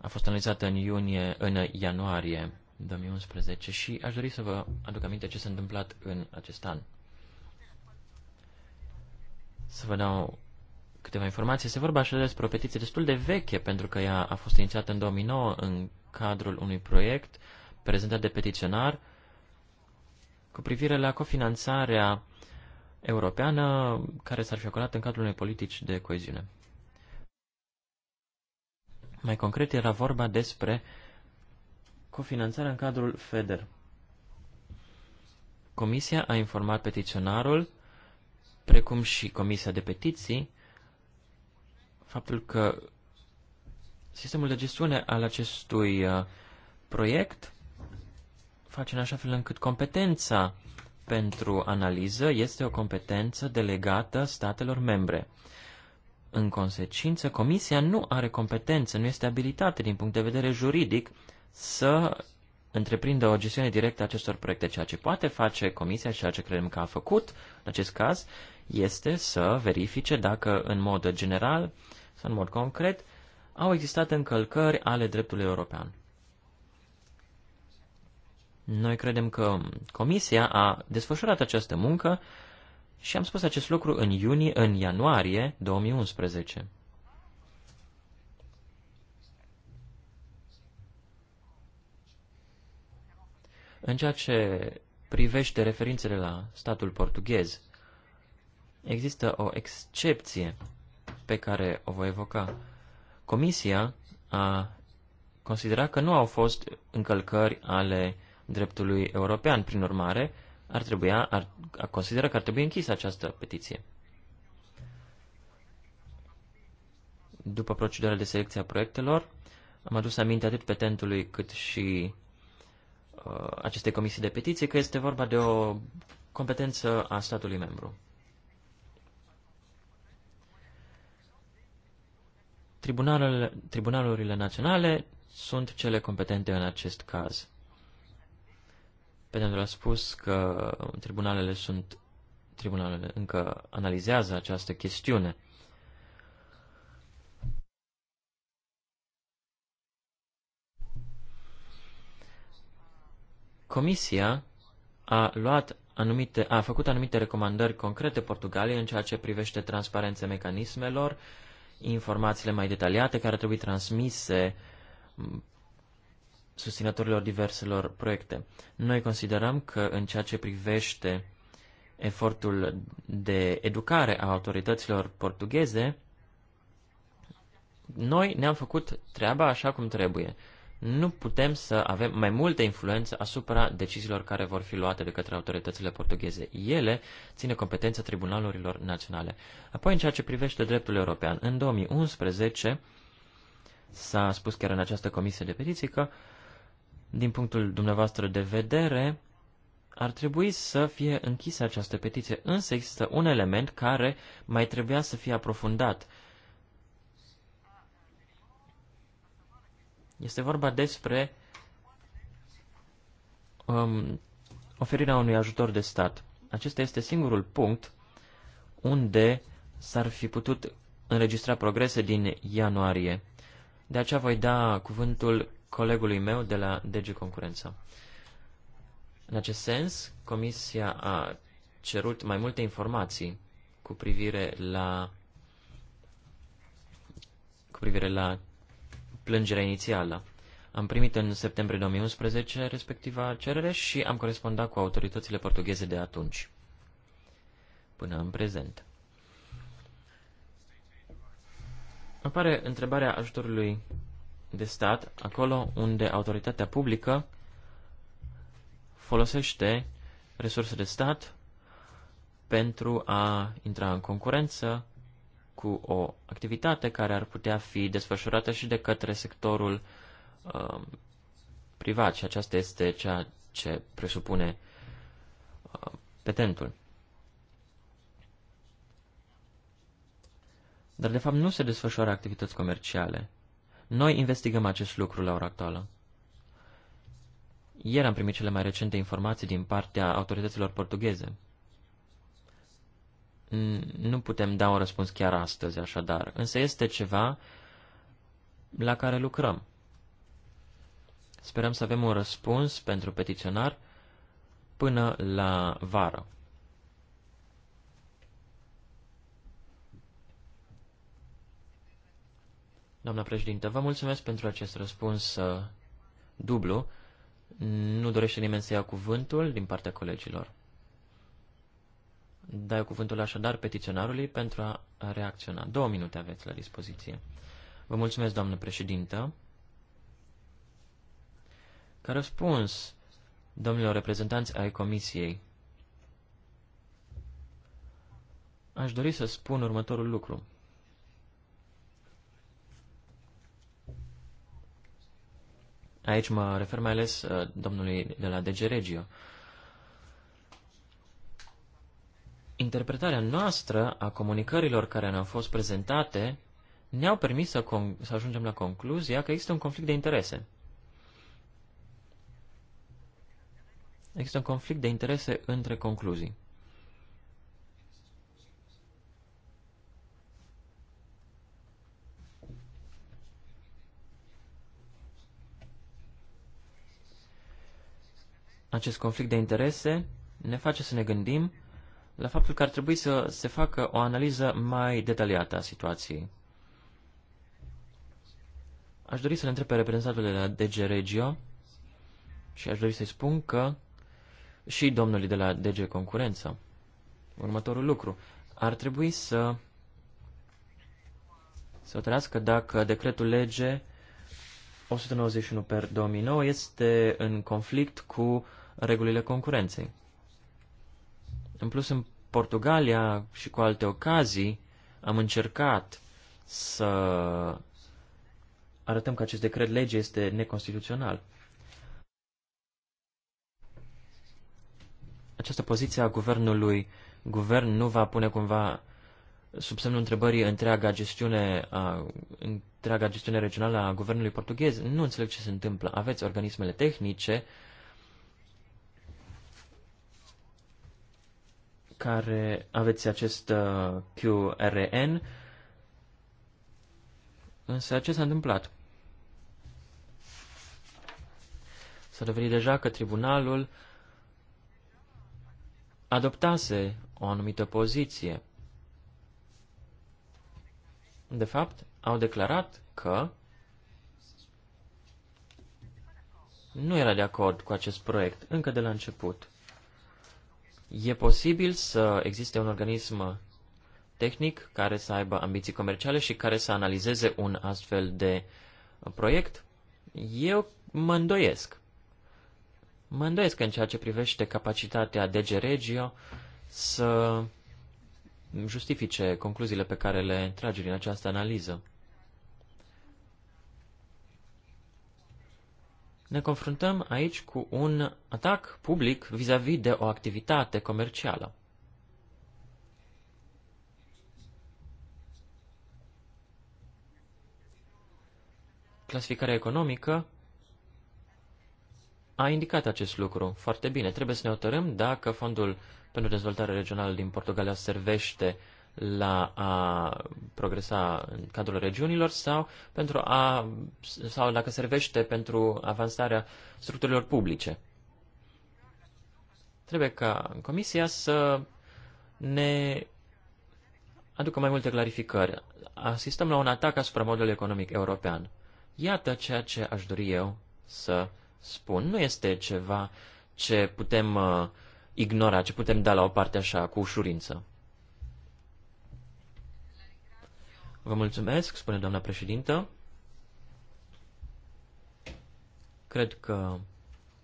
a fost analizată în, iunie, în ianuarie 2011 și aș dori să vă aduc aminte ce s-a întâmplat în acest an. Să vă dau câteva informații. Se vorba așa despre o petiție destul de veche, pentru că ea a fost inițiată în 2009 în cadrul unui proiect prezentat de petiționar cu privire la cofinanțarea europeană care s-ar fi acolat în cadrul unei politici de coeziune. Mai concret, era vorba despre cofinanțarea în cadrul FEDER. Comisia a informat petiționarul, precum și Comisia de Petiții, faptul că sistemul de gestiune al acestui uh, proiect face în așa fel încât competența pentru analiză este o competență delegată statelor membre. În consecință, Comisia nu are competență, nu este abilitată din punct de vedere juridic să întreprindă o gestiune directă a acestor proiecte. Ceea ce poate face Comisia și ceea ce credem că a făcut în acest caz este să verifice dacă în mod general sau în mod concret au existat încălcări ale dreptului european. Noi credem că Comisia a desfășurat această muncă și am spus acest lucru în iunie, în ianuarie 2011. În ceea ce privește referințele la statul portughez, există o excepție pe care o voi evoca. Comisia a considerat că nu au fost încălcări ale dreptului european, prin urmare, ar trebui, ar, consideră că ar trebui închisă această petiție. După procedura de selecție a proiectelor, am adus aminte atât petentului cât și uh, acestei comisii de petiție că este vorba de o competență a statului membru. Tribunalul tribunalurile naționale sunt cele competente în acest caz. Pentru a spus că tribunalele sunt tribunalele încă analizează această chestiune. Comisia a luat anumite, a făcut anumite recomandări concrete Portugaliei în ceea ce privește transparența mecanismelor, informațiile mai detaliate care trebuie transmise susținătorilor diverselor proiecte. Noi considerăm că în ceea ce privește efortul de educare a autorităților portugheze, noi ne-am făcut treaba așa cum trebuie. Nu putem să avem mai multă influență asupra deciziilor care vor fi luate de către autoritățile portugheze. Ele ține competența tribunalurilor naționale. Apoi, în ceea ce privește dreptul european, în 2011 s-a spus chiar în această comisie de petiții că uh, din punctul dumneavoastră de vedere, ar trebui să fie închisă această petiție, însă există un element care mai trebuia să fie aprofundat. Este vorba despre um, oferirea unui ajutor de stat. Acesta este singurul punct unde s-ar fi putut înregistra progrese din ianuarie. De aceea voi da cuvântul colegului meu de la DG Concurență. În acest sens, Comisia a cerut mai multe informații cu privire la cu privire la plângerea inițială. Am primit în septembrie 2011 respectiva cerere și am corespondat cu autoritățile portugheze de atunci, până în prezent. Apare întrebarea ajutorului de stat, acolo unde autoritatea publică folosește resurse de stat pentru a intra în concurență cu o activitate care ar putea fi desfășurată și de către sectorul uh, privat și aceasta este ceea ce presupune uh, petentul. Dar de fapt nu se desfășoară activități comerciale. Noi investigăm acest lucru la ora actuală. Ieri am primit cele mai recente informații din partea autorităților portugheze. Nu putem da un răspuns chiar astăzi, așadar, însă este ceva la care lucrăm. Sperăm să avem un răspuns pentru petiționar până la vară. Doamna președintă, vă mulțumesc pentru acest răspuns uh, dublu. Nu dorește nimeni să ia cuvântul din partea colegilor. Dai cuvântul așadar petiționarului pentru a reacționa. Două minute aveți la dispoziție. Vă mulțumesc, doamnă președintă. Ca răspuns, domnilor reprezentanți ai comisiei, aș dori să spun următorul lucru. Aici mă refer mai ales uh, domnului de la DG Regio. Interpretarea noastră a comunicărilor care ne-au fost prezentate ne-au permis să, să ajungem la concluzia că există un conflict de interese. Există un conflict de interese între concluzii. Acest conflict de interese ne face să ne gândim la faptul că ar trebui să se facă o analiză mai detaliată a situației. Aș dori să le întreb pe reprezentantul de la DG Regio și aș dori să-i spun că și domnului de la DG Concurență următorul lucru. Ar trebui să să hotărească dacă decretul lege 191 per 2009 este în conflict cu regulile concurenței. În plus, în Portugalia și cu alte ocazii am încercat să arătăm că acest decret lege este neconstituțional. Această poziție a guvernului, guvern nu va pune cumva sub semnul întrebării întreaga gestiune, a, întreaga gestiune regională a guvernului portughez. Nu înțeleg ce se întâmplă. Aveți organismele tehnice care aveți acest uh, QRN, însă ce s-a întâmplat? S-a dovedit deja că tribunalul adoptase o anumită poziție. De fapt, au declarat că nu era de acord cu acest proiect încă de la început. E posibil să existe un organism tehnic care să aibă ambiții comerciale și care să analizeze un astfel de proiect? Eu mă îndoiesc. Mă îndoiesc în ceea ce privește capacitatea DG Regio să justifice concluziile pe care le trage din această analiză. Ne confruntăm aici cu un atac public vis-a-vis -vis de o activitate comercială. Clasificarea economică a indicat acest lucru foarte bine. Trebuie să ne hotărâm dacă Fondul pentru Dezvoltare Regională din Portugalia servește la a progresa în cadrul regiunilor sau, pentru a, sau dacă servește pentru avansarea structurilor publice. Trebuie ca Comisia să ne aducă mai multe clarificări. Asistăm la un atac asupra modelului economic european. Iată ceea ce aș dori eu să spun. Nu este ceva ce putem uh, ignora, ce putem da la o parte așa, cu ușurință. Vă mulțumesc, spune doamna președintă. Cred că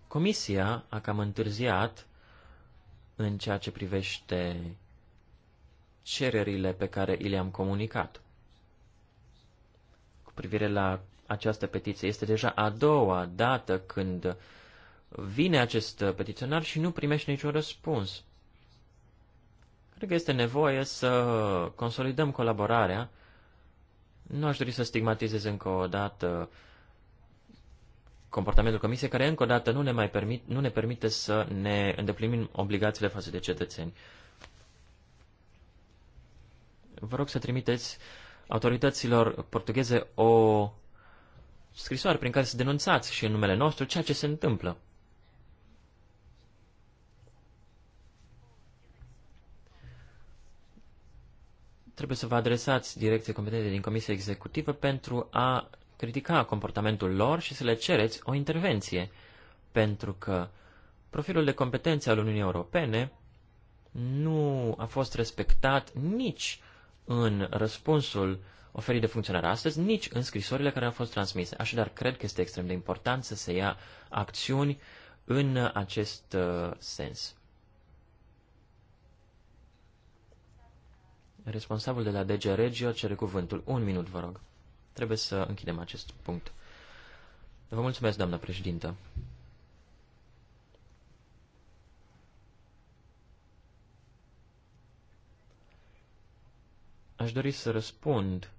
comisia a cam întârziat în ceea ce privește cererile pe care i le-am comunicat. Cu privire la această petiție, este deja a doua dată când vine acest petiționar și nu primește niciun răspuns. Cred că este nevoie să consolidăm colaborarea nu aș dori să stigmatizez încă o dată comportamentul comisiei, care încă o dată nu ne, mai permit, nu ne permite să ne îndeplinim obligațiile față de cetățeni. Vă rog să trimiteți autorităților portugheze o scrisoare prin care să denunțați și în numele nostru ceea ce se întâmplă. trebuie să vă adresați direcție competente din Comisia Executivă pentru a critica comportamentul lor și să le cereți o intervenție, pentru că profilul de competențe al Uniunii Europene nu a fost respectat nici în răspunsul oferit de funcționare astăzi, nici în scrisorile care au fost transmise. Așadar, cred că este extrem de important să se ia acțiuni în acest uh, sens. Responsabil de la DG Regio cere cuvântul. Un minut, vă rog. Trebuie să închidem acest punct. Vă mulțumesc, doamnă președintă. Aș dori să răspund,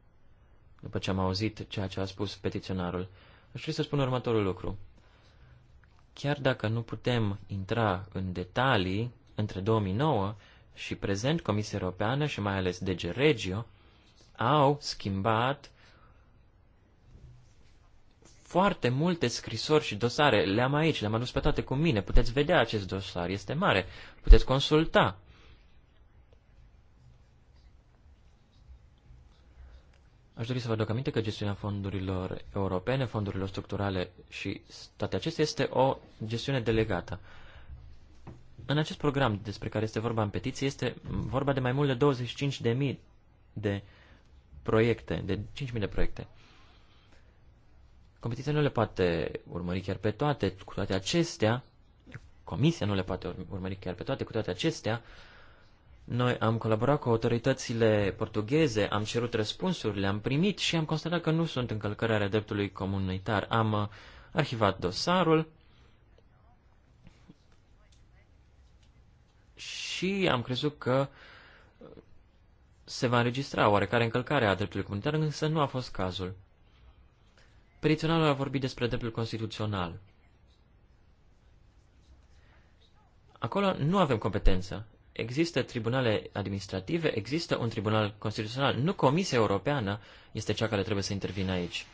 după ce am auzit ceea ce a spus petiționarul, aș dori să spun următorul lucru. Chiar dacă nu putem intra în detalii între 2009 și prezent Comisia Europeană și mai ales DG Regio au schimbat foarte multe scrisori și dosare. Le-am aici, le-am adus pe toate cu mine. Puteți vedea acest dosar, este mare. Puteți consulta. Aș dori să vă aduc aminte că gestiunea fondurilor europene, fondurilor structurale și toate acestea este o gestiune delegată. În acest program despre care este vorba în petiție, este vorba de mai mult de 25.000 de proiecte, de 5.000 de proiecte. Competiția nu le poate urmări chiar pe toate, cu toate acestea, comisia nu le poate urmări chiar pe toate, cu toate acestea, noi am colaborat cu autoritățile portugheze, am cerut răspunsuri, le-am primit și am constatat că nu sunt încălcări ale dreptului comunitar. Am uh, arhivat dosarul și am crezut că se va înregistra oarecare încălcare a dreptului comunitar, însă nu a fost cazul. Petiționarul a vorbit despre dreptul constituțional. Acolo nu avem competență. Există tribunale administrative, există un tribunal constituțional. Nu Comisia Europeană este cea care trebuie să intervină aici.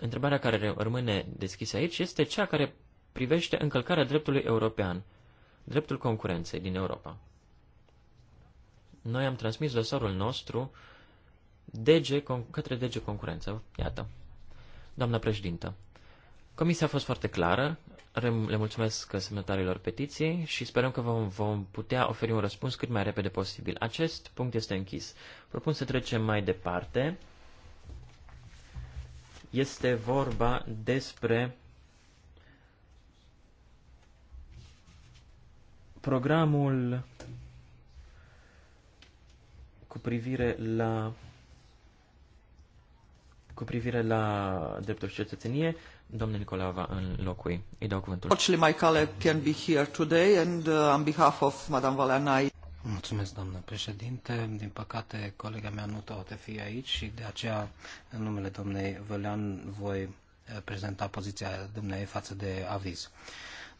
Întrebarea care rămâne deschisă aici este cea care privește încălcarea dreptului european dreptul concurenței din Europa. Noi am transmis dosarul nostru DG, către DG Concurență. Iată. Doamna președintă, comisia a fost foarte clară. Le mulțumesc semnătarilor petiției și sperăm că vom, vom putea oferi un răspuns cât mai repede posibil. Acest punct este închis. Propun să trecem mai departe. Este vorba despre Programul cu privire la cu privire la dreptul și cetățenie, domnul Nicolae va înlocui. Îi dau cuvântul. Fortunately, my colleague can be here today and uh, on behalf of Madame Valanai. Mulțumesc, doamnă președinte. Din păcate, colega mea nu poate fi aici și de aceea, în numele domnei Vălean, voi uh, prezenta poziția dumneavoastră față de aviz.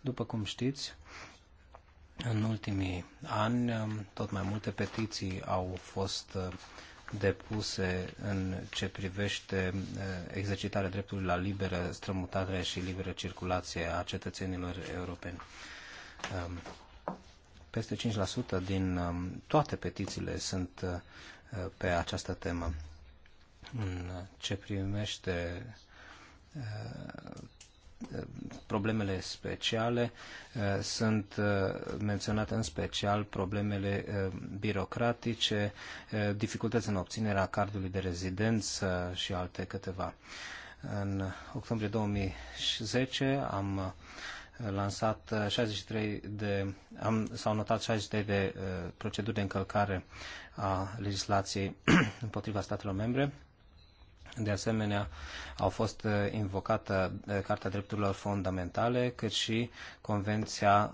După cum știți, în ultimii ani, um, tot mai multe petiții au fost uh, depuse în ce privește uh, exercitarea dreptului la liberă strămutare și liberă circulație a cetățenilor europeni. Um, peste 5% din um, toate petițiile sunt uh, pe această temă. În ce primește problemele speciale uh, sunt uh, menționate în special problemele uh, birocratice, dificultăți în obținerea cardului de rezidență și alte câteva. În octombrie 2010 am lansat 63 de, am, s-au notat 63 de uh, proceduri de încălcare a legislației *clears throat* împotriva statelor membre de asemenea, au fost uh, invocată uh, Carta Drepturilor Fundamentale, cât și Convenția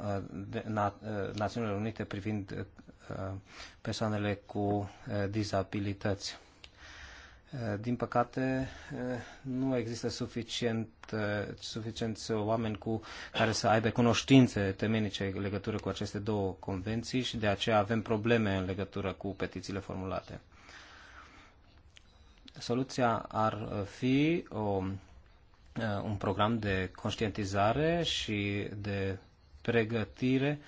uh, Națiunilor Unite privind persoanele cu dizabilități. Din păcate, nu există suficient, suficienți oameni cu care să aibă cunoștințe temenice în legătură cu aceste două convenții și de aceea avem probleme în legătură cu petițiile formulate. Soluția ar fi o, un program de conștientizare și de pregătire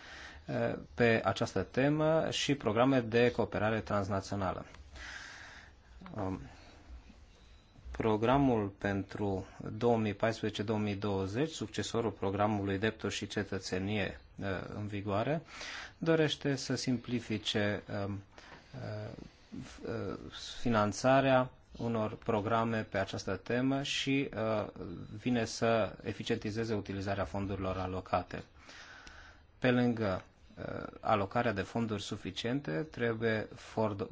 pe această temă și programe de cooperare transnațională. Programul pentru 2014-2020, succesorul programului depto și Cetățenie în vigoare, dorește să simplifice finanțarea unor programe pe această temă și uh, vine să eficientizeze utilizarea fondurilor alocate. Pe lângă uh, alocarea de fonduri suficiente, trebuie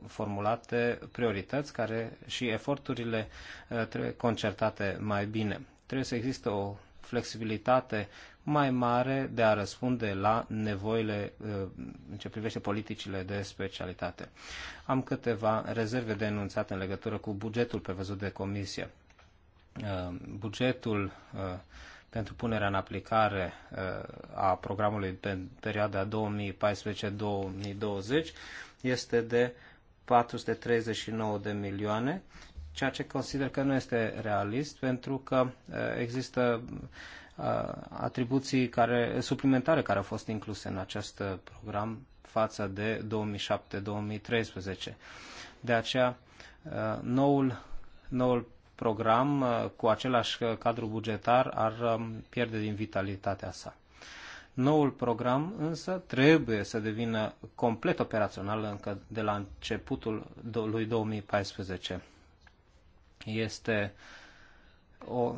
formulate priorități care și eforturile uh, trebuie concertate mai bine. Trebuie să existe o flexibilitate mai mare de a răspunde la nevoile uh, în ce privește politicile de specialitate. Am câteva rezerve de enunțat în legătură cu bugetul prevăzut de comisie. Uh, bugetul uh, pentru punerea în aplicare a programului pe perioada 2014-2020 este de 439 de milioane, ceea ce consider că nu este realist, pentru că uh, există uh, atribuții care, suplimentare care au fost incluse în acest uh, program față de 2007-2013. De aceea, noul, noul program cu același cadru bugetar ar um, pierde din vitalitatea sa. Noul program însă trebuie să devină complet operațional încă de la începutul lui 2014. Este o,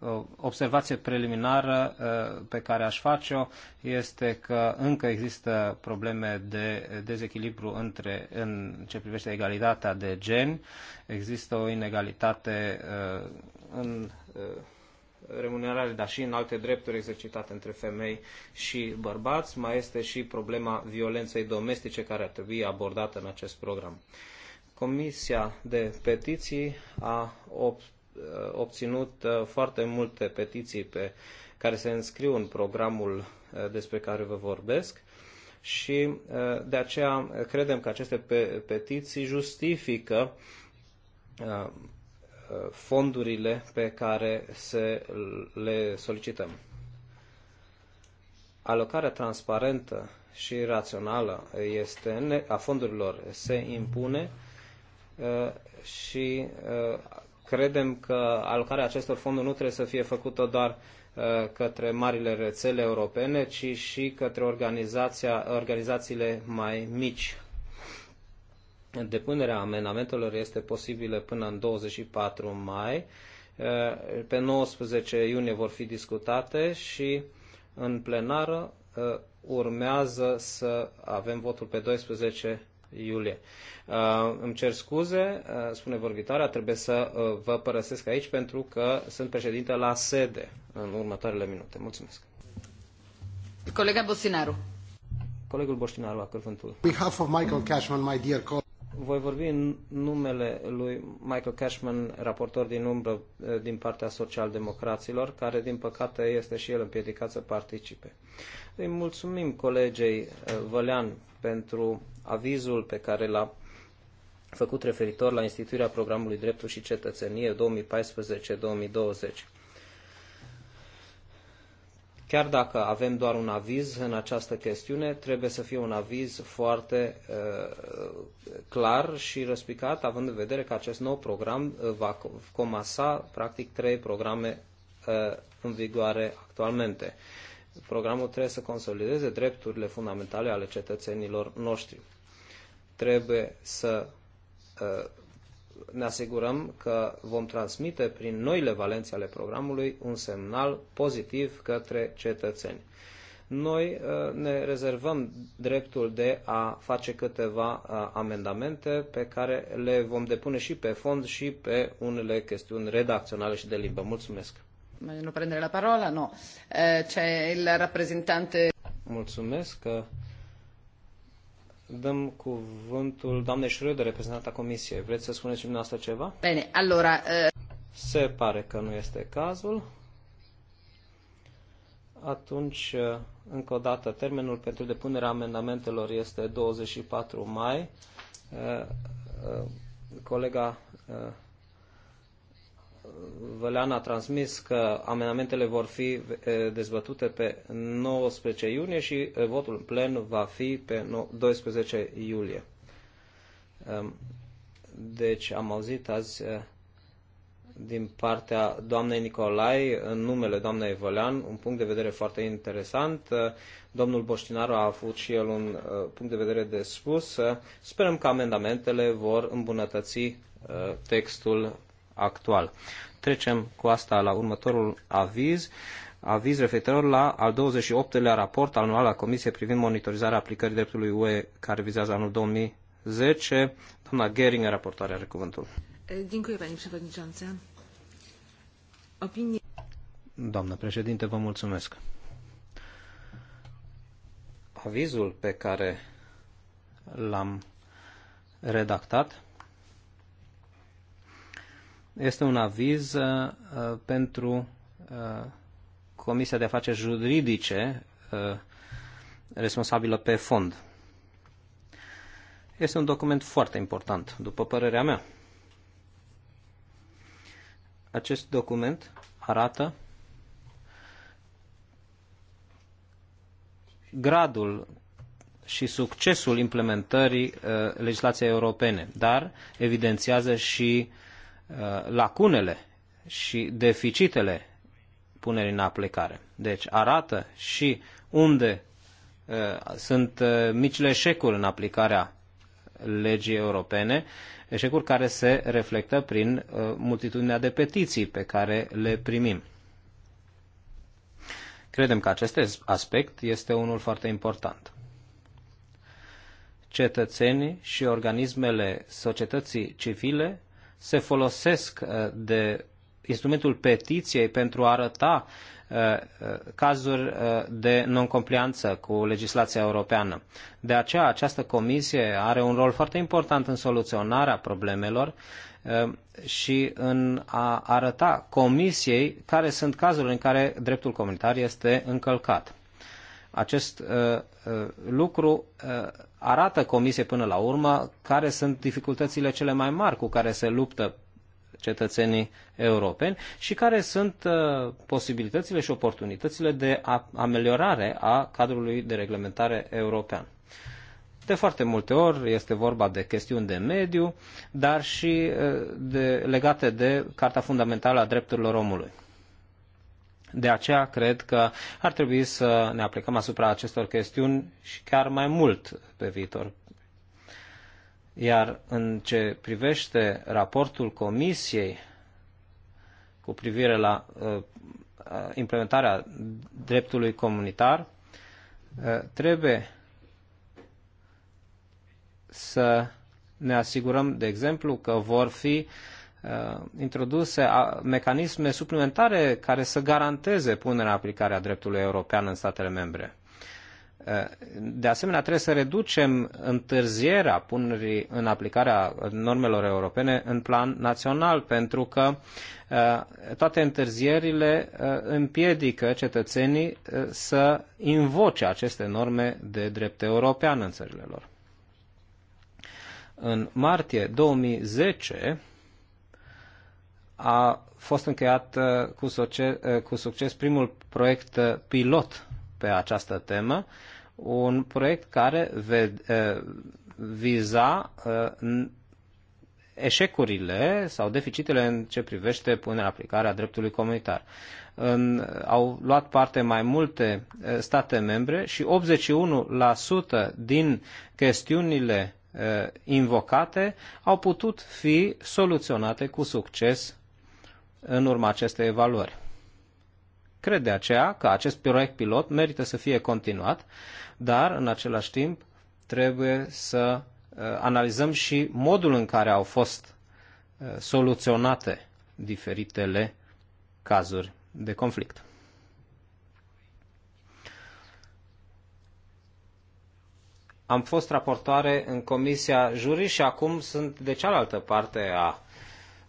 o observație preliminară uh, pe care aș face-o este că încă există probleme de dezechilibru între, în ce privește egalitatea de gen. Există o inegalitate uh, în uh, remunerare, dar și în alte drepturi exercitate între femei și bărbați. Mai este și problema violenței domestice care ar trebui abordată în acest program. Comisia de Petiții a uh, obținut uh, foarte multe petiții pe care se înscriu în programul uh, despre care vă vorbesc și de aceea credem că aceste petiții justifică fondurile pe care se le solicităm. Alocarea transparentă și rațională este, a fondurilor se impune Uh, și uh, credem că alocarea acestor fonduri nu trebuie să fie făcută doar uh, către marile rețele europene, ci și către organizația, organizațiile mai mici. Depunerea amendamentelor este posibilă până în 24 mai. Pe 19 iunie vor fi discutate și în plenară urmează să avem votul pe 12 iulie. Uh, îmi cer scuze, uh, spune vorbitoarea, trebuie să uh, vă părăsesc aici pentru că sunt președinte la sede în următoarele minute. Mulțumesc. Colega Bostinaru. Colegul Boștinaru a cuvântul. behalf of Michael Cashman, my dear colleague. Voi vorbi în numele lui Michael Cashman, raportor din umbră din partea social-democraților, care din păcate este și el împiedicat să participe. Îi mulțumim colegei Vălean pentru avizul pe care l-a făcut referitor la instituirea programului Dreptul și Cetățenie 2014-2020. Chiar dacă avem doar un aviz în această chestiune, trebuie să fie un aviz foarte uh, clar și răspicat, având în vedere că acest nou program uh, va comasa practic trei programe uh, în vigoare actualmente. Programul trebuie să consolideze drepturile fundamentale ale cetățenilor noștri. Trebuie să ă, ne asigurăm că vom transmite prin noile valențe ale programului un semnal pozitiv către cetățeni. Noi ă, ne rezervăm dreptul de a face câteva ă, amendamente pe care le vom depune și pe fond și pe unele chestiuni redacționale și de limbă. Mulțumesc! Nu prendere la parola, no. C'è il rappresentante. Mulțumesc dăm cuvântul doamnei Schröder, reprezentanta Comisiei. Vreți să spuneți și dumneavoastră ceva? Bine, alora... Uh... Eh, Se pare că nu este cazul. Atunci, eh, încă o dată, termenul pentru depunerea amendamentelor este 24 mai. Uh, uh, colega Vălean a transmis că amendamentele vor fi eh, dezbătute pe 19 iunie și eh, votul plen va fi pe 12 iulie. Ehm, deci am auzit azi eh, din partea doamnei Nicolai, în numele doamnei Vălean, un punct de vedere foarte interesant. Domnul Boștinaru a avut și el un punct de vedere de spus. Sperăm că amendamentele vor îmbunătăți textul actual. Trecem cu asta la următorul aviz, aviz referitor la al 28-lea raport anual al Comisiei privind monitorizarea aplicării dreptului UE care vizează anul 2010. Doamna Gering, raportoarea, are cuvântul. Dziękuję, Pani Przewodnicząca. Opinie... Doamna președinte, vă mulțumesc. Avizul pe care l-am redactat este un aviz uh, uh, pentru uh, Comisia de Afaceri Juridice responsabilă pe fond. Este un document foarte important, după părerea mea. Acest document arată gradul și succesul implementării uh, legislației europene, dar evidențiază și uh, Uh, lacunele și deficitele punerii în aplicare. Deci arată și unde uh, sunt uh, micile eșecuri în aplicarea legii europene, eșecuri care se reflectă prin multitudinea de petiții pe care le primim. Credem că acest aspect este unul foarte important. Cetățenii și organismele societății civile se folosesc uh, de instrumentul petiției pentru a arăta uh, uh, cazuri de noncomplianță cu legislația europeană. De aceea, această comisie are un rol foarte important în soluționarea problemelor și în a arăta comisiei care sunt cazurile în care dreptul comunitar este încălcat. Acest lucru arată comisie până la urmă care sunt dificultățile cele mai mari cu care se luptă cetățenii europeni și care sunt uh, posibilitățile și oportunitățile de a, ameliorare a cadrului de reglementare european. De foarte multe ori este vorba de chestiuni de mediu, dar și uh, de, legate de Carta Fundamentală a Drepturilor Omului. De aceea cred că ar trebui să ne aplicăm asupra acestor chestiuni și chiar mai mult pe viitor. Iar în ce privește raportul Comisiei cu privire la uh, uh implementarea dreptului comunitar, uh, trebuie să ne asigurăm, de exemplu, că vor fi uh, Uh, introduse mecanisme suplimentare care să garanteze punerea în aplicare a dreptului european în statele membre. Uh, de asemenea, trebuie să reducem întârzierea punerii în aplicare a normelor europene în plan național, pentru că uh, toate întârzierile împiedică cetățenii să invoce aceste norme de drept european în țările lor. În martie 2010, a fost încheiat uh, cu, succes, uh, cu succes primul proiect uh, pilot pe această temă, un proiect care viza eșecurile sau deficitele în ce privește punerea aplicarea dreptului comunitar. În, au luat parte mai multe state membre și 81% din chestiunile invocate au putut fi soluționate cu succes în urma acestei evaluări. Cred de aceea că acest proiect pilot merită să fie continuat, dar în același timp trebuie să uh, analizăm și modul în care au fost uh, soluționate diferitele cazuri de conflict. Am fost raportoare în Comisia Juri și acum sunt de cealaltă parte a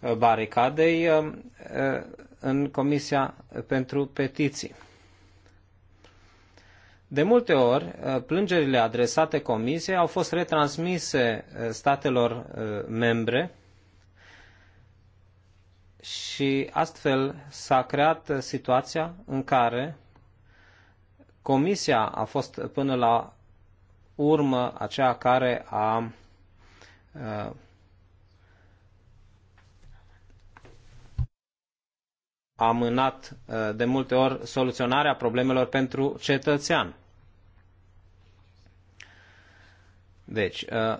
Uh, baricadei uh, uh, în Comisia pentru Petiții. De multe ori, plângerile adresate Comisiei au fost retransmise statelor membre și astfel s-a creat situația în care Comisia a fost până la urmă aceea care a amânat uh, de multe ori soluționarea problemelor pentru cetățean. Deci, uh,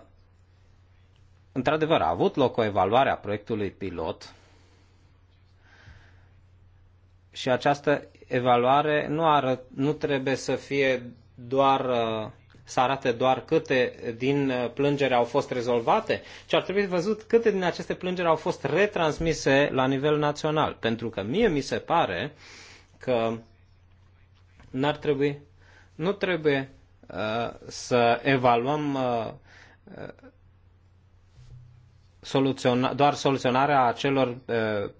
într-adevăr, a avut loc o evaluare a proiectului pilot și această evaluare nu, ar, nu trebuie să fie doar uh, să arate doar câte din uh, plângeri au fost rezolvate, ci ar trebui văzut câte din aceste plângeri au fost retransmise la nivel național. Pentru că mie mi se pare că n-ar trebui, nu trebuie uh, să evaluăm uh, uh soluționa, doar soluționarea acelor uh,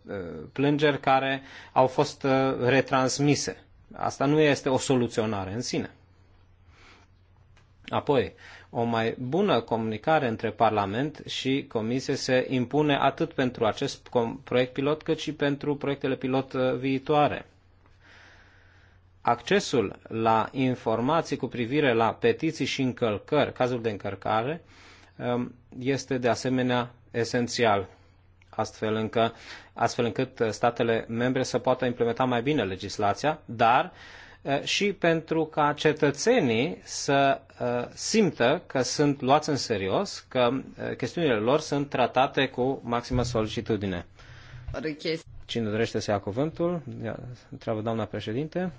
uh, plângeri care au fost uh, retransmise. Asta nu este o soluționare în sine. Apoi, o mai bună comunicare între Parlament și Comisie se impune atât pentru acest proiect pilot, cât și pentru proiectele pilot uh, viitoare. Accesul la informații cu privire la petiții și încălcări, cazul de încărcare, um, este de asemenea esențial, astfel, încă, astfel încât uh, statele membre să poată implementa mai bine legislația, dar și pentru ca cetățenii să simtă că sunt luați în serios, că chestiunile lor sunt tratate cu maximă solicitudine. Cine dorește să ia cuvântul? întreabă doamna președinte.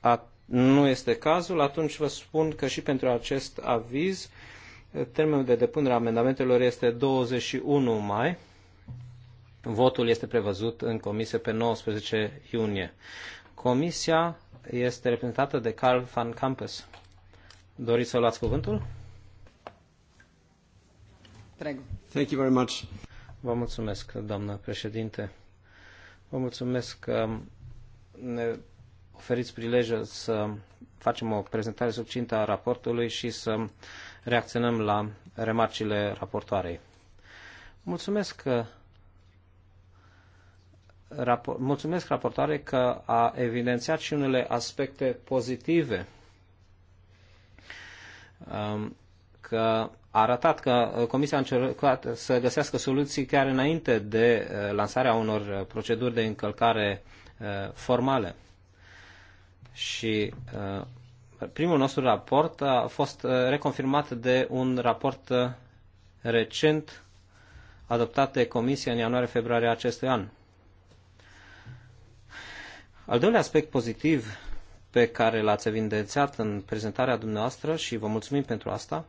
A, nu este cazul, atunci vă spun că și pentru acest aviz termenul de depunere a amendamentelor este 21 mai Votul este prevăzut în comisie pe 19 iunie. Comisia este reprezentată de Carl van Campus. Doriți să luați cuvântul? Prego. Thank you very much. Vă mulțumesc, doamnă președinte. Vă mulțumesc că ne oferiți prilejul să facem o prezentare succintă a raportului și să reacționăm la remarcile raportoarei. Mulțumesc rapor, mulțumesc raportare că a evidențiat și unele aspecte pozitive, um, că a arătat că Comisia a încercat să găsească soluții chiar înainte de uh, lansarea unor uh, proceduri de încălcare uh, formale. Și primul nostru raport a fost reconfirmat de un raport recent adoptat de Comisia în ianuarie-februarie acestui an al doilea aspect pozitiv pe care l-ați evidențiat în prezentarea dumneavoastră și vă mulțumim pentru asta,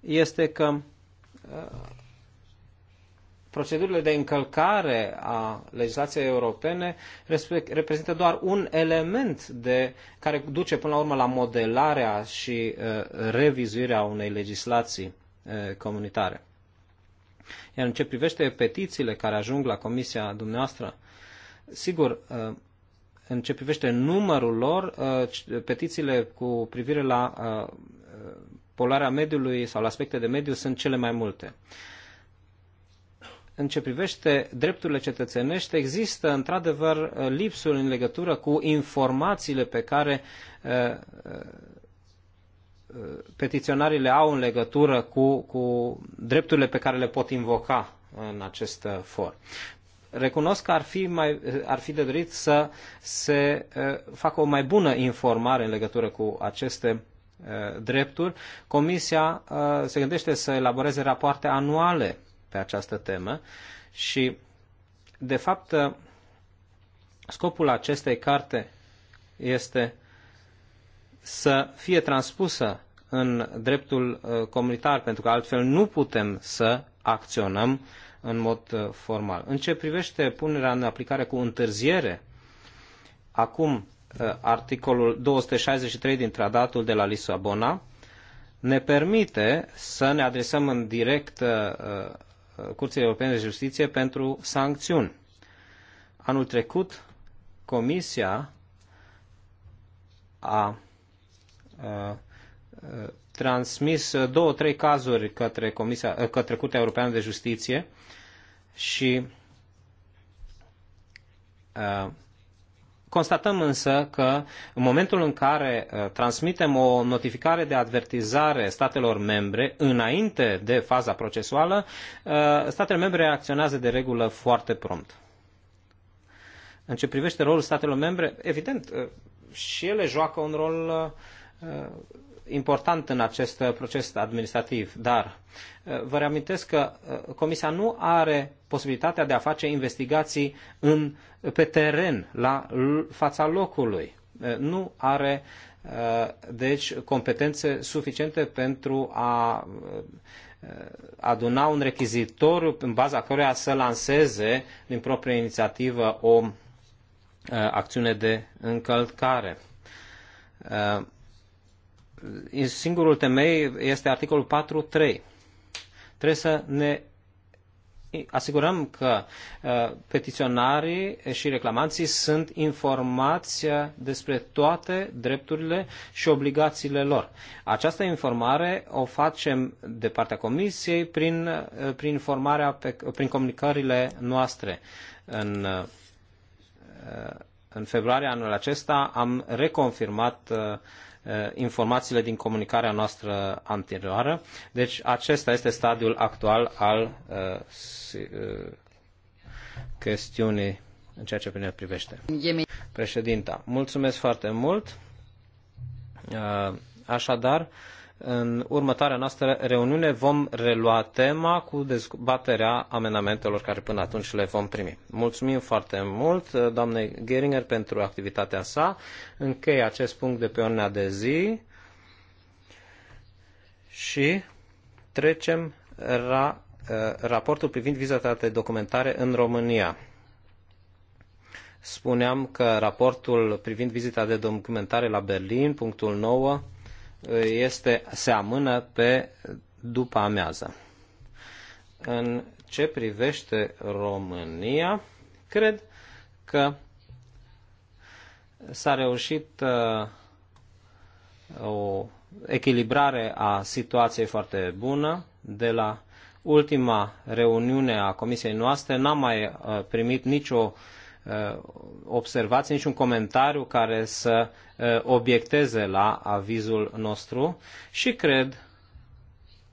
este că uh, procedurile de încălcare a legislației europene reprezintă doar un element de, care duce până la urmă la modelarea și uh, revizuirea unei legislații uh, comunitare. Iar în ce privește petițiile care ajung la comisia dumneavoastră, Sigur, uh, în ce privește numărul lor, uh, petițiile cu privire la uh, polarea mediului sau la aspecte de mediu sunt cele mai multe. În ce privește drepturile cetățenești, există într-adevăr lipsuri în legătură cu informațiile pe care petiționarii le au în legătură cu, cu drepturile pe care le pot invoca în acest for recunosc că ar fi, mai, ar fi de dorit să se eh, facă o mai bună informare în legătură cu aceste eh, drepturi. Comisia eh, se gândește să elaboreze rapoarte anuale pe această temă și, de fapt, scopul acestei carte este să fie transpusă în dreptul comunitar, pentru că altfel nu putem să acționăm uh, în mod uh, formal. În ce privește punerea în aplicare cu întârziere, acum uh, articolul 263 din tratatul de la Lisabona ne permite să ne adresăm în direct uh, Curții Europene de Justiție pentru sancțiuni. Anul trecut, Comisia a, a transmis două, trei cazuri către, Comisia, către Curtea Europeană de Justiție și uh, Constatăm însă că în momentul în care uh, transmitem o notificare de advertizare statelor membre, înainte de faza procesuală, uh, statele membre reacționează de regulă foarte prompt. În ce privește rolul statelor membre, evident, uh, și ele joacă un rol important în acest uh, proces administrativ, dar uh, vă reamintesc că uh, Comisia nu are posibilitatea de a face investigații în, pe teren, la fața locului. Nu are, deci, competențe suficiente pentru a aduna un rechizitoriu în baza căruia să lanseze din proprie inițiativă o acțiune de încălcare singurul temei este articolul 4.3. Trebuie să ne asigurăm că uh, petiționarii și reclamanții sunt informați uh, despre toate drepturile și obligațiile lor. Această informare o facem de partea Comisiei prin, uh, prin, informarea pe, prin comunicările noastre. În, în februarie anul acesta am reconfirmat uh, Eh, informațiile din comunicarea noastră anterioară. Deci acesta este stadiul actual al eh, eh, chestiunii în ceea ce ne privește. Președinta, mulțumesc foarte mult. Așadar, în următoarea noastră reuniune vom relua tema cu dezbaterea amendamentelor care până atunci le vom primi. Mulțumim foarte mult, uh, doamnei Geringer, pentru activitatea sa. Închei acest punct de pe ordinea de zi și trecem la uh, raportul privind vizata de documentare în România. Spuneam că raportul privind vizita de documentare la Berlin, punctul 9, este, se amână pe după amiază. În ce privește România, cred că s-a reușit uh, o echilibrare a situației foarte bună de la ultima reuniune a comisiei noastre n-am mai uh, primit nicio Uh, observație, niciun comentariu care să uh, obiecteze la avizul nostru și cred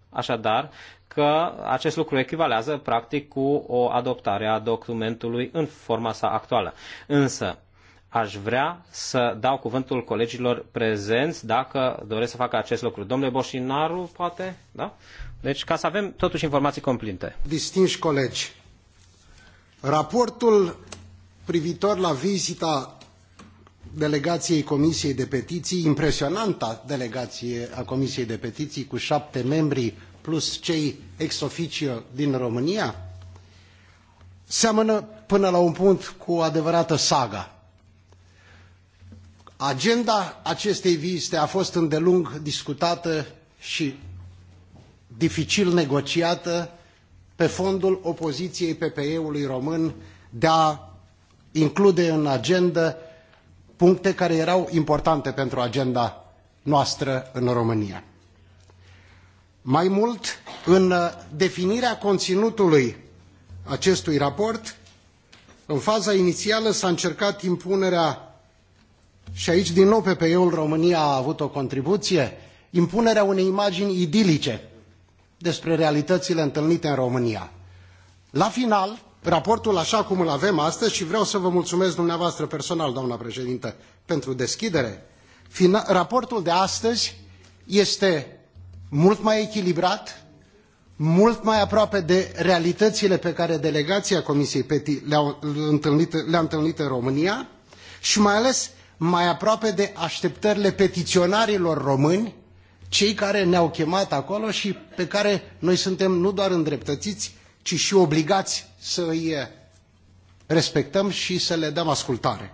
așadar că acest lucru echivalează practic cu o adoptare a documentului în forma sa actuală. Însă, aș vrea să dau cuvântul colegilor prezenți dacă doresc să facă acest lucru. Domnule Boșinaru, poate? Da? Deci, ca să avem totuși informații complete. Distinși colegi, raportul privitor la vizita delegației Comisiei de Petiții, impresionanta delegație a Comisiei de Petiții cu șapte membri plus cei ex officio din România, seamănă până la un punct cu o adevărată saga. Agenda acestei vizite a fost îndelung discutată și dificil negociată pe fondul opoziției PPE-ului român de a include în agendă puncte care erau importante pentru agenda noastră în România. Mai mult, în definirea conținutului acestui raport, în faza inițială s-a încercat impunerea, și aici din nou PPE-ul România a avut o contribuție, impunerea unei imagini idilice despre realitățile întâlnite în România. La final, raportul așa cum îl avem astăzi și vreau să vă mulțumesc dumneavoastră personal, doamna președintă, pentru deschidere. Fina raportul de astăzi este mult mai echilibrat, mult mai aproape de realitățile pe care delegația Comisiei PETI le-a întâlnit, le întâlnit în România și mai ales mai aproape de așteptările petiționarilor români, cei care ne-au chemat acolo și pe care noi suntem nu doar îndreptățiți, ci și obligați să îi eh, respectăm și să le dăm ascultare.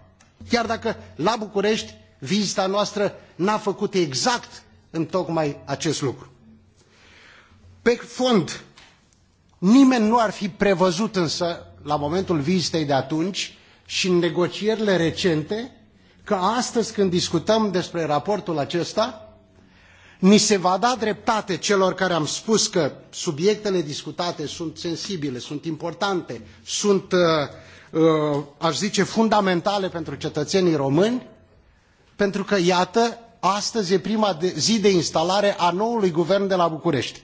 Chiar dacă la București vizita noastră n-a făcut exact în tocmai acest lucru. Pe fond, nimeni nu ar fi prevăzut însă la momentul vizitei de atunci și în negocierile recente că astăzi când discutăm despre raportul acesta, Ni se va da dreptate celor care am spus că subiectele discutate sunt sensibile, sunt importante, sunt, uh, uh, aș zice, fundamentale pentru cetățenii români, pentru că, iată, astăzi e prima zi de instalare a noului guvern de la București.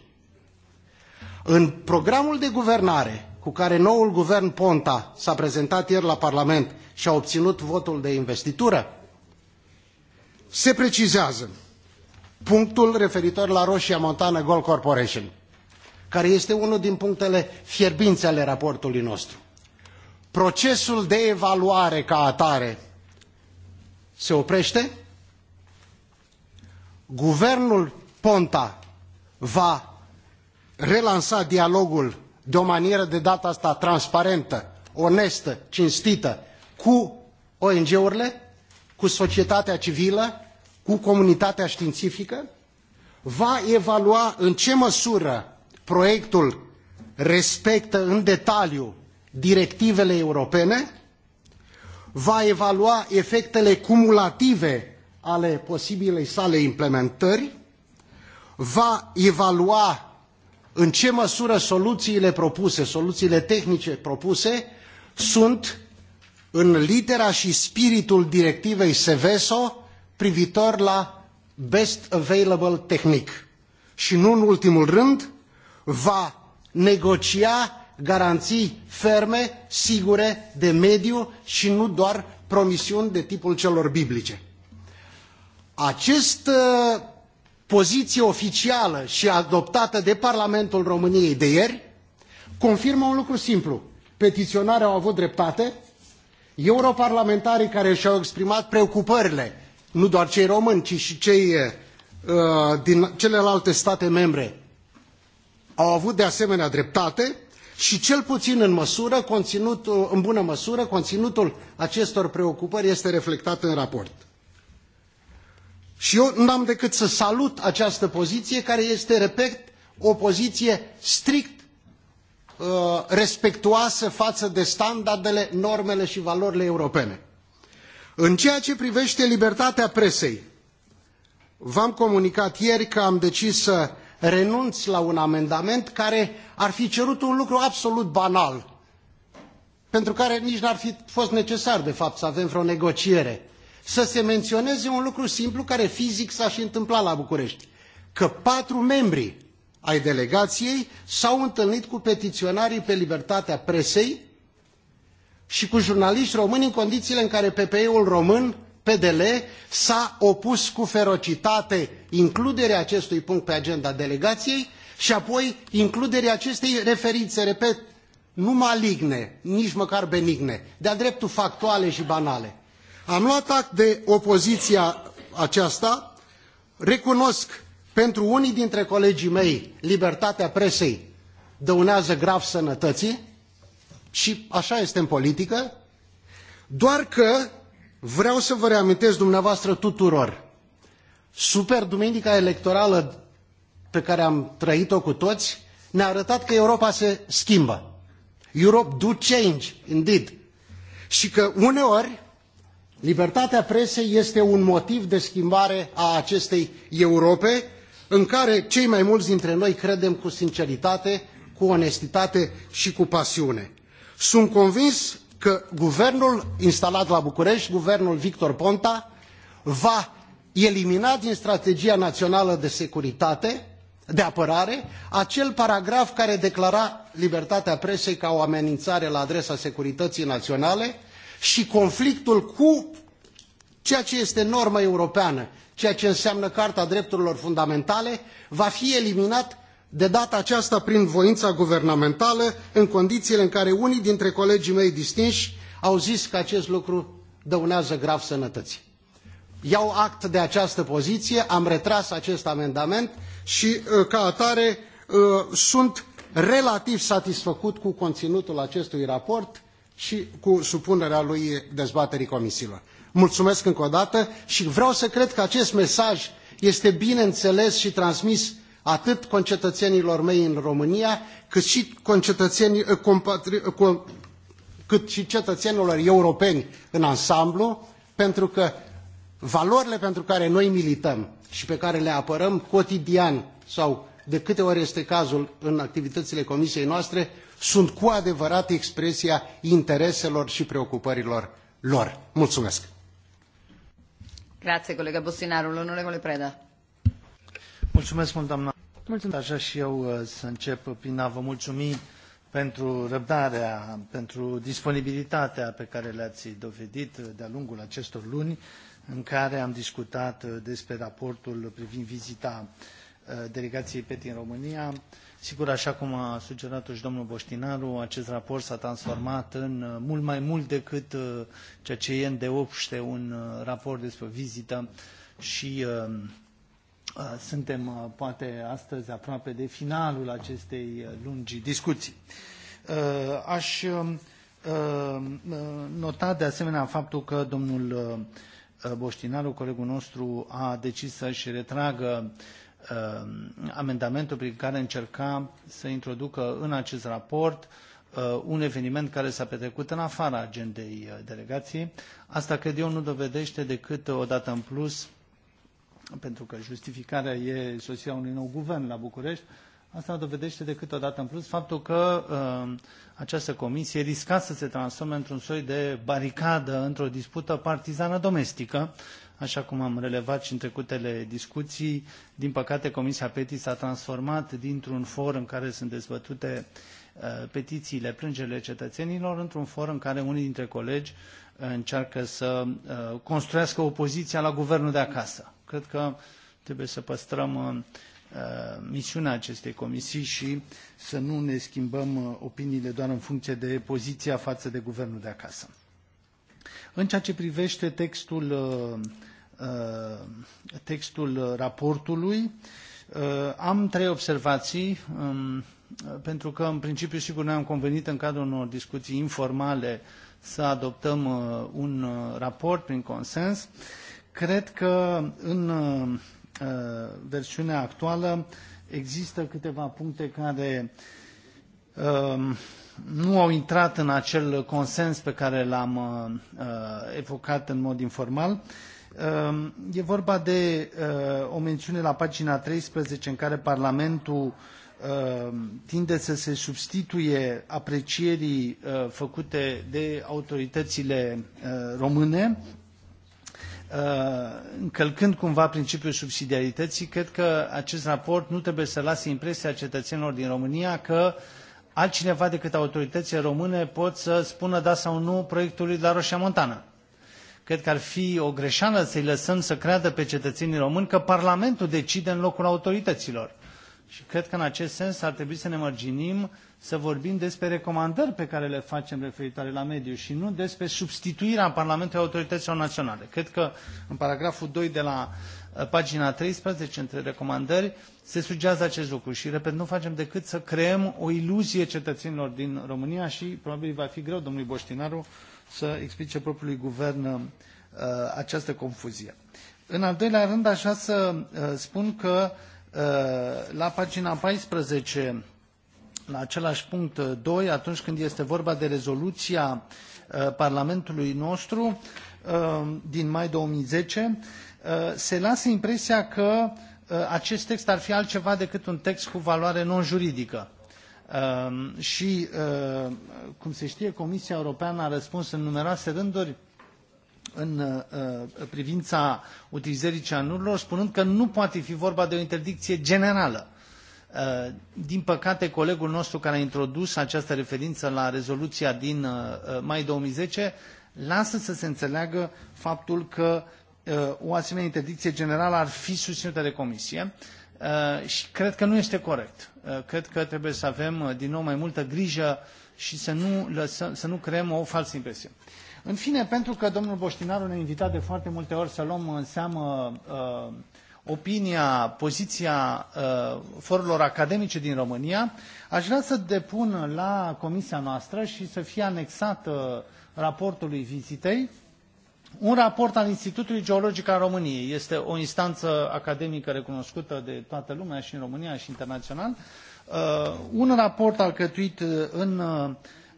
În programul de guvernare cu care noul guvern Ponta s-a prezentat ieri la Parlament și a obținut votul de investitură, se precizează punctul referitor la Roșia Montană Gold Corporation, care este unul din punctele fierbințe ale raportului nostru. Procesul de evaluare ca atare se oprește, guvernul Ponta va relansa dialogul de o manieră de data asta transparentă, onestă, cinstită cu ONG-urile, cu societatea civilă, cu comunitatea științifică, va evalua în ce măsură proiectul respectă în detaliu directivele europene, va evalua efectele cumulative ale posibilei sale implementări, va evalua în ce măsură soluțiile propuse, soluțiile tehnice propuse, sunt în litera și spiritul directivei SEVESO privitor la best available tehnic și nu în ultimul rând va negocia garanții ferme, sigure, de mediu și nu doar promisiuni de tipul celor biblice. Această uh, poziție oficială și adoptată de Parlamentul României de ieri confirmă un lucru simplu. petiționarea au avut dreptate, europarlamentarii care și-au exprimat preocupările nu doar cei români, ci și cei uh, din celelalte state membre au avut de asemenea dreptate și cel puțin în, măsură, în bună măsură conținutul acestor preocupări este reflectat în raport. Și eu n-am decât să salut această poziție care este, repet, o poziție strict uh, respectuoasă față de standardele, normele și valorile europene. În ceea ce privește libertatea presei, v-am comunicat ieri că am decis să renunț la un amendament care ar fi cerut un lucru absolut banal, pentru care nici n-ar fi fost necesar, de fapt, să avem vreo negociere. Să se menționeze un lucru simplu care fizic s-a și întâmplat la București, că patru membri ai delegației s-au întâlnit cu petiționarii pe libertatea presei și cu jurnaliști români în condițiile în care PPE-ul român, PDL, s-a opus cu ferocitate includerii acestui punct pe agenda delegației și apoi includerii acestei referințe, repet, nu maligne, nici măcar benigne, de-a dreptul factuale și banale. Am luat act de opoziția aceasta, recunosc pentru unii dintre colegii mei libertatea presei dăunează grav sănătății, și așa este în politică, doar că vreau să vă reamintesc dumneavoastră tuturor, super duminica electorală pe care am trăit-o cu toți ne-a arătat că Europa se schimbă. Europe do change, indeed. Și că uneori libertatea presei este un motiv de schimbare a acestei Europe în care cei mai mulți dintre noi credem cu sinceritate, cu onestitate și cu pasiune. Sunt convins că guvernul instalat la București, guvernul Victor Ponta, va elimina din strategia națională de securitate, de apărare, acel paragraf care declara libertatea presei ca o amenințare la adresa securității naționale și conflictul cu ceea ce este normă europeană, ceea ce înseamnă Carta Drepturilor Fundamentale, va fi eliminat de data aceasta prin voința guvernamentală, în condițiile în care unii dintre colegii mei distinși au zis că acest lucru dăunează grav sănătății. Iau act de această poziție, am retras acest amendament și, uh, ca atare, uh, sunt relativ satisfăcut cu conținutul acestui raport și cu supunerea lui dezbaterii comisiilor. Mulțumesc încă o dată și vreau să cred că acest mesaj este bine înțeles și transmis atât concetățenilor mei în România, cât și, concetățenii, eh, compatri, eh, cât și cetățenilor europeni în ansamblu, pentru că valorile pentru care noi milităm și pe care le apărăm cotidian sau de câte ori este cazul în activitățile comisiei noastre, sunt cu adevărat expresia intereselor și preocupărilor lor. Mulțumesc! Grazie, colega Bostinaru. L'onorevole Preda. Mulțumesc mult, Așa și eu uh, să încep prin a vă mulțumi pentru răbdarea, pentru disponibilitatea pe care le-ați dovedit de-a lungul acestor luni în care am discutat uh, despre raportul privind vizita uh, delegației PET în România. Sigur, așa cum a sugerat-o și domnul Boștinaru, acest raport s-a transformat în mult mai mult decât ceea ce e în un raport despre vizită și Uh, suntem uh, poate astăzi aproape de finalul acestei uh, lungi discuții. Aș um, nota de asemenea faptul că domnul Boștinaru, colegul nostru, a decis să-și retragă amendamentul prin care încerca să introducă în acest raport un eveniment care s-a petrecut în afara agendei delegației. Asta, cred eu, nu dovedește decât o dată în plus pentru că justificarea e sosirea unui nou guvern la București, asta dovedește de câteodată în plus faptul că uh, această comisie risca să se transforme într-un soi de baricadă, într-o dispută partizană domestică, așa cum am relevat și în trecutele discuții. Din păcate, Comisia PETI s-a transformat dintr-un for în care sunt dezbătute uh, petițiile, plângerile cetățenilor, într-un for în care unii dintre colegi încearcă să uh, construiască opoziția la guvernul de acasă Cred că trebuie să păstrăm uh, misiunea acestei comisii și să nu ne schimbăm uh, opiniile doar în funcție de poziția față de guvernul de acasă. În ceea ce privește textul, uh, textul raportului, am trei observații, um, pentru că în principiu sigur noi am convenit în cadrul unor discuții informale să adoptăm un raport prin consens. Cred că în uh, uh, versiunea actuală există câteva puncte care um, nu au intrat în acel consens pe care l-am uh, evocat în mod informal. Um, e vorba de o mențiune la pagina 13 în care Parlamentul tinde să se substituie aprecierii făcute de autoritățile române uh, Uh, încălcând cumva principiul subsidiarității, cred că acest raport nu trebuie să lase impresia cetățenilor din România că altcineva decât autoritățile române pot să spună da sau nu proiectului de la Roșia Montană. Cred că ar fi o greșeală să-i lăsăm să creadă pe cetățenii români că Parlamentul decide în locul autorităților și cred că în acest sens ar trebui să ne mărginim să vorbim despre recomandări pe care le facem referitoare la mediu și nu despre substituirea Parlamentului autorităților naționale. Cred că în paragraful 2 de la eh, pagina 13, între recomandări, se sugează acest lucru și, repet, nu facem decât să creăm o iluzie cetățenilor din România și probabil va fi greu domnului Boștinaru să explice propriului guvern uh, această confuzie. În al doilea rând, aș vrea să uh, spun că uh, Eh, la pagina 14, la același punct 2, eh, atunci când este vorba de rezoluția eh, Parlamentului nostru din mai 2010, se lasă impresia că acest text ar fi altceva decât un text cu valoare non-juridică. Și, cum se știe, Comisia Europeană a răspuns în numeroase rânduri în uh, uh, privința utilizării cianurilor, spunând că nu poate fi vorba de o interdicție generală. Uh, din păcate, colegul nostru care a introdus această referință la rezoluția din mai 2010 lasă să se înțeleagă faptul că o asemenea interdicție generală ar fi susținută de Comisie și cred că nu este corect. Cred că trebuie să avem din nou mai multă grijă și să nu, lăsăm, să nu creăm o falsă impresie. În fine, pentru că domnul Boștinaru ne-a invitat de foarte multe ori să luăm în seamă uh, opinia, poziția uh, forurilor academice din România, aș vrea să depun la comisia noastră și să fie anexat uh, raportului vizitei un raport al Institutului Geologic al României. Este o instanță academică recunoscută de toată lumea și în România și internațional. Uh, un raport alcătuit uh, în uh,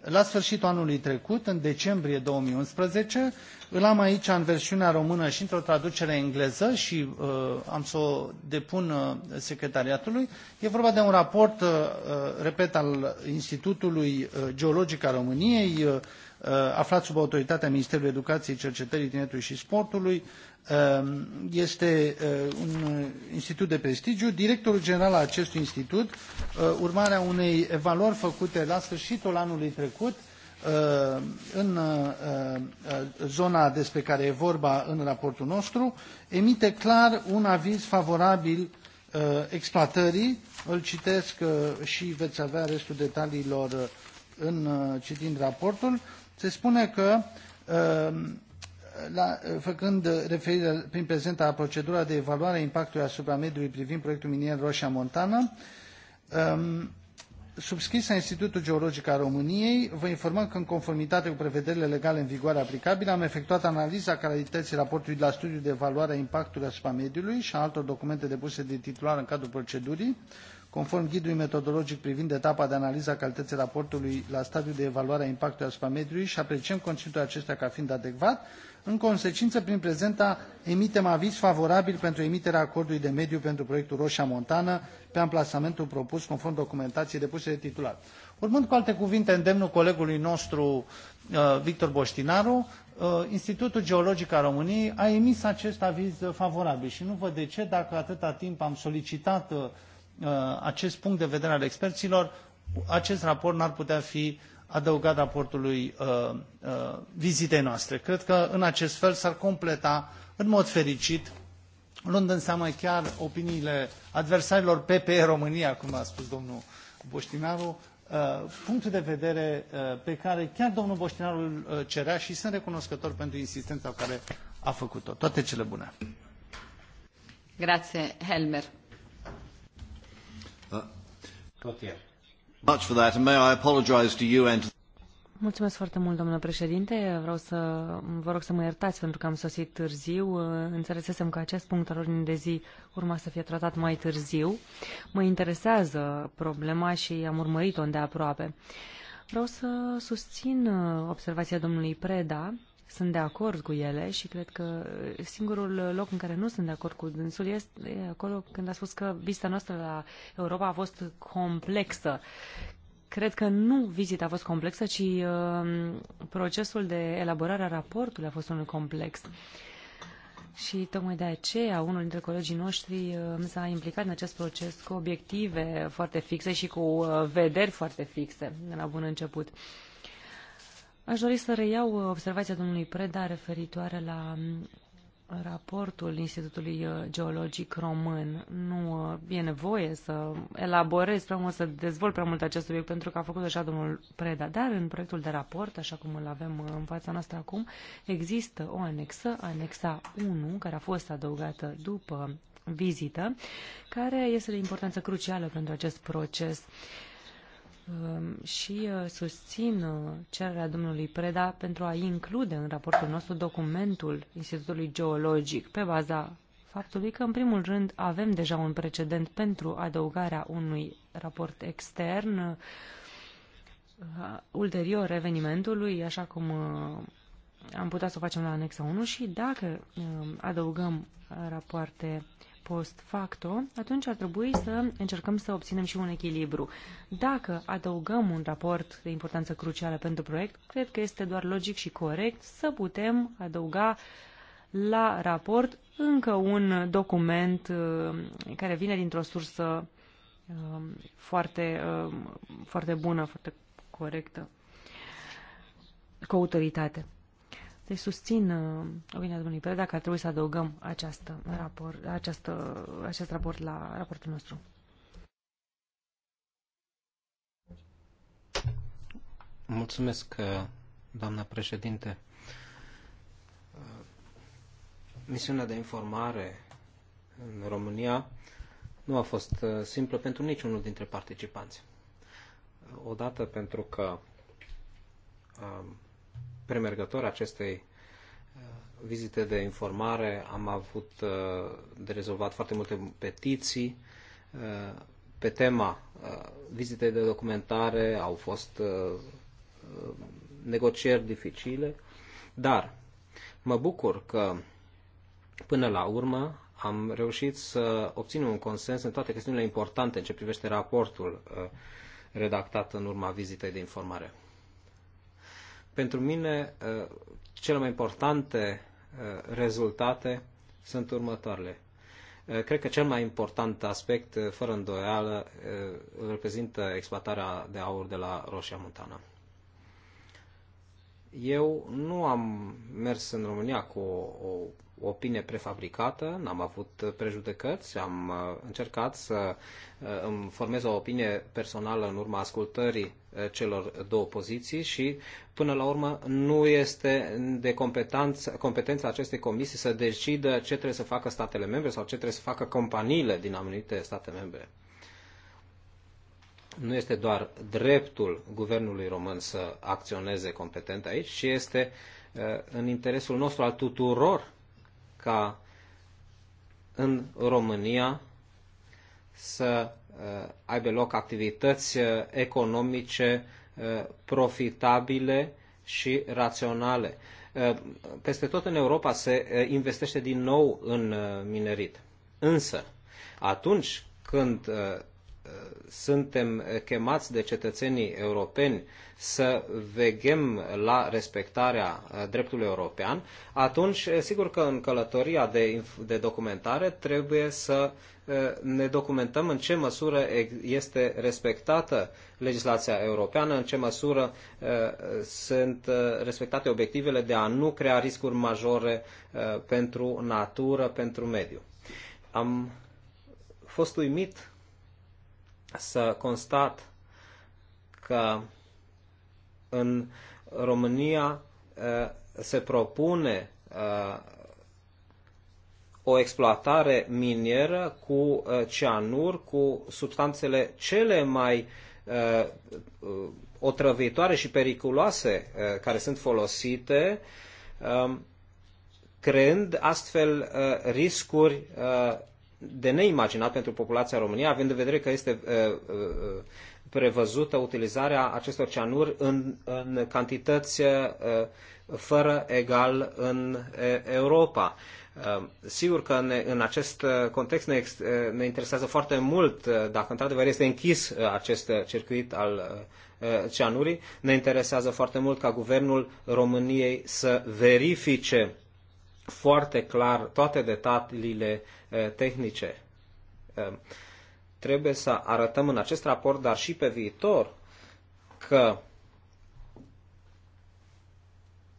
la sfârșitul anului trecut, în decembrie 2011. Îl am aici în versiunea română și într-o traducere engleză și uh, am să o depun uh, secretariatului. E vorba de un raport, uh, uh repet, al Institutului uh, Geologic al României, uh, aflat sub autoritatea Ministerului Educației, Cercetării, Tineretului și Sportului, Ehm, este eh, un eh, institut de prestigiu. Directorul general al acestui institut, eh, urmarea unei evaluări făcute la sfârșitul anului trecut, în zona despre care e vorba în raportul nostru, emite clar un aviz favorabil exploatării. Îl citesc și veți avea restul detaliilor în citind raportul. Se spune că la, făcând referire prin prezent la procedura de evaluare a impactului asupra mediului privind proiectul minier Roșia Montană, um, subscrisă Institutul Geologic al României, vă informăm că în conformitate cu prevederile legale în vigoare aplicabile am efectuat analiza calității raportului de la studiul de evaluare a impactului asupra mediului și a altor documente depuse de titular în cadrul procedurii, conform ghidului metodologic privind etapa de analiză a calității raportului la stadiul de evaluare a impactului asupra mediului și apreciem conținutul acestuia ca fiind adecvat, în consecință prin prezenta emitem aviz favorabil pentru emiterea acordului de mediu pentru proiectul roia montană pe amplasamentul propus conform documentației depuse de titular. urmând cu alte cuvinte îndemnul colegului nostru uh, victor botinaru uh, institutul geologic al româniei a emis acest aviz favorabil și nu văd de ce dacă atâta timp am solicitat uh, acest punct de vedere al experților acest raport n ar putea fi adăugat raportului uh, uh, vizitei noastre. Cred că în acest fel s-ar completa în mod fericit, luând în seamă chiar opiniile adversarilor PPE România, cum a spus domnul Boștinaru, uh, punctul de vedere uh, pe care chiar domnul Boștinaru îl uh, cerea și sunt recunoscător pentru insistența care a făcut-o. Toate cele bune! Grazie, Helmer. Uh. Mulțumesc foarte mult, domnule președinte. Vreau să vă rog să mă iertați pentru că am sosit târziu. Înțelesesem că acest punct al ordinii de zi urma să fie tratat mai târziu. Mă interesează problema și am urmărit-o îndeaproape. Vreau să susțin uh, observația domnului Preda sunt de acord cu ele și cred că uh, singurul uh, loc în care nu sunt de acord cu dânsul este acolo când a spus că vizita noastră la Europa a fost complexă. Cred că nu vizita a fost complexă, ci uh, procesul de elaborare a raportului a fost unul complex. Și tocmai de aceea unul dintre colegii noștri uh, s-a implicat în acest proces cu obiective foarte fixe și cu uh, vederi foarte fixe de la bun început. Uh, Aș dori să reiau observația domnului Preda referitoare la mm, raportul Institutului uh, Geologic Român. Nu uh, e nevoie să elaborez prea mult, să dezvolt prea mult acest subiect, pentru că a făcut așa domnul Preda. Dar în proiectul de raport, așa cum îl avem uh, în fața noastră acum, există o anexă, anexa 1, care a fost adăugată după vizită, care este de importanță crucială pentru acest proces. Uh, Um, și uh, susțin uh, cererea domnului Preda pentru a include în raportul nostru documentul Institutului Geologic pe baza faptului că, în primul rând, avem deja un precedent pentru adăugarea unui raport extern uh, ulterior evenimentului, așa cum am putea să o facem la anexa 1 și dacă um, adăugăm rapoarte uh, post facto, atunci ar trebui să încercăm să obținem și un echilibru. Dacă adăugăm un raport de importanță crucială pentru proiect, cred că este doar logic și corect să putem adăuga la raport încă un document uh, care vine dintr-o sursă um, foarte, um, foarte bună, foarte corectă, cu autoritate. Deci susțin uh, opinia domnului Preda că ar trebui să adăugăm această raport, această, acest raport la raportul nostru. Mulțumesc, uh, doamna președinte. Uh, misiunea de informare în România nu a fost simplă pentru niciunul dintre participanți. Odată pentru că premergător acestei uh, vizite de informare, am avut uh, de rezolvat foarte multe petiții uh, pe tema vizitei de documentare, au fost negocieri dificile, dar mă bucur că până la urmă am reușit să obținem un consens în toate chestiunile importante în ce privește raportul redactat în urma vizitei de informare. Pentru mine, uh, cele mai importante uh, rezultate sunt următoarele. Uh, cred că cel mai important aspect, fără îndoială, reprezintă exploatarea de aur de la Roșia Montana. Eu nu am mers în România cu o, o opinie prefabricată, n-am avut uh, prejudecăți, am uh, încercat să uh, îmi formez o opinie personală în urma ascultării celor două poziții și, până la urmă, nu este de competență, competența acestei comisii să decidă ce trebuie să facă statele membre sau ce trebuie să facă companiile din anumite state membre nu este doar dreptul guvernului român să acționeze competent aici, ci este în interesul nostru al tuturor ca în România să uh, aibă loc activități uh, economice uh, profitabile și raționale. Peste tot în Europa se investește din nou în minerit. Însă, atunci când suntem chemați de cetățenii europeni să veghem la respectarea uh, dreptului european, atunci, uh, sigur că în călătoria de, de documentare trebuie să uh, ne documentăm în ce măsură este respectată legislația europeană, în ce măsură sunt respectate obiectivele de a nu crea riscuri majore pentru natură, pentru mediu. Am fost uimit să constat că în România eh, se propune eh, o exploatare minieră cu eh, cianur, cu substanțele cele mai otrăvitoare și periculoase care sunt folosite, creând astfel riscuri de neimaginat pentru populația României, având în vedere că este uh, uh, uh, prevăzută utilizarea acestor cianuri în, în cantități fără egal în Europa. Sigur că ne, în acest context ne, ne interesează foarte mult dacă într-adevăr este închis acest circuit al cianurii. Ne interesează foarte mult ca guvernul României să verifice uh, foarte clar toate detaliile eh, tehnice. Eh, trebuie să arătăm în acest raport, dar și pe viitor, că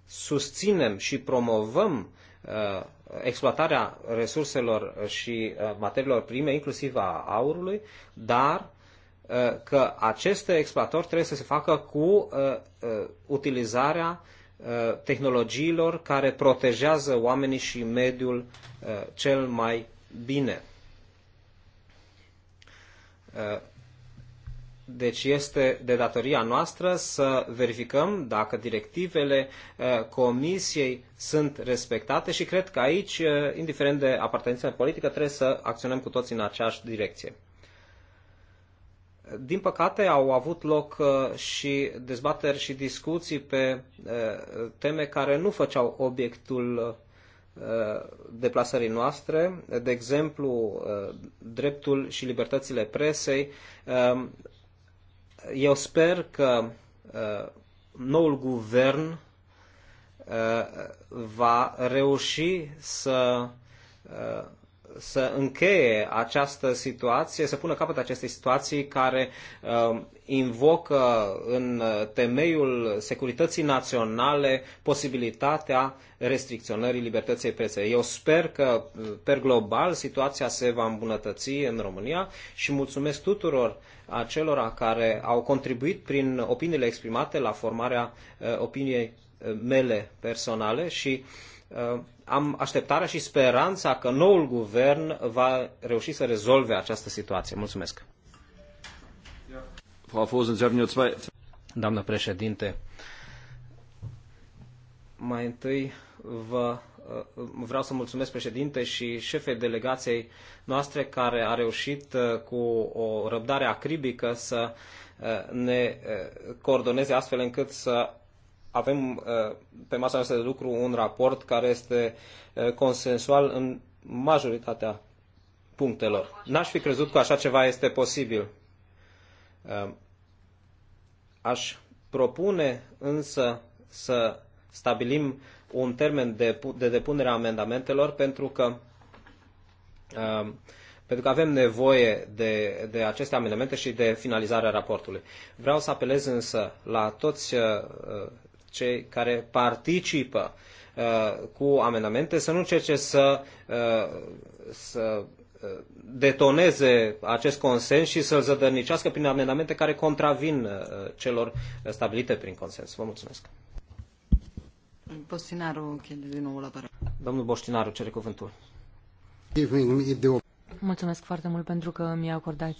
susținem și promovăm eh, exploatarea resurselor și materiilor prime, inclusiv a aurului, dar că aceste exploatori trebuie să se facă cu utilizarea Uh, tehnologiilor care protejează oamenii și mediul uh, cel mai bine. Uh, deci este de datoria noastră să verificăm dacă directivele comisiei sunt respectate și cred că aici, indiferent de apartenența politică, trebuie să acționăm cu toții în aceeași direcție. Din păcate au avut loc uh, și dezbateri și discuții pe uh, teme care nu făceau obiectul uh, deplasării noastre, de exemplu, dreptul și libertățile presei. Um, eu sper că noul guvern va reuși să să încheie această situație, să pună capăt acestei situații care uh, invocă în temeiul securității naționale posibilitatea restricționării libertății presei. Eu sper că, per global, situația se va îmbunătăți în România și mulțumesc tuturor acelora care au contribuit prin opiniile exprimate la formarea uh, opiniei uh, mele personale și uh, am așteptarea și speranța că noul guvern va reuși să rezolve această situație. Mulțumesc. Doamnă președinte, mai întâi vă uh, vreau să mulțumesc președinte și șefei delegației noastre care a reușit uh, cu o răbdare acribică să uh, ne coordoneze astfel încât să avem uh, pe masa noastră de lucru un raport care este uh, consensual în majoritatea punctelor. N-aș fi crezut că așa ceva este posibil. Uh, aș propune însă să stabilim un termen de, de depunere a amendamentelor pentru că pentru că avem nevoie de, de aceste amendamente și de finalizarea raportului. Vreau să apelez însă la toți cei care participă uh, cu amendamente să nu încerce să, uh, să uh, detoneze acest consens și să-l zădărnicească prin amendamente care contravin celor stabilite prin consens. Vă mulțumesc. Boștinaru, din nou la Domnul Boștinaru, cere cuvântul. Mulțumesc foarte mult pentru că mi-a acordat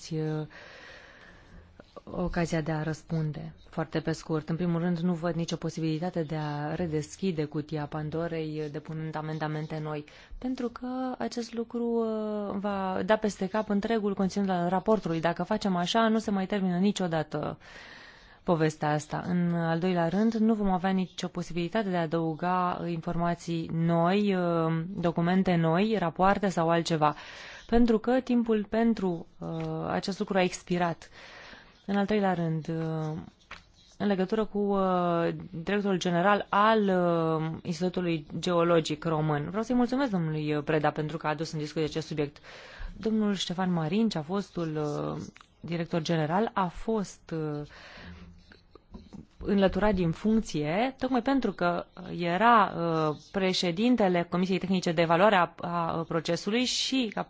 ocazia de a răspunde foarte pe scurt. În primul rând, nu văd nicio posibilitate de a redeschide cutia Pandorei eh, depunând amendamente noi, pentru că acest lucru eh, va da peste cap întregul conținut al raportului. Dacă facem așa, nu se mai termină niciodată povestea asta. În al doilea rând, nu vom avea nicio posibilitate de a adăuga informații noi, eh, documente noi, rapoarte sau altceva, pentru că timpul pentru acest lucru a expirat. Uh, în al treilea rând, în legătură cu uh, directorul general al uh, Institutului Geologic Român, vreau să-i mulțumesc domnului Preda pentru că a adus în discuție acest subiect. Domnul Ștefan Marinci, a fostul uh, director general, a fost înlăturat din funcție, tocmai pentru că era uh, președintele Comisiei Tehnice de Evaluare a, a procesului și ca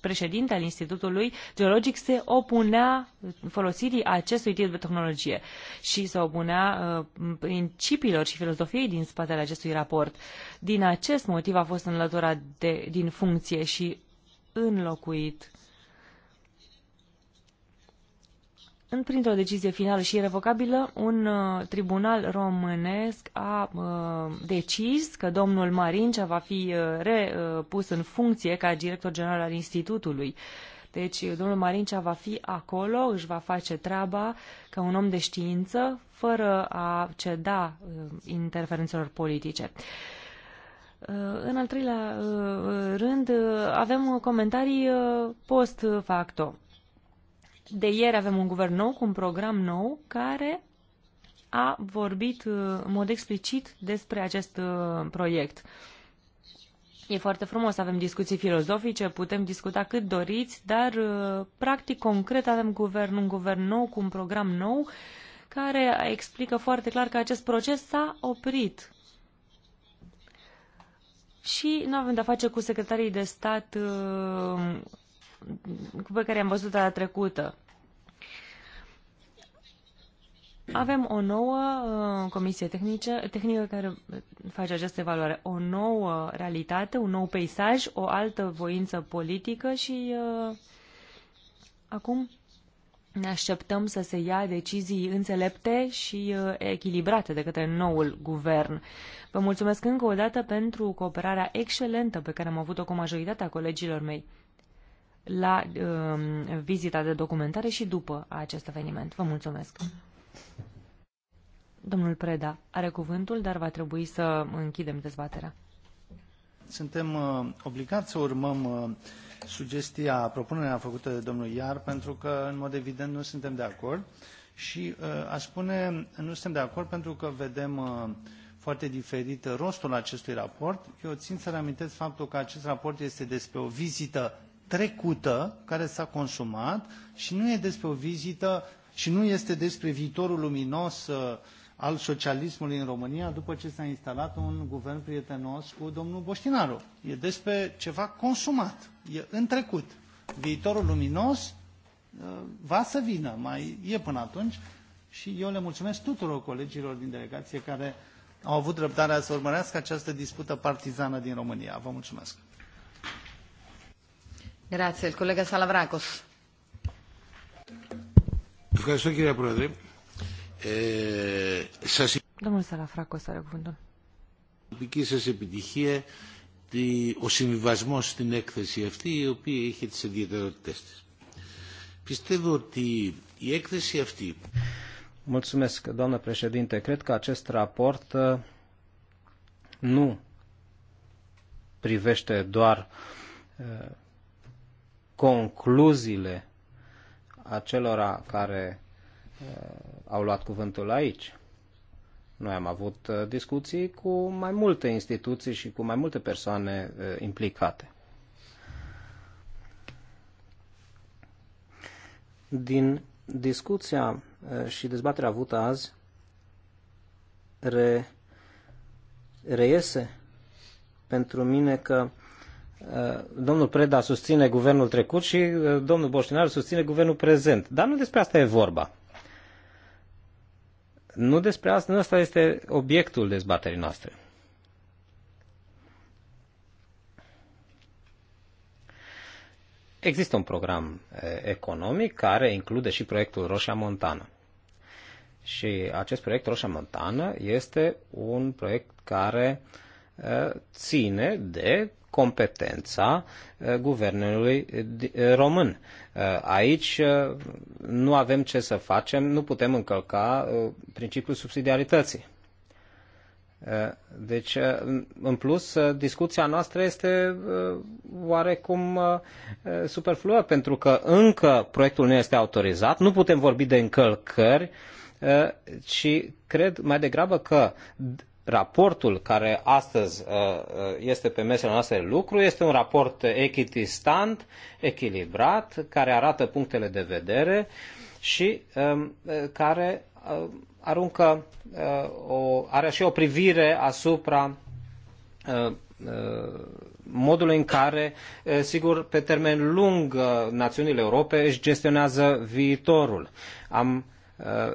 președinte al Institutului Geologic se opunea folosirii acestui tip de tehnologie și se opunea uh, principiilor și filozofiei din spatele acestui raport. Din acest motiv a fost înlăturat de, din funcție și înlocuit printr-o decizie finală și irrevocabilă, un uh, tribunal românesc a uh, decis că domnul Marincea va fi uh, repus în funcție ca director general al Institutului. Deci domnul Marincea va fi acolo, își va face treaba ca un om de știință, fără a ceda uh, interferențelor politice. Uh, în al treilea uh, rând, avem comentarii post facto de ieri avem un guvern nou cu un program nou care a vorbit uh, în mod explicit despre acest uh, proiect. E foarte frumos, avem discuții filozofice, putem discuta cât doriți, dar uh, practic concret avem guvern, un guvern nou cu un program nou care explică foarte clar că acest proces s-a oprit. Și nu avem de-a face cu secretarii de stat pe care am văzut data trecută. Avem o nouă uh, comisie tehnică, tehnică care face această evaluare, o nouă realitate, un nou peisaj, o altă voință politică și uh, acum ne așteptăm să se ia decizii înțelepte și uh, echilibrate de către noul guvern. Vă mulțumesc încă o dată pentru cooperarea excelentă pe care am avut-o cu majoritatea colegilor mei la uh, vizita de documentare și după acest eveniment. Vă mulțumesc! Domnul Preda are cuvântul, dar va trebui să închidem dezbaterea. Suntem uh, obligați să urmăm uh, sugestia, propunerea făcută de domnul Iar, pentru că, în mod evident, nu suntem de acord. Și uh, aș spune, nu suntem de acord pentru că vedem uh, foarte diferit rostul acestui raport. Eu țin să reamintesc faptul că acest raport este despre o vizită trecută care s-a consumat și nu e despre o vizită și nu este despre viitorul luminos uh, al socialismului în România după ce s-a instalat un guvern prietenos cu domnul Boștinaru. E despre ceva consumat, e în trecut. Viitorul luminos uh, va să vină, mai e până atunci și eu le mulțumesc tuturor colegilor din delegație care au avut răbdarea să urmărească această dispută partizană din România. Vă mulțumesc! Grazie, colega Salavrakos. Ευχαριστώ κύριε Πρόεδρε. Ε, σας... Domnul Salafracos are cuvântul. Δική σας επιτυχία ο συμβιβασμός στην έκθεση αυτή η οποία είχε τις ιδιαιτερότητές της. Πιστεύω ότι η έκθεση αυτή... Mulțumesc, doamnă președinte. Cred că acest raport nu privește doar concluziile acelora care uh, au luat cuvântul aici. Noi am avut uh, discuții cu mai multe instituții și cu mai multe persoane uh, implicate. Din discuția și dezbaterea avută azi re, reiese pentru mine că Uh, domnul Preda susține guvernul trecut și uh, domnul Boștinaru susține guvernul prezent. Dar nu despre asta e vorba. Nu despre asta, nu asta este obiectul dezbaterii noastre. Există un program uh, economic care include și proiectul Roșia Montană. Și acest proiect Roșia Montană este un proiect care ține de competența eh, guvernului eh, eh, român. Aici nu avem ce să facem, nu putem încălca principiul subsidiarității. Deci, în plus, discuția noastră este oarecum superfluă, pentru că încă proiectul nu este autorizat, nu putem vorbi de încălcări, ci cred mai degrabă că raportul care astăzi uh, uh, este pe mesele noastre lucru este un raport echidistant, echilibrat, care arată punctele de vedere și um, uh, care aruncă o, are și o privire asupra modul în care, sigur, pe termen lung, națiunile Europei își gestionează viitorul. Am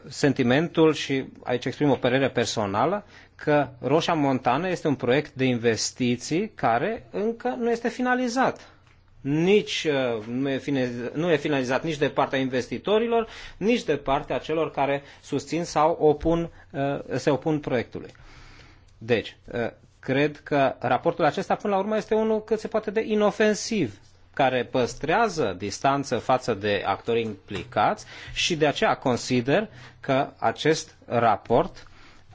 sentimentul și aici exprim o părere personală că Roșia Montană este un proiect de investiții care încă nu este finalizat. Nici uh, nu e, finalizat, nu e finalizat nici de partea investitorilor, nici de partea celor care susțin sau opun, uh, se opun proiectului. Deci, uh, cred că raportul acesta până la urmă este unul cât se poate de inofensiv care păstrează distanță față de actorii implicați și de aceea consider că acest raport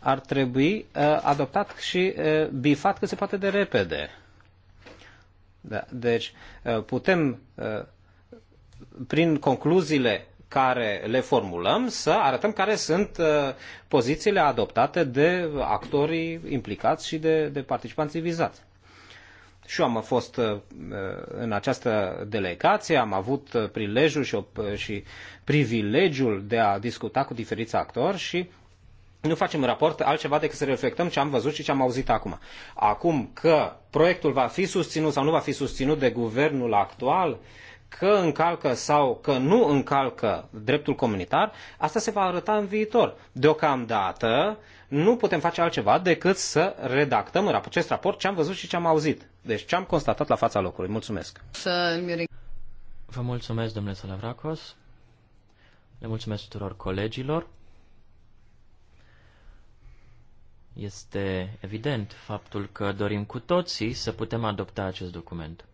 ar trebui uh, adoptat și uh, bifat cât se poate de repede. Da, deci uh, putem, prin concluziile care le formulăm, să arătăm care sunt pozițiile adoptate de actorii implicați și de, de participanții vizați. Și eu am fost în această delegație, am avut prilejul și, și privilegiul de a discuta cu diferiți actori și nu facem raport altceva decât să reflectăm ce am văzut și ce am auzit acum. Acum că proiectul va fi susținut sau nu va fi susținut de guvernul actual, că încalcă sau că nu încalcă dreptul comunitar, asta se va arăta în viitor. Deocamdată nu putem face altceva decât să redactăm în acest raport ce am văzut și ce am auzit. Deci ce am constatat la fața locului. Mulțumesc. Vă mulțumesc, domnule Salavracos. Le mulțumesc tuturor colegilor. Este evident faptul că dorim cu toții să putem adopta acest document,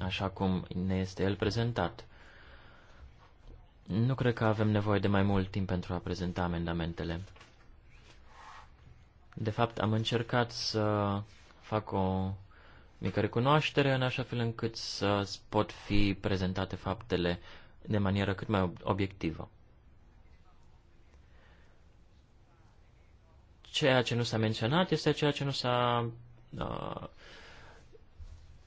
așa cum ne este el prezentat. Nu cred că avem nevoie de mai mult timp pentru a prezenta amendamentele. De fapt, am încercat să fac o mică recunoaștere în așa fel încât să pot fi prezentate faptele de manieră cât mai obiectivă. Ceea ce nu s-a menționat este ceea ce nu s-a uh,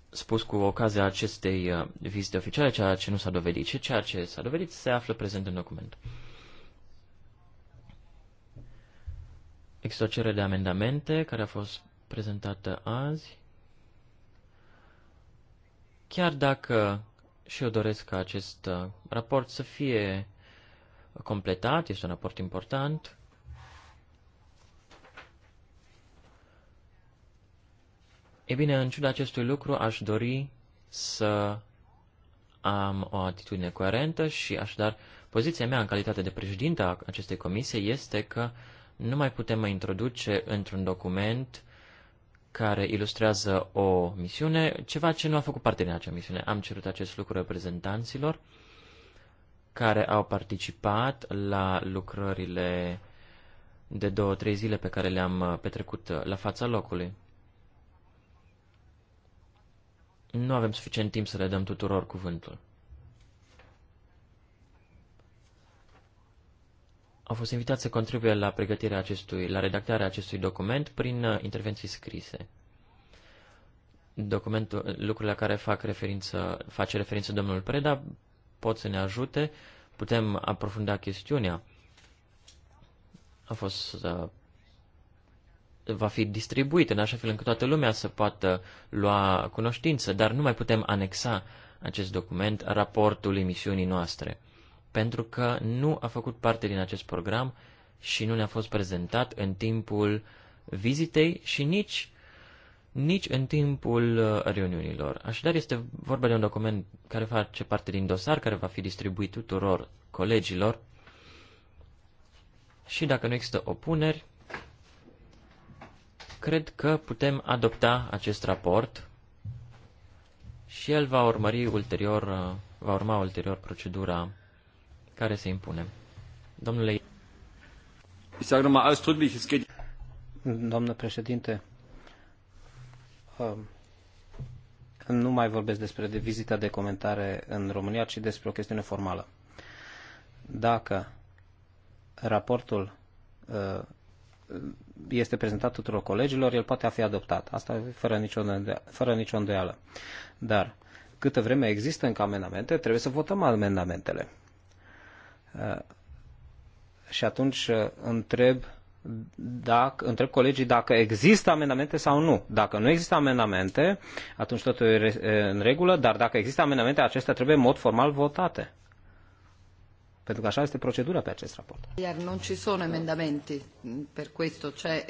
spus cu ocazia acestei uh, vizite oficiale, ceea ce nu s-a dovedit. Și ceea ce s-a dovedit se află prezent în document. Există o cerere de amendamente care a fost prezentată azi. Chiar dacă și eu doresc ca acest uh, raport să fie completat, este un raport important, E bine, în ciuda acestui lucru, aș dori să am o atitudine coerentă și așadar poziția mea în calitate de președinte a acestei comisii este că nu mai putem mai introduce într-un document care ilustrează o misiune, ceva ce nu a făcut parte din acea misiune. Am cerut acest lucru reprezentanților care au participat la lucrările de două, trei zile pe care le-am petrecut la fața locului. Nu avem suficient timp să le dăm tuturor cuvântul. Au fost invitați să contribuie la pregătirea acestui, la redactarea acestui document prin uh, intervenții scrise. Documentul, lucrurile la care fac referință, face referință domnul Preda pot să ne ajute, putem aprofunda chestiunea. A fost uh, va fi distribuit în așa fel încât toată lumea să poată lua cunoștință, dar nu mai putem anexa acest document raportul emisiunii noastre, pentru că nu a făcut parte din acest program și nu ne-a fost prezentat în timpul vizitei și nici, nici în timpul uh, reuniunilor. Așadar, este vorba de un document care face parte din dosar, care va fi distribuit tuturor colegilor și dacă nu există opuneri, cred că putem adopta acest raport și el va urmări ulterior, uh, va urma ulterior procedura care se impune. Domnule Ich Doamnă președinte, um, nu mai vorbesc despre de vizita de comentare în România, ci despre o chestiune formală. Dacă raportul uh, este prezentat tuturor colegilor, el poate fi adoptat. Asta fără nicio, fără nicio îndoială. Dar câtă vreme există încă amendamente, trebuie să votăm amendamentele. Uh, și atunci uh, întreb, dacă, întreb colegii dacă există amendamente sau nu. Dacă nu există amendamente, atunci totul e în regulă, dar dacă există amendamente, acestea trebuie în mod formal votate pentru că așa este procedura pe acest raport. Iar nu ci sunt amendamenti, per questo c'è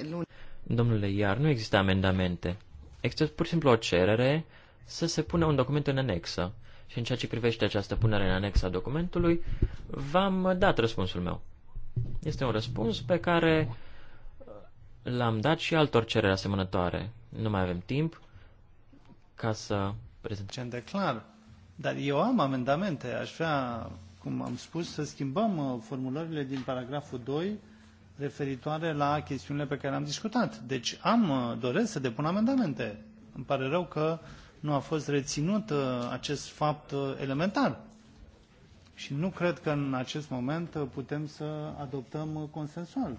Domnule, iar nu există amendamente. Există pur și simplu o cerere să se pună un document în anexă. Și în ceea ce privește această punere în anexă a documentului, v-am dat răspunsul meu. Este un răspuns pe care uh, l-am dat și altor cereri asemănătoare. Nu mai avem timp ca să prezentăm. clar, dar eu am amendamente, aș vrea cum am spus, să schimbăm uh, formulările din paragraful 2 referitoare la chestiunile pe care am discutat. Deci am uh, doresc să depun amendamente. Îmi pare rău că nu a fost reținut uh, acest fapt elementar. Și nu cred că în acest moment putem să adoptăm consensual.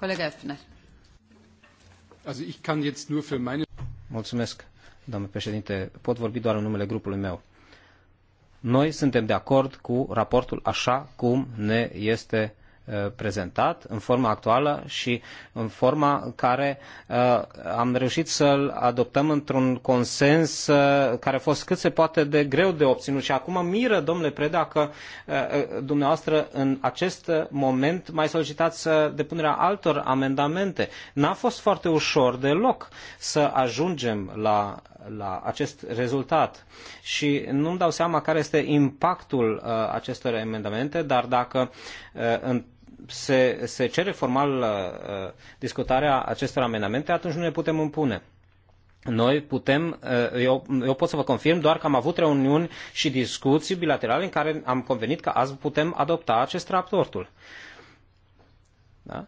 Colega Efner. Also ich kann jetzt nur für meine... Mulțumesc, doamnă președinte. Pot vorbi doar în numele grupului meu. Noi suntem de acord cu raportul așa cum ne este uh, Uh, prezentat în forma actuală și în forma care uh, am reușit să-l adoptăm într-un consens uh, care a fost cât se poate de greu de obținut. Și acum miră, domnule Preda, că dumneavoastră în acest moment mai solicitați depunerea altor amendamente. N-a fost foarte ușor deloc să ajungem la, la acest rezultat. Și nu-mi dau seama care este impactul acestor amendamente, dar dacă în se, se cere formal uh, discutarea acestor amendamente, atunci nu ne putem impune. Noi putem, uh, eu, eu pot să vă confirm doar că am avut reuniuni și discuții bilaterale în care am convenit că azi putem adopta acest raportul. Da?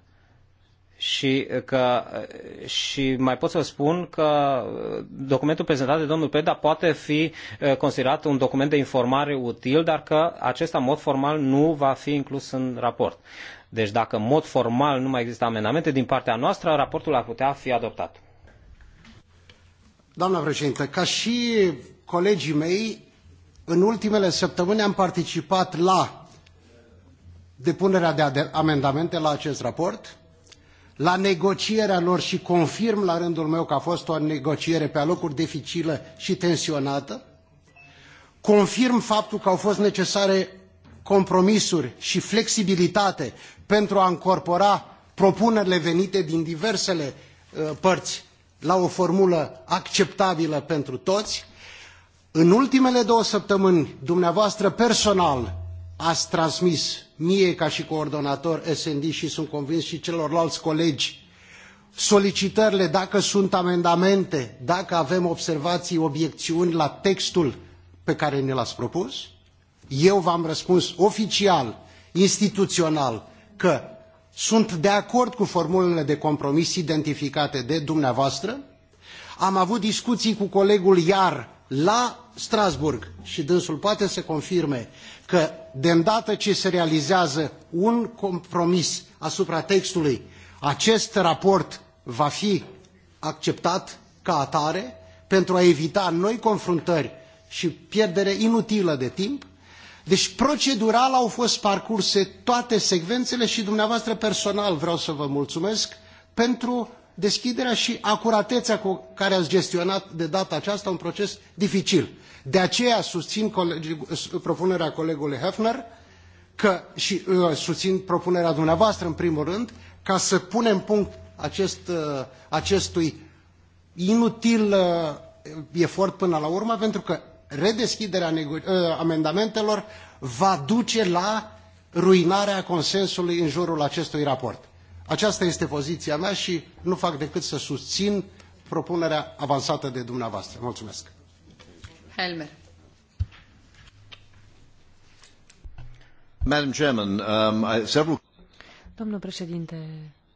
și că uh, și mai pot să vă spun că documentul prezentat de domnul Preda poate fi considerat un document de informare util, dar că acesta în mod formal nu va fi inclus în raport. Deci dacă în mod formal nu mai există amendamente din partea noastră, raportul ar putea fi adoptat. Doamna președintă, ca și colegii mei, în ultimele săptămâni am participat la depunerea de amendamente la acest raport, la negocierea lor și confirm la rândul meu că a fost o negociere pe alocuri dificilă și tensionată, confirm faptul că au fost necesare compromisuri și flexibilitate pentru a încorpora propunerile venite din diversele uh, părți la o formulă acceptabilă pentru toți. În ultimele două săptămâni, dumneavoastră personal ați transmis mie ca și coordonator SND și sunt convins și celorlalți colegi solicitările, dacă sunt amendamente, dacă avem observații, obiecțiuni la textul pe care ne l-ați propus eu v-am răspuns oficial, instituțional, că sunt de acord cu formulele de compromis identificate de dumneavoastră. Am avut discuții cu colegul Iar la Strasbourg și dânsul poate să confirme că de îndată ce se realizează un compromis asupra textului, acest raport va fi acceptat ca atare pentru a evita noi confruntări și pierdere inutilă de timp deci procedural au fost parcurse toate secvențele și dumneavoastră personal vreau să vă mulțumesc pentru deschiderea și acuratețea cu care ați gestionat de data aceasta un proces dificil. De aceea susțin colegi, propunerea colegului Hefner că, și uh, susțin propunerea dumneavoastră în primul rând ca să punem punct acest, uh, acestui inutil uh, efort până la urmă, pentru că redeschiderea ă, amendamentelor va duce la ruinarea consensului în jurul acestui raport. Aceasta este poziția mea și nu fac decât să susțin propunerea avansată de dumneavoastră. Mulțumesc. Helmer. Madam Chairman, um, I, several... Domnul președinte,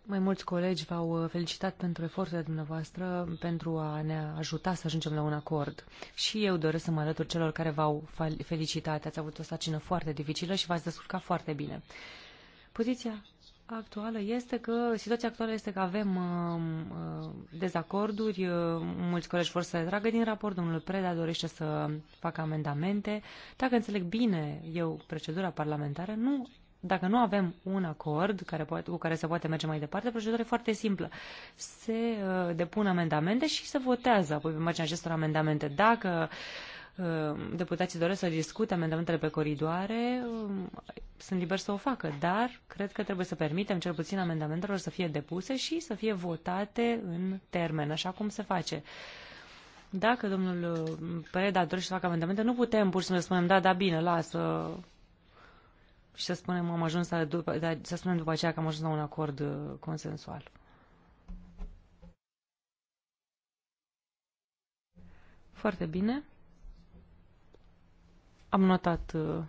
mai mulți colegi v-au uh, felicitat pentru eforturile dumneavoastră pentru a ne ajuta să ajungem la un acord. Și eu doresc să mă alătur celor care v-au felicitat. Ați avut o sacină foarte dificilă și v-ați descurcat foarte bine. Poziția actuală este că, situația actuală este că avem uh, uh dezacorduri, uh, mulți colegi vor să le tragă din raport, domnul Preda dorește să facă amendamente. Dacă înțeleg bine eu procedura parlamentară, nu dacă nu avem un acord care poate, cu care se poate merge mai departe, procedura e foarte simplă. Se uh, depun amendamente și se votează apoi pe marginea acestor amendamente. Dacă uh, deputații doresc să discute amendamentele pe coridoare, uh, sunt liberi să o facă, dar cred că trebuie să permitem cel puțin amendamentelor să fie depuse și să fie votate în termen, așa cum se face dacă domnul uh, Preda dorește să facă amendamente, nu putem pur și simplu să spunem, da, da, bine, lasă, și să spunem, am ajuns la, după, să spunem după aceea că am ajuns la un acord uh, consensual. Foarte bine. Am notat uh,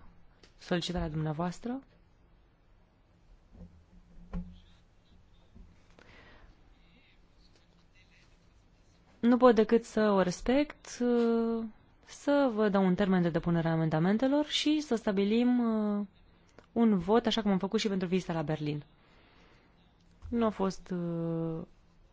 solicitarea dumneavoastră. Nu pot decât să o respect, uh, să vă dau un termen de depunere a amendamentelor și să stabilim un vot, așa cum am făcut și pentru vizita la Berlin. Nu a fost uh,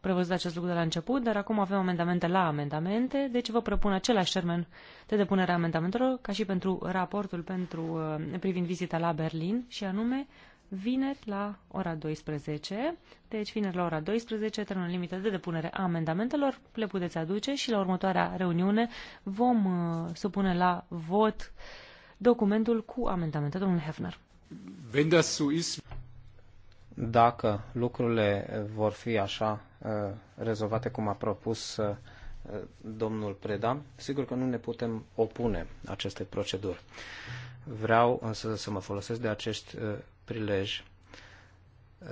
prevăzut acest lucru de la început, dar acum avem amendamente la amendamente, deci vă propun același termen de depunere a amendamentelor ca și pentru raportul pentru, uh, privind vizita la Berlin și anume vineri la ora 12. Deci vineri la ora 12, termenul limită de depunere a amendamentelor, le puteți aduce și la următoarea reuniune vom uh, supune la vot documentul cu amendamente. Domnul Hefner. Wenn das so ist, dacă lucrurile vor fi așa uh, rezolvate cum a propus uh, domnul Preda, sigur că nu ne putem opune acestei proceduri. Vreau însă să mă folosesc de acest uh, prilej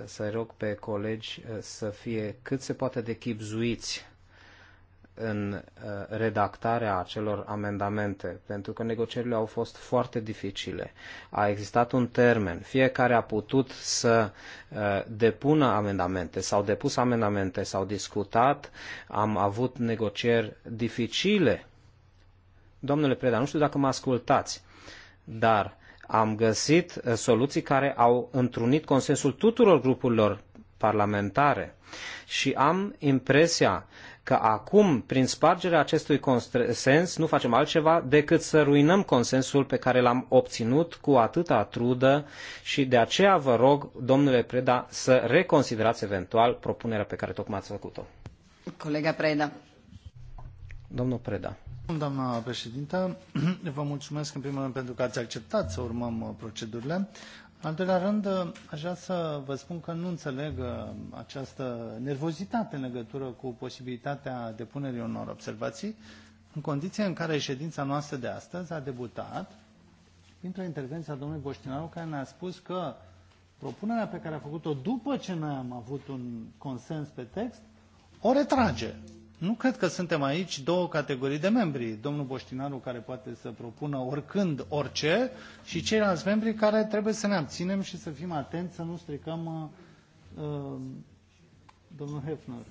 să rog pe colegi să fie cât se poate de chipzuiți în uh, redactarea acelor amendamente, pentru că negocierile au fost foarte dificile. A existat un termen, fiecare a putut să uh, depună amendamente, s-au depus amendamente, s-au discutat, am avut negocieri dificile. Domnule Preda, nu știu dacă mă ascultați, dar am găsit uh, soluții care au întrunit consensul tuturor grupurilor parlamentare și am impresia că acum, prin spargerea acestui consens, nu facem altceva decât să ruinăm consensul pe care l-am obținut cu atâta trudă și de aceea vă rog, domnule Preda, să reconsiderați eventual propunerea pe care tocmai ați făcut-o. Colega Preda. Domnul Preda. Doamna președintă, *clears throat* vă mulțumesc în primul rând pentru că ați acceptat să urmăm uh, procedurile. Al doilea rând, aș vrea să vă spun că nu înțeleg uh, această nervozitate în legătură cu posibilitatea depunerii unor observații, în condiția în care ședința noastră de astăzi a debutat printr-o intervenție a domnului Boștinaru, care ne-a spus că propunerea pe care a făcut-o după ce noi am avut un consens pe text, o retrage nu cred că suntem aici două categorii de membri. Domnul Boștinaru care poate să propună oricând orice și ceilalți membri care trebuie să ne abținem și să fim atenți să nu stricăm uh, uh, domnul Hefner.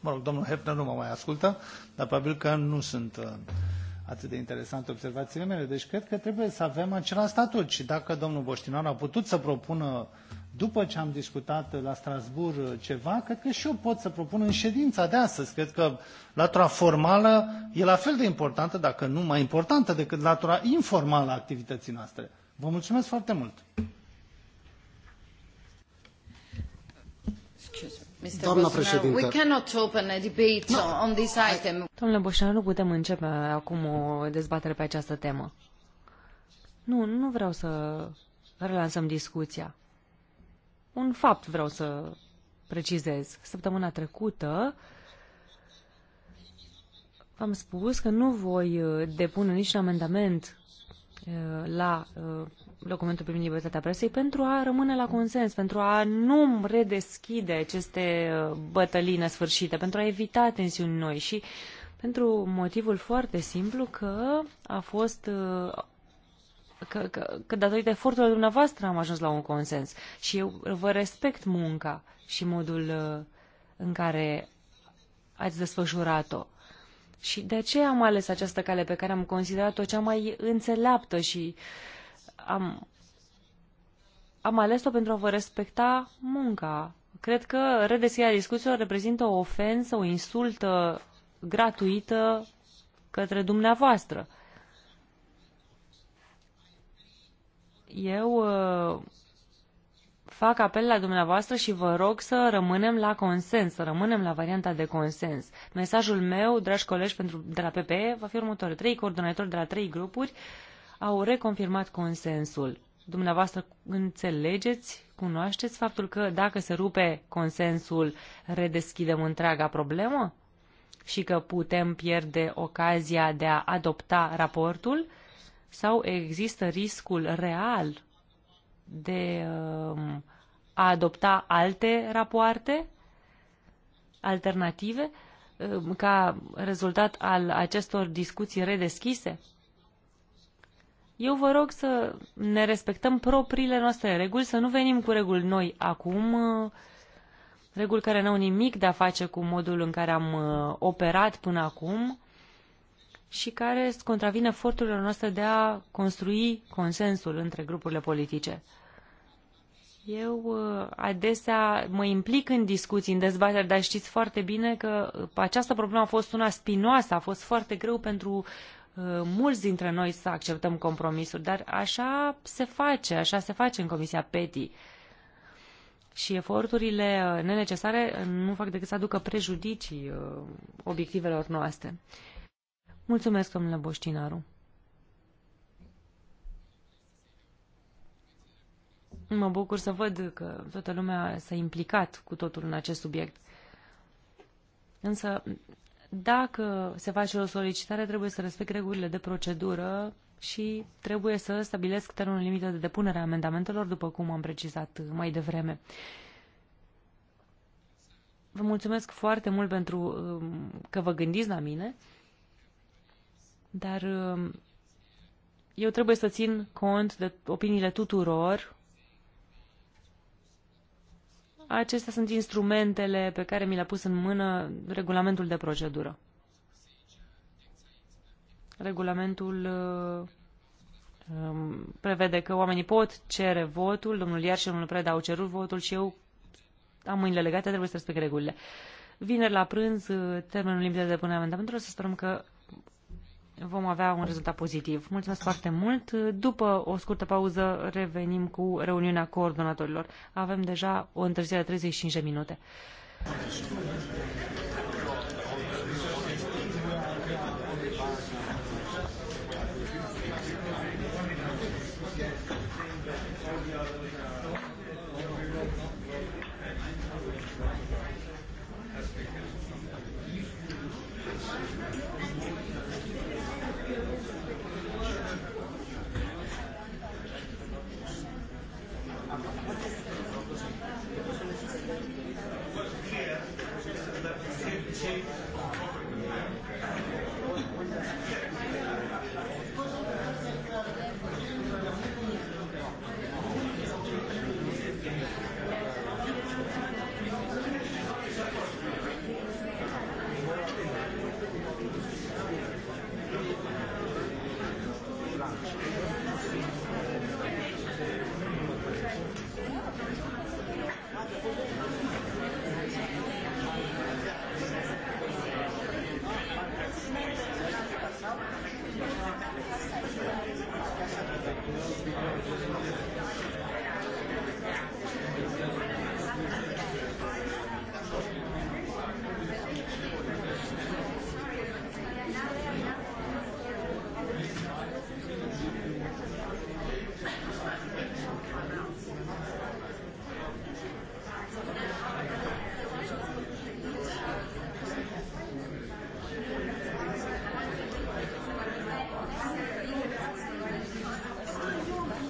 Mă rog, domnul Hefner nu mă mai ascultă, dar probabil că nu sunt uh, atât de interesante observațiile mele. Deci cred că trebuie să avem același statut și dacă domnul Boștinaru a putut să propună uh, după ce am discutat la Strasbourg ceva, cred că și eu pot să propun în ședința de astăzi. Cred că latura formală e la fel de importantă, dacă nu mai importantă, decât latura informală a activității noastre. Vă mulțumesc foarte mult! Doamna președinte, Domnule Boșan, nu putem începe acum o dezbatere pe această temă. Nu, nu vreau să relansăm discuția un fapt vreau să precizez. Săptămâna trecută am spus că nu voi uh, depune niciun amendament uh, la uh, documentul privind libertatea presei pentru a rămâne la consens, pentru a nu redeschide aceste bătălii nesfârșite, pentru a evita tensiuni noi și pentru motivul foarte simplu că a fost că, că, că datorită eforturilor dumneavoastră am ajuns la un consens și eu vă respect munca și modul uh, în care ați desfășurat-o. Și de ce am ales această cale pe care am considerat-o cea mai înțeleaptă și am, am ales-o pentru a vă respecta munca. Cred că redeschiderea discuțiilor reprezintă o ofensă, o insultă gratuită către dumneavoastră. eu uh, fac apel la dumneavoastră și vă rog să rămânem la consens, să rămânem la varianta de consens. Mesajul meu, dragi colegi pentru, de la PPE, va fi următorul. Trei coordonatori de la trei grupuri au reconfirmat consensul. Dumneavoastră înțelegeți, cunoașteți faptul că dacă se rupe consensul, redeschidem întreaga problemă? Și că putem pierde ocazia de a adopta raportul? sau există riscul real de um, a adopta alte rapoarte alternative um, ca rezultat al acestor discuții redeschise? Eu vă rog să ne respectăm propriile noastre reguli, să nu venim cu reguli noi acum, uh, reguli care n-au nimic de a face cu modul în care am uh, operat până acum și care contravine eforturilor noastre de a construi consensul între grupurile politice. Eu uh, adesea mă implic în discuții, în dezbateri, dar știți foarte bine că uh, această problemă a fost una spinoasă, a fost foarte greu pentru uh, mulți dintre noi să acceptăm compromisuri, dar așa se face, așa se face în Comisia PETI. Și eforturile nenecesare nu fac decât să aducă prejudicii obiectivelor noastre. Mulțumesc, domnule Boștinaru. Mă bucur să văd că toată lumea s-a implicat cu totul în acest subiect. Însă, dacă se face o solicitare, trebuie să respect regulile de procedură și trebuie să stabilesc termenul limită de depunere a amendamentelor, după cum am precizat mai devreme. Vă mulțumesc foarte mult pentru um, că vă gândiți la mine dar um, eu trebuie să țin cont de opiniile tuturor. Acestea sunt instrumentele pe care mi le-a pus în mână regulamentul de procedură. Regulamentul uh, um, prevede că oamenii pot cere votul, domnul Iar și domnul Preda au cerut votul și eu am mâinile legate, trebuie să respect regulile. Vineri la prânz, uh, termenul limită de punere amendamentelor, să sperăm că vom avea un rezultat pozitiv. Mulțumesc foarte mult. După o scurtă pauză revenim cu reuniunea coordonatorilor. Avem deja o întârziere de 35 de minute.